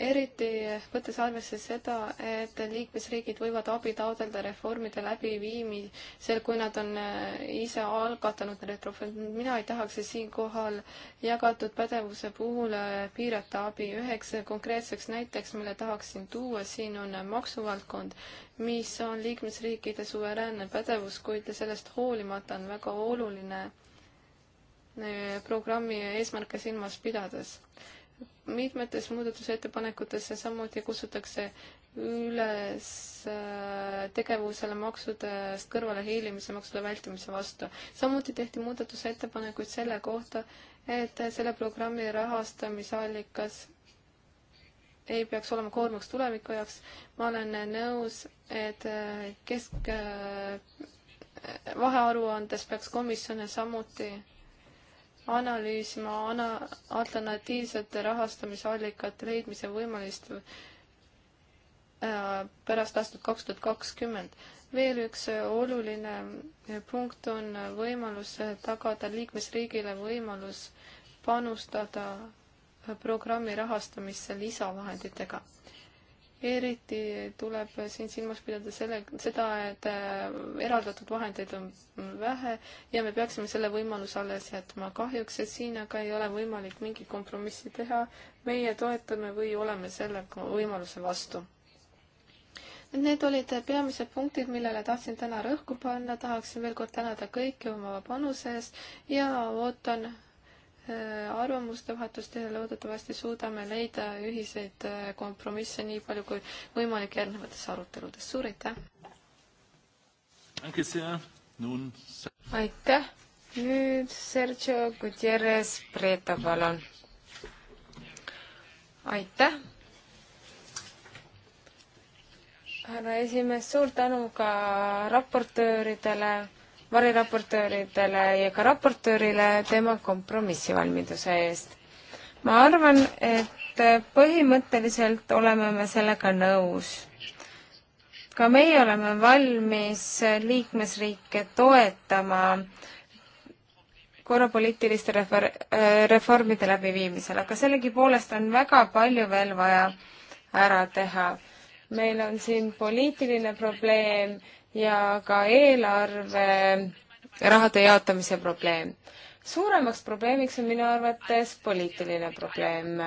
eriti võttes arvesse seda, et liikmesriigid võivad abi taotleda reformide läbiviimisel, kui nad on äh, ise algatanud need reformid. mina ei tahaks siinkohal jagatud pädevuse puhul äh, piirata abi. üheks konkreetseks näiteks, mille tahaksin tuua, siin on maksuvaldkond, mis on liikmesriikide suveräänne pädevus, kuid sellest hoolimata on väga oluline programmi eesmärke silmas pidades. mitmetes muudatusettepanekutes samuti kutsutakse üles äh, tegevusele maksudest kõrvalehiilimise, maksude vältimise vastu. samuti tehti muudatusettepanekuid selle kohta, et selle programmi rahastamisallikas ei peaks olema koormaks tuleviku jaoks. ma olen nõus, et äh, kesk, äh, vahearuandes peaks komisjon samuti analüüsima ana-, alternatiivsete rahastamisallikate leidmise võimalist äh, pärast aastat kaks tuhat kakskümmend. veel üks äh, oluline äh, punkt on võimalus tagada liikmesriigile võimalus panustada programmi rahastamisse lisavahenditega eriti tuleb siin silmas pidada selle, seda, et äh, eraldatud vahendeid on vähe ja me peaksime selle võimaluse alles jätma. kahjuks, et siin aga ei ole võimalik mingit kompromissi teha. meie toetame või oleme selle võimaluse vastu. Need olid peamised punktid, millele tahtsin täna rõhku panna, tahaksin veel kord tänada kõiki oma panuse eest ja ootan Äh, arvamuste vahetust ja loodetavasti suudame leida ühiseid äh, kompromisse nii palju kui võimalik järgnevates aruteludes. suur aitäh! aitäh! nüüd Sergio Gutierrez Preta, palun. aitäh! härra esimees, suur tänu ka raportööridele variraportööridele ja ka raportöörile tema kompromissivalmiduse eest. ma arvan, et põhimõtteliselt oleme me sellega nõus. ka meie oleme valmis liikmesriike toetama korrapoliitiliste refor-, reformide läbiviimisel, aga sellegipoolest on väga palju veel vaja ära teha. meil on siin poliitiline probleem ja ka eelarve rahade jaotamise probleem. suuremaks probleemiks on minu arvates poliitiline probleem.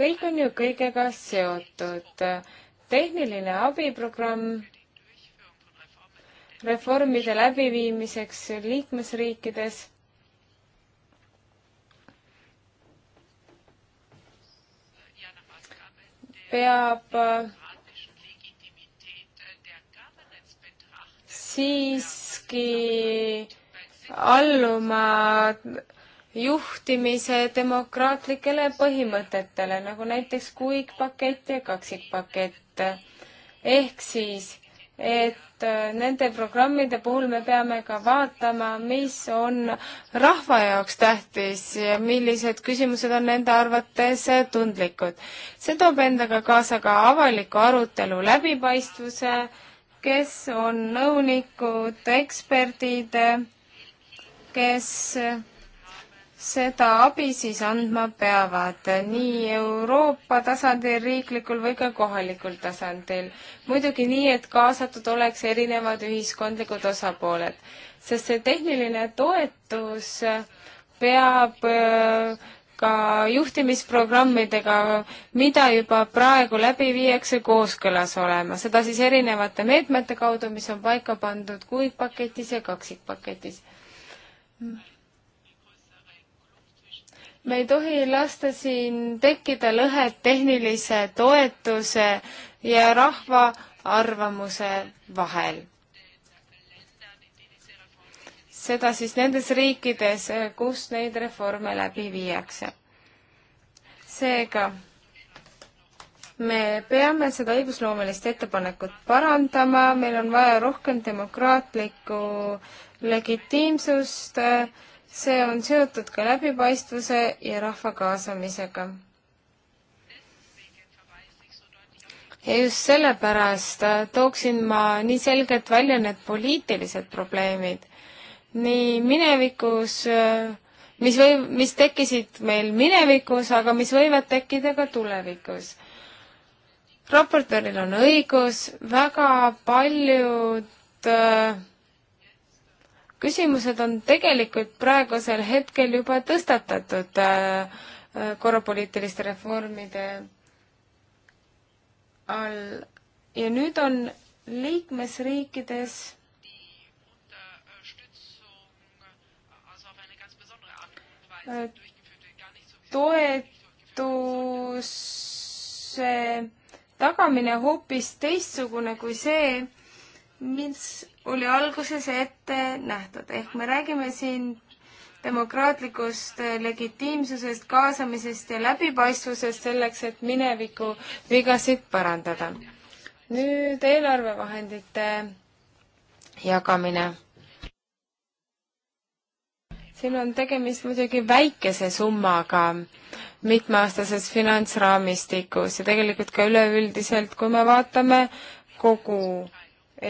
kõik on ju kõigega seotud. tehniline abiprogramm reformide läbiviimiseks liikmesriikides peab siiski alluma juhtimise demokraatlikele põhimõtetele, nagu näiteks kuigpakett ja kaksikpakett. ehk siis, et äh, nende programmide puhul me peame ka vaatama, mis on rahva jaoks tähtis ja millised küsimused on nende arvates tundlikud. see toob endaga kaasa ka avaliku arutelu läbipaistvuse, kes on nõunikud, eksperdid, kes seda abi siis andma peavad nii Euroopa tasandil, riiklikul või ka kohalikul tasandil. muidugi nii, et kaasatud oleks erinevad ühiskondlikud osapooled, sest see tehniline toetus peab äh, ka juhtimisprogrammidega, mida juba praegu läbi viiakse kooskõlas olema, seda siis erinevate meetmete kaudu, mis on paika pandud kuivpaketis ja kaksikpaketis. me ei tohi lasta siin tekkida lõhet tehnilise toetuse ja rahva arvamuse vahel seda siis nendes riikides, kus neid reforme läbi viiakse. seega me peame seda õigusloomelist ettepanekut parandama, meil on vaja rohkem demokraatlikku legitiimsust, see on seotud ka läbipaistvuse ja rahva kaasamisega. ja just sellepärast tooksin ma nii selgelt välja need poliitilised probleemid, nii minevikus, mis või, mis tekkisid meil minevikus, aga mis võivad tekkida ka tulevikus. raportööril on õigus, väga paljud äh, küsimused on tegelikult praegusel hetkel juba tõstatatud äh, äh korrapoliitiliste reformide all ja nüüd on liikmesriikides toetuse tagamine hoopis teistsugune kui see, mis oli alguses ette nähtud, ehk me räägime siin demokraatlikust legitiimsusest, kaasamisest ja läbipaistvusest selleks, et mineviku vigasid parandada. nüüd eelarvevahendite jagamine siin on tegemist muidugi väikese summaga mitmeaastases finantsraamistikus ja tegelikult ka üleüldiselt, kui me vaatame kogu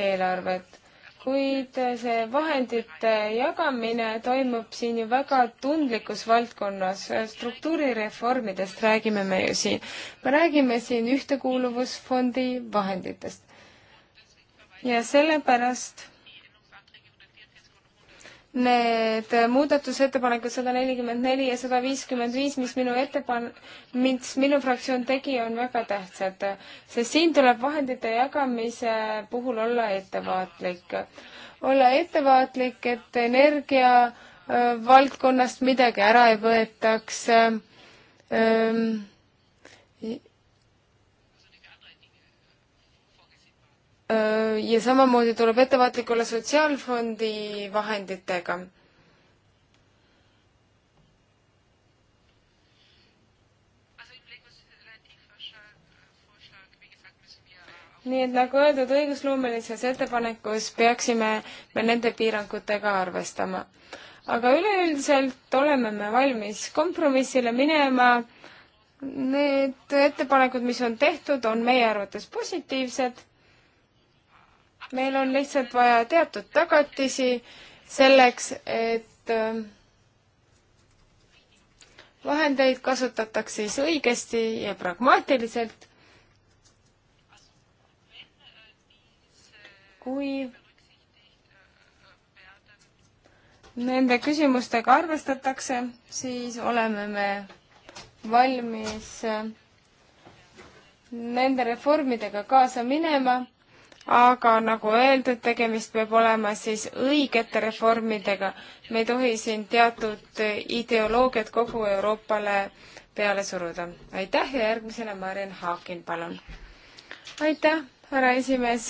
eelarvet kuid see vahendite jagamine toimub siin ju väga tundlikus valdkonnas, struktuurireformidest räägime me ju siin. me räägime siin Ühtekuuluvusfondi vahenditest. ja sellepärast need muudatusettepanekud sada nelikümmend neli ja sada viiskümmend viis, mis minu ettepan-, mis minu fraktsioon tegi, on väga tähtsad, sest siin tuleb vahendite jagamise puhul olla ettevaatlik. olla ettevaatlik, et energia äh, valdkonnast midagi ära ei võetaks ähm,. ja samamoodi tuleb ettevaatlik olla sotsiaalfondi vahenditega. nii et nagu öeldud, õigusloomelises ettepanekus peaksime me nende piirangutega arvestama. aga üleüldiselt oleme me valmis kompromissile minema. Need ettepanekud, mis on tehtud, on meie arvates positiivsed meil on lihtsalt vaja teatud tagatisi selleks, et ähm, vahendeid kasutataks siis õigesti ja pragmaatiliselt. kui nende küsimustega arvestatakse, siis oleme me valmis äh, nende reformidega kaasa minema aga nagu öeldud, tegemist peab olema siis õigete reformidega. me ei tohi siin teatud ideoloogiat kogu Euroopale peale suruda. aitäh ja järgmisena Mariann Haakin, palun. aitäh, härra esimees.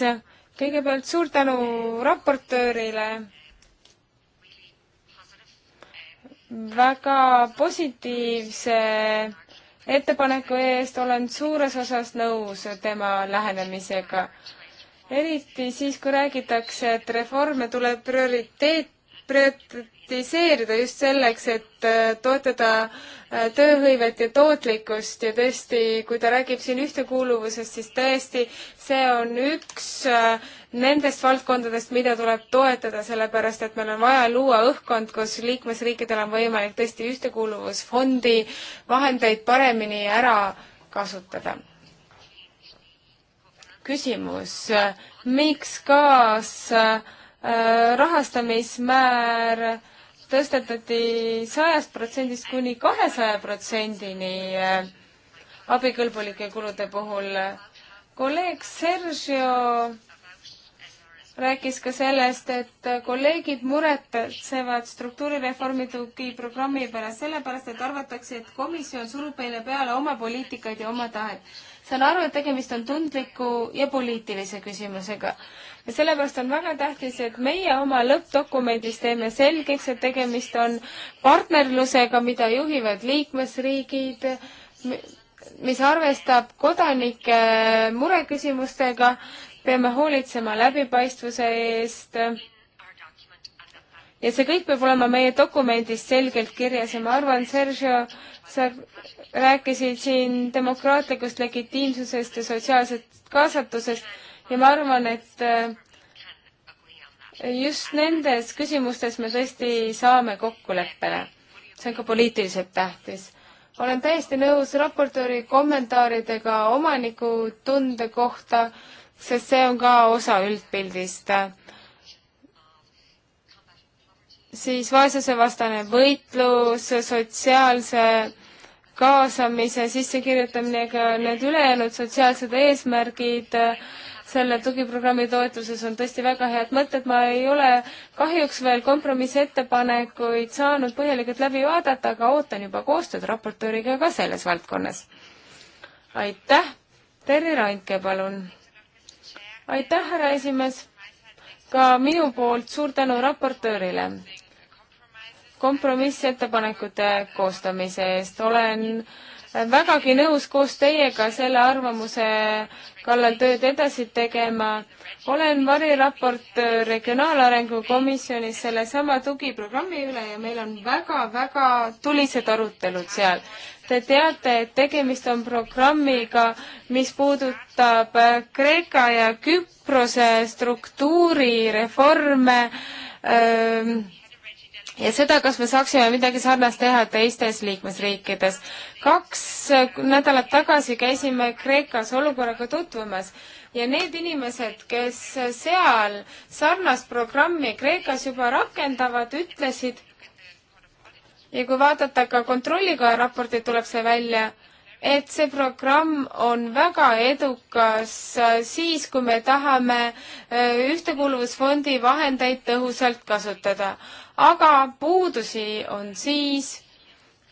kõigepealt suur tänu raportöörile. väga positiivse ettepaneku eest olen suures osas nõus tema lähenemisega eriti siis, kui räägitakse, et reforme tuleb prioriteet, prioritiseerida just selleks, et äh, toetada äh, tööhõivet ja tootlikkust ja tõesti, kui ta räägib siin ühtekuuluvusest, siis tõesti, see on üks äh, nendest valdkondadest, mida tuleb toetada, sellepärast et meil on vaja luua õhkkond, kus liikmesriikidel on võimalik tõesti ühtekuuluvusfondi vahendeid paremini ära kasutada küsimus, miks kaasrahastamismäär äh, tõstetati sajast protsendist kuni kahesaja protsendini äh, abikõlbulike kulude puhul. kolleeg Sergio rääkis ka sellest, et kolleegid muretsevad struktuurireformi tugiprogrammi pärast, sellepärast et arvatakse, et komisjon surub meile peale oma poliitikaid ja oma tahet saan aru, et tegemist on tundliku ja poliitilise küsimusega. ja sellepärast on väga tähtis, et meie oma lõppdokumendis teeme selgeks, et tegemist on partnerlusega, mida juhivad liikmesriigid, mis arvestab kodanike mureküsimustega, peame hoolitsema läbipaistvuse eest ja see kõik peab olema meie dokumendis selgelt kirjas ja ma arvan, Sergio, sa rääkisid siin demokraatlikust legitiimsusest ja sotsiaalsest kaasatusest ja ma arvan, et äh, just nendes küsimustes me tõesti saame kokkuleppele. see on ka poliitiliselt tähtis. olen täiesti nõus raportööri kommentaaridega omanikutunde kohta, sest see on ka osa üldpildist siis vaesusevastane võitlus, sotsiaalse kaasamise sissekirjutamine ja ka need ülejäänud sotsiaalsed eesmärgid äh, selle tugiprogrammi toetuses on tõesti väga head mõtted, ma ei ole kahjuks veel kompromissettepanekuid saanud põhjalikult läbi vaadata, aga ootan juba koostööd raportööriga ka selles valdkonnas. aitäh, Terri Randke, palun. aitäh, härra esimees. ka minu poolt suur tänu raportöörile kompromissettepanekute koostamise eest, olen vägagi nõus koos teiega selle arvamuse kallal tööd edasi tegema. olen variraportöör Regionaalarengu Komisjonis sellesama tugiprogrammi üle ja meil on väga-väga tulised arutelud seal. Te teate, et tegemist on programmiga, mis puudutab Kreeka ja Küprose struktuurireforme öö, ähm, ja seda, kas me saaksime midagi sarnast teha teistes liikmesriikides. kaks äh, nädalat tagasi käisime Kreekas olukorraga tutvumas ja need inimesed, kes seal sarnast programmi Kreekas juba rakendavad, ütlesid, ja kui vaadata ka kontrollikoja raportit, tuleb see välja, et see programm on väga edukas äh, siis, kui me tahame äh, Ühtekuuluvusfondi vahendeid tõhusalt kasutada. aga puudusi on siis,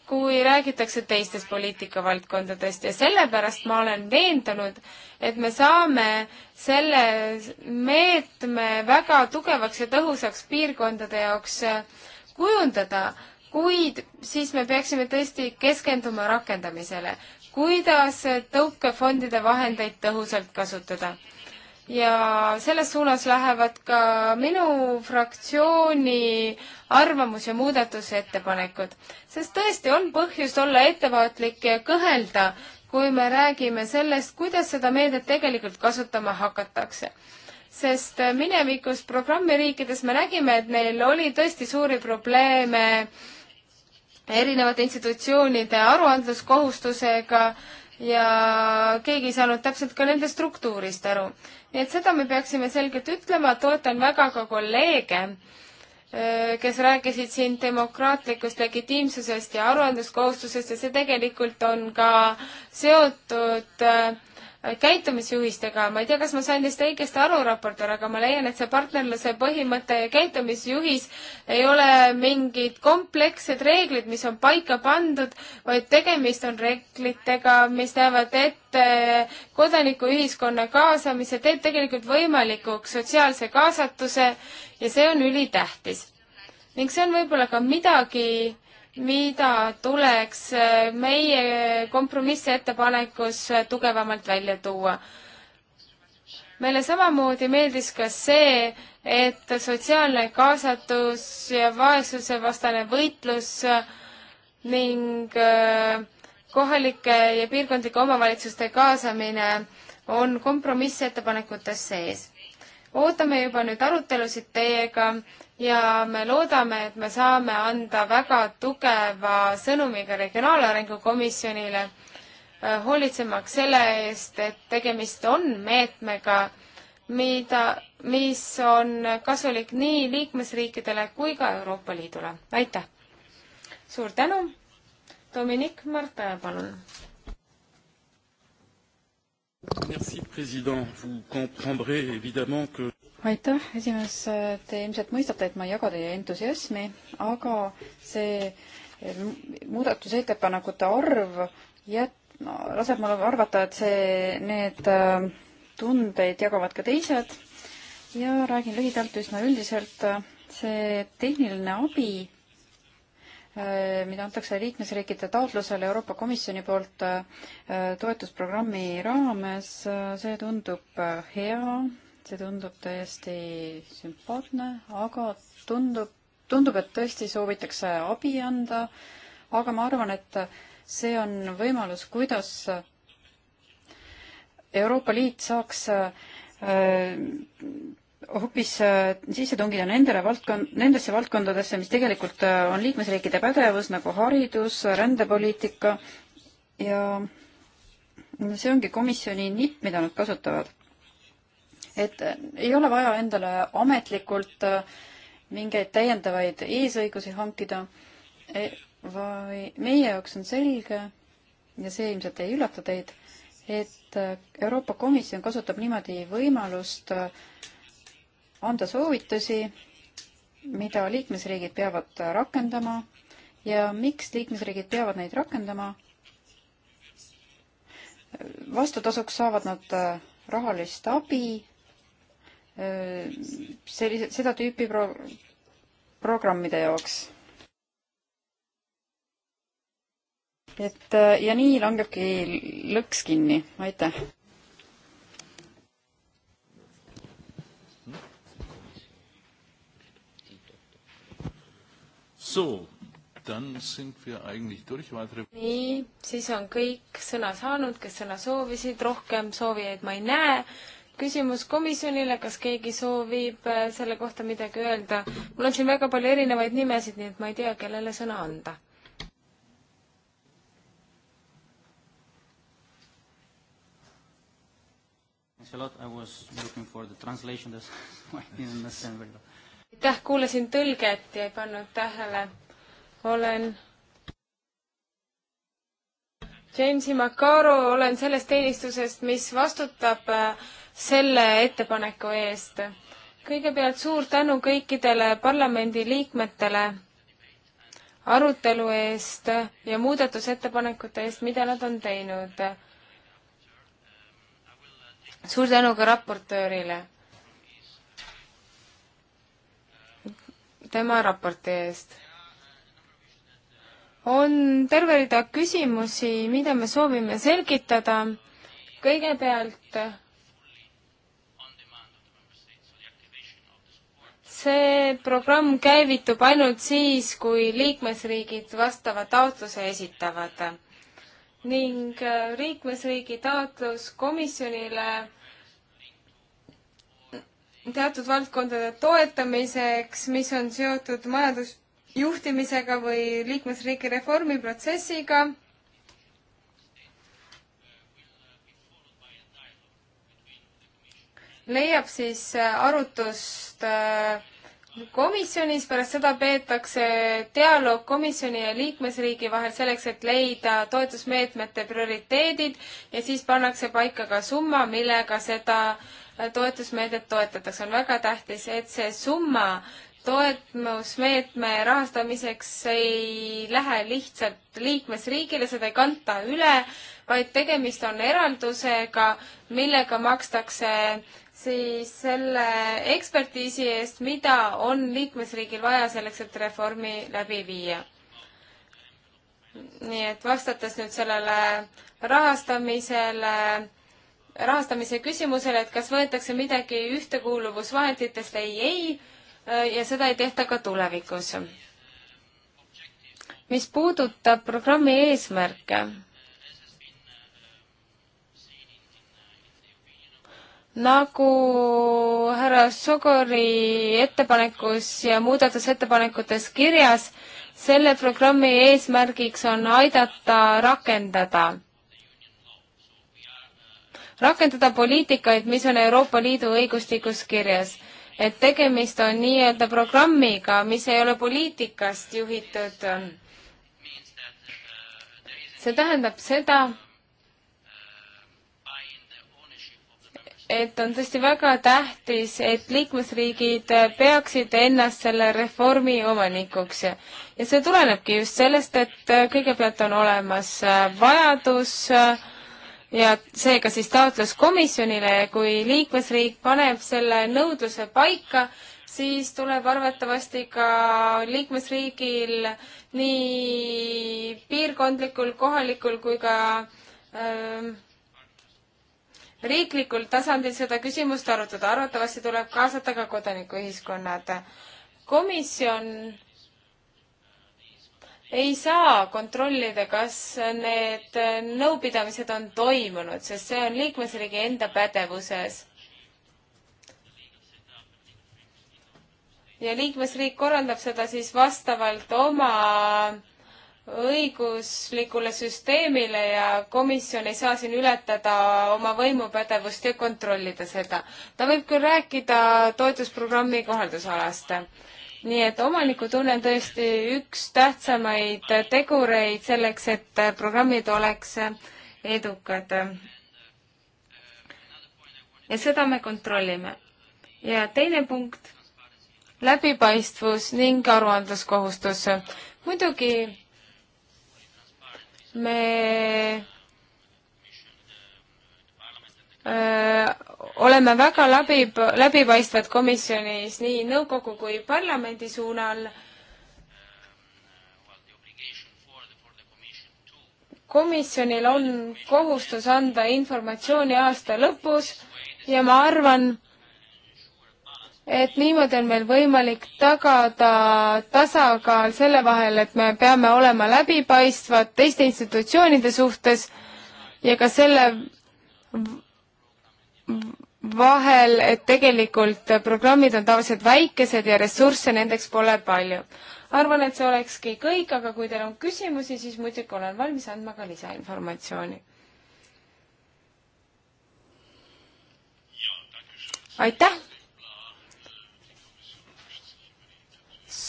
kui räägitakse teistest poliitikavaldkondadest ja sellepärast ma olen veendunud, et me saame selle meetme väga tugevaks ja tõhusaks piirkondade jaoks äh, kujundada kuid siis me peaksime tõesti keskenduma rakendamisele kuidas tõukefondide vahendeid tõhusalt kasutada. ja selles suunas lähevad ka minu fraktsiooni arvamus ja muudatusettepanekud, sest tõesti on põhjust olla ettevaatlik ja kõhelda, kui me räägime sellest, kuidas seda meedet tegelikult kasutama hakatakse sest minevikus programmiriikides me nägime, et neil oli tõesti suuri probleeme äh, erinevate institutsioonide aruandluskohustusega ja keegi ei saanud täpselt ka nende struktuurist aru. nii et seda me peaksime selgelt ütlema, toetan väga ka kolleege, äh, kes rääkisid siin demokraatlikust legitiimsusest ja aruandluskohustusest ja see tegelikult on ka seotud äh, Äh, käitumisjuhistega, ma ei tea, kas ma sain teist õigesti aru, raportöör, aga ma leian, et see partnerluse põhimõte ja käitumisjuhis ei ole mingid komplekssed reeglid, mis on paika pandud, vaid tegemist on reeglitega, mis näevad ette kodanikuühiskonna kaasamise, teeb tegelikult võimalikuks sotsiaalse kaasatuse ja see on ülitähtis. ning see on võib-olla ka midagi, mida tuleks äh, meie kompromissettepanekus tugevamalt välja tuua. meile samamoodi meeldis ka see, et sotsiaalne kaasatus ja vaesusevastane võitlus äh, ning äh, kohalike ja piirkondlike omavalitsuste kaasamine on kompromissettepanekutes sees. ootame juba nüüd arutelusid teiega ja me loodame, et me saame anda väga tugeva sõnumi ka Regionaalarengu Komisjonile, äh, hoolitsemaks selle eest, et tegemist on meetmega, mida, mis on kasulik nii liikmesriikidele kui ka Euroopa Liidule. aitäh! suur tänu! Dominik Marta, palun! Merci, président. Vous comprendrez évidemment que aitäh, esimees, te ilmselt mõistate, et ma ei jaga teie entusiasmi, aga see eh, muudatusettepanekute arv jät-, no, laseb mulle arvata, et see, need äh, tundeid jagavad ka teised ja räägin lühidalt üsna üldiselt. see tehniline abi, äh, mida antakse liikmesriikide taotlusel Euroopa Komisjoni poolt äh, toetusprogrammi raames, see tundub hea see tundub täiesti sümpaatne, aga tundub, tundub, et tõesti soovitakse abi anda, aga ma arvan, et see on võimalus, kuidas Euroopa Liit saaks äh, hoopis äh, sisse tungida nendele valdkond, nendesse valdkondadesse, mis tegelikult äh, on liikmesriikide pädevus, nagu haridus, rändepoliitika ja see ongi komisjoni nipp, mida nad kasutavad et ei ole vaja endale ametlikult äh, mingeid täiendavaid eesõigusi hankida, e, vai meie jaoks on selge ja see ilmselt ei üllata teid, et äh, Euroopa Komisjon kasutab niimoodi võimalust äh, anda soovitusi, mida liikmesriigid peavad rakendama ja miks liikmesriigid peavad neid rakendama. vastutasuks saavad nad rahalist abi Äh, sellise, seda tüüpi pro-, programmide jaoks. et äh, ja nii langebki lõks kinni, aitäh. So, dann sind wir eigentlich durch. Weitere... nii, siis on kõik sõna saanud, kes sõna soovisid, rohkem soovijaid ma ei näe küsimus komisjonile, kas keegi soovib äh, selle kohta midagi öelda? mul on siin väga palju erinevaid nimesid, nii et ma ei tea, kellele sõna anda. aitäh, kuulasin tõlget ja ei pannud tähele. olen Jamesi Macaro, olen sellest teenistusest, mis vastutab äh, selle ettepaneku eest. kõigepealt suur tänu kõikidele parlamendiliikmetele arutelu eest ja muudatusettepanekute eest, mida nad on teinud. suur tänu ka raportöörile tema raporti eest. on terve rida küsimusi, mida me soovime selgitada. kõigepealt see programm käivitub ainult siis, kui liikmesriigid vastava taotluse esitavad ning äh, liikmesriigi taotlus komisjonile teatud valdkondade toetamiseks, mis on seotud majandusjuhtimisega või liikmesriigi reformiprotsessiga leiab siis äh, arutust äh, komisjonis, pärast seda peetakse dialoog komisjoni ja liikmesriigi vahel selleks, et leida toetusmeetmete prioriteedid ja siis pannakse paika ka summa, millega seda äh, toetusmeedet toetatakse. on väga tähtis, et see summa toetusmeetme rahastamiseks ei lähe lihtsalt liikmesriigile, seda ei kanta üle, vaid tegemist on eraldusega, millega makstakse siis selle ekspertiisi eest, mida on liikmesriigil vaja selleks, et reformi läbi viia. nii et vastates nüüd sellele rahastamisele, rahastamise küsimusele, et kas võetakse midagi ühtekuuluvusvahenditest, ei, ei, ja seda ei tehta ka tulevikus. mis puudutab programmi eesmärke nagu härra Sogori ettepanekus ja muudatusettepanekutes kirjas, selle programmi eesmärgiks on aidata rakendada rakendada poliitikaid, mis on Euroopa Liidu õigustikus kirjas. et tegemist on nii-öelda programmiga, mis ei ole poliitikast juhitud. see tähendab seda, et on tõesti väga tähtis, et liikmesriigid peaksid ennast selle reformi omanikuks. ja see tulenebki just sellest, et kõigepealt on olemas vajadus ja seega siis taotlus komisjonile ja kui liikmesriik paneb selle nõudluse paika, siis tuleb arvatavasti ka liikmesriigil nii piirkondlikul, kohalikul kui ka öö, ähm, riiklikul tasandil seda küsimust arutada, arvatavasti tuleb kaasata ka kodanikuühiskonnad. komisjon ei saa kontrollida, kas need nõupidamised on toimunud, sest see on liikmesriigi enda pädevuses. ja liikmesriik korraldab seda siis vastavalt oma õiguslikule süsteemile ja komisjon ei saa siin ületada oma võimupädevust ja kontrollida seda. ta võib küll rääkida toetusprogrammi kohaldusalast. nii et omanikutunne on tõesti üks tähtsamaid tegureid selleks, et programmid oleks edukad. ja seda me kontrollime. ja teine punkt, läbipaistvus ning aruandluskohustus. muidugi me öö, äh, oleme väga läbi, läbipaistvad komisjonis nii nõukogu kui parlamendi suunal. komisjonil on kohustus anda informatsiooni aasta lõpus ja ma arvan, et niimoodi on meil võimalik tagada tasakaal selle vahel, et me peame olema läbipaistvad teiste institutsioonide suhtes ja ka selle vahel, et tegelikult programmid on tavaliselt väikesed ja ressursse nendeks pole palju. arvan, et see olekski kõik, aga kui teil on küsimusi, siis muidugi olen valmis andma ka lisainformatsiooni. aitäh!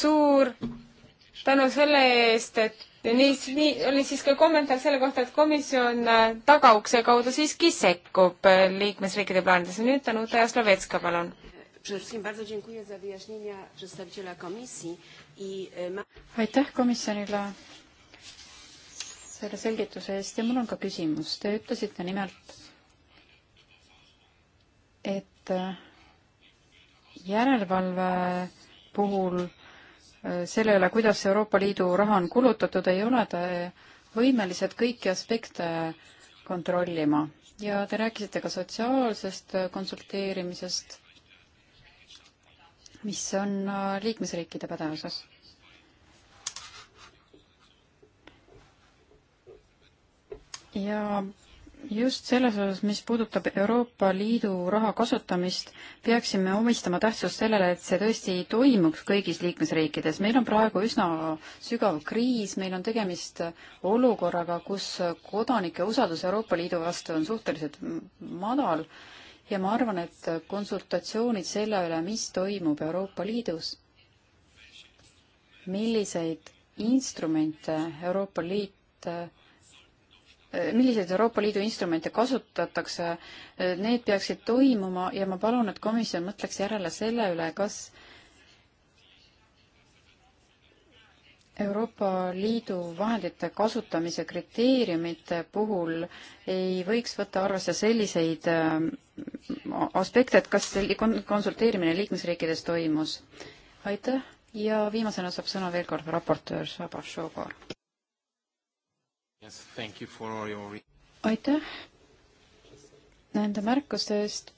suur tänu selle eest, et ja nii, nii oli siis ka kommentaar selle kohta, et komisjon äh, tagaukse kaudu siiski sekkub äh, liikmesriikide plaanidesse. nüüd tänu Taja Slovetska, palun. E, aitäh komisjonile selle selgituse eest ja mul on ka küsimus. Te ütlesite nimelt, et äh, järelevalve puhul Äh, selle üle, kuidas Euroopa Liidu raha on kulutatud, ei ole te võimelised kõiki aspekte kontrollima ja te rääkisite ka sotsiaalsest äh, konsulteerimisest, mis on äh, liikmesriikide pädevuses. ja just selles osas, mis puudutab Euroopa Liidu raha kasutamist, peaksime omistama tähtsust sellele, et see tõesti toimuks kõigis liikmesriikides. meil on praegu üsna sügav kriis, meil on tegemist olukorraga, kus kodanike usaldus Euroopa Liidu vastu on suhteliselt madal ja ma arvan, et konsultatsioonid selle üle, mis toimub Euroopa Liidus, milliseid instrumente Euroopa Liit milliseid Euroopa Liidu instrumente kasutatakse, need peaksid toimuma ja ma palun, et komisjon mõtleks järele selle üle, kas Euroopa Liidu vahendite kasutamise kriteeriumite puhul ei võiks võtta arvesse selliseid ähm, aspekte, et kas konsulteerimine liikmesriikides toimus. aitäh ja viimasena saab sõna veel kord raportöör Sabas Šogor yes,. Your... aitäh nende märkuste eest.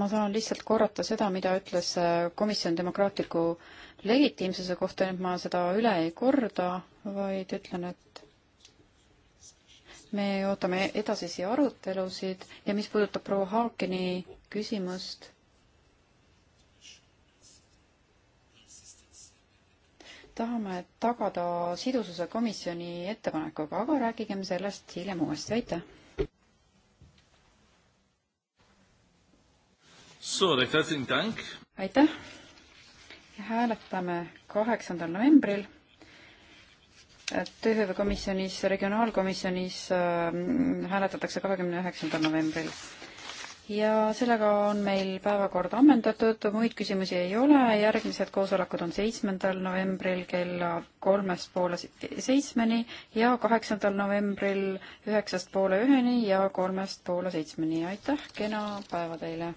ma saan lihtsalt korrata seda, mida ütles äh, komisjon demokraatliku legitiimsuse kohta, et ma seda üle ei korda, vaid ütlen, et me ootame edasisi arutelusid ja mis puudutab proua Haakeni küsimust tahame tagada sidususe komisjoni ettepanekuga, aga rääkigem sellest hiljem uuesti, aitäh. aitäh ja hääletame kaheksandal novembril tööhõivekomisjonis, regionaalkomisjonis äh, hääletatakse kahekümne üheksandal novembril ja sellega on meil päevakord ammendatud, muid küsimusi ei ole, järgmised koosolekud on seitsmendal novembril kella kolmest poole seitsmeni ja kaheksandal novembril üheksast poole üheni ja kolmest poole seitsmeni. aitäh, kena päeva teile!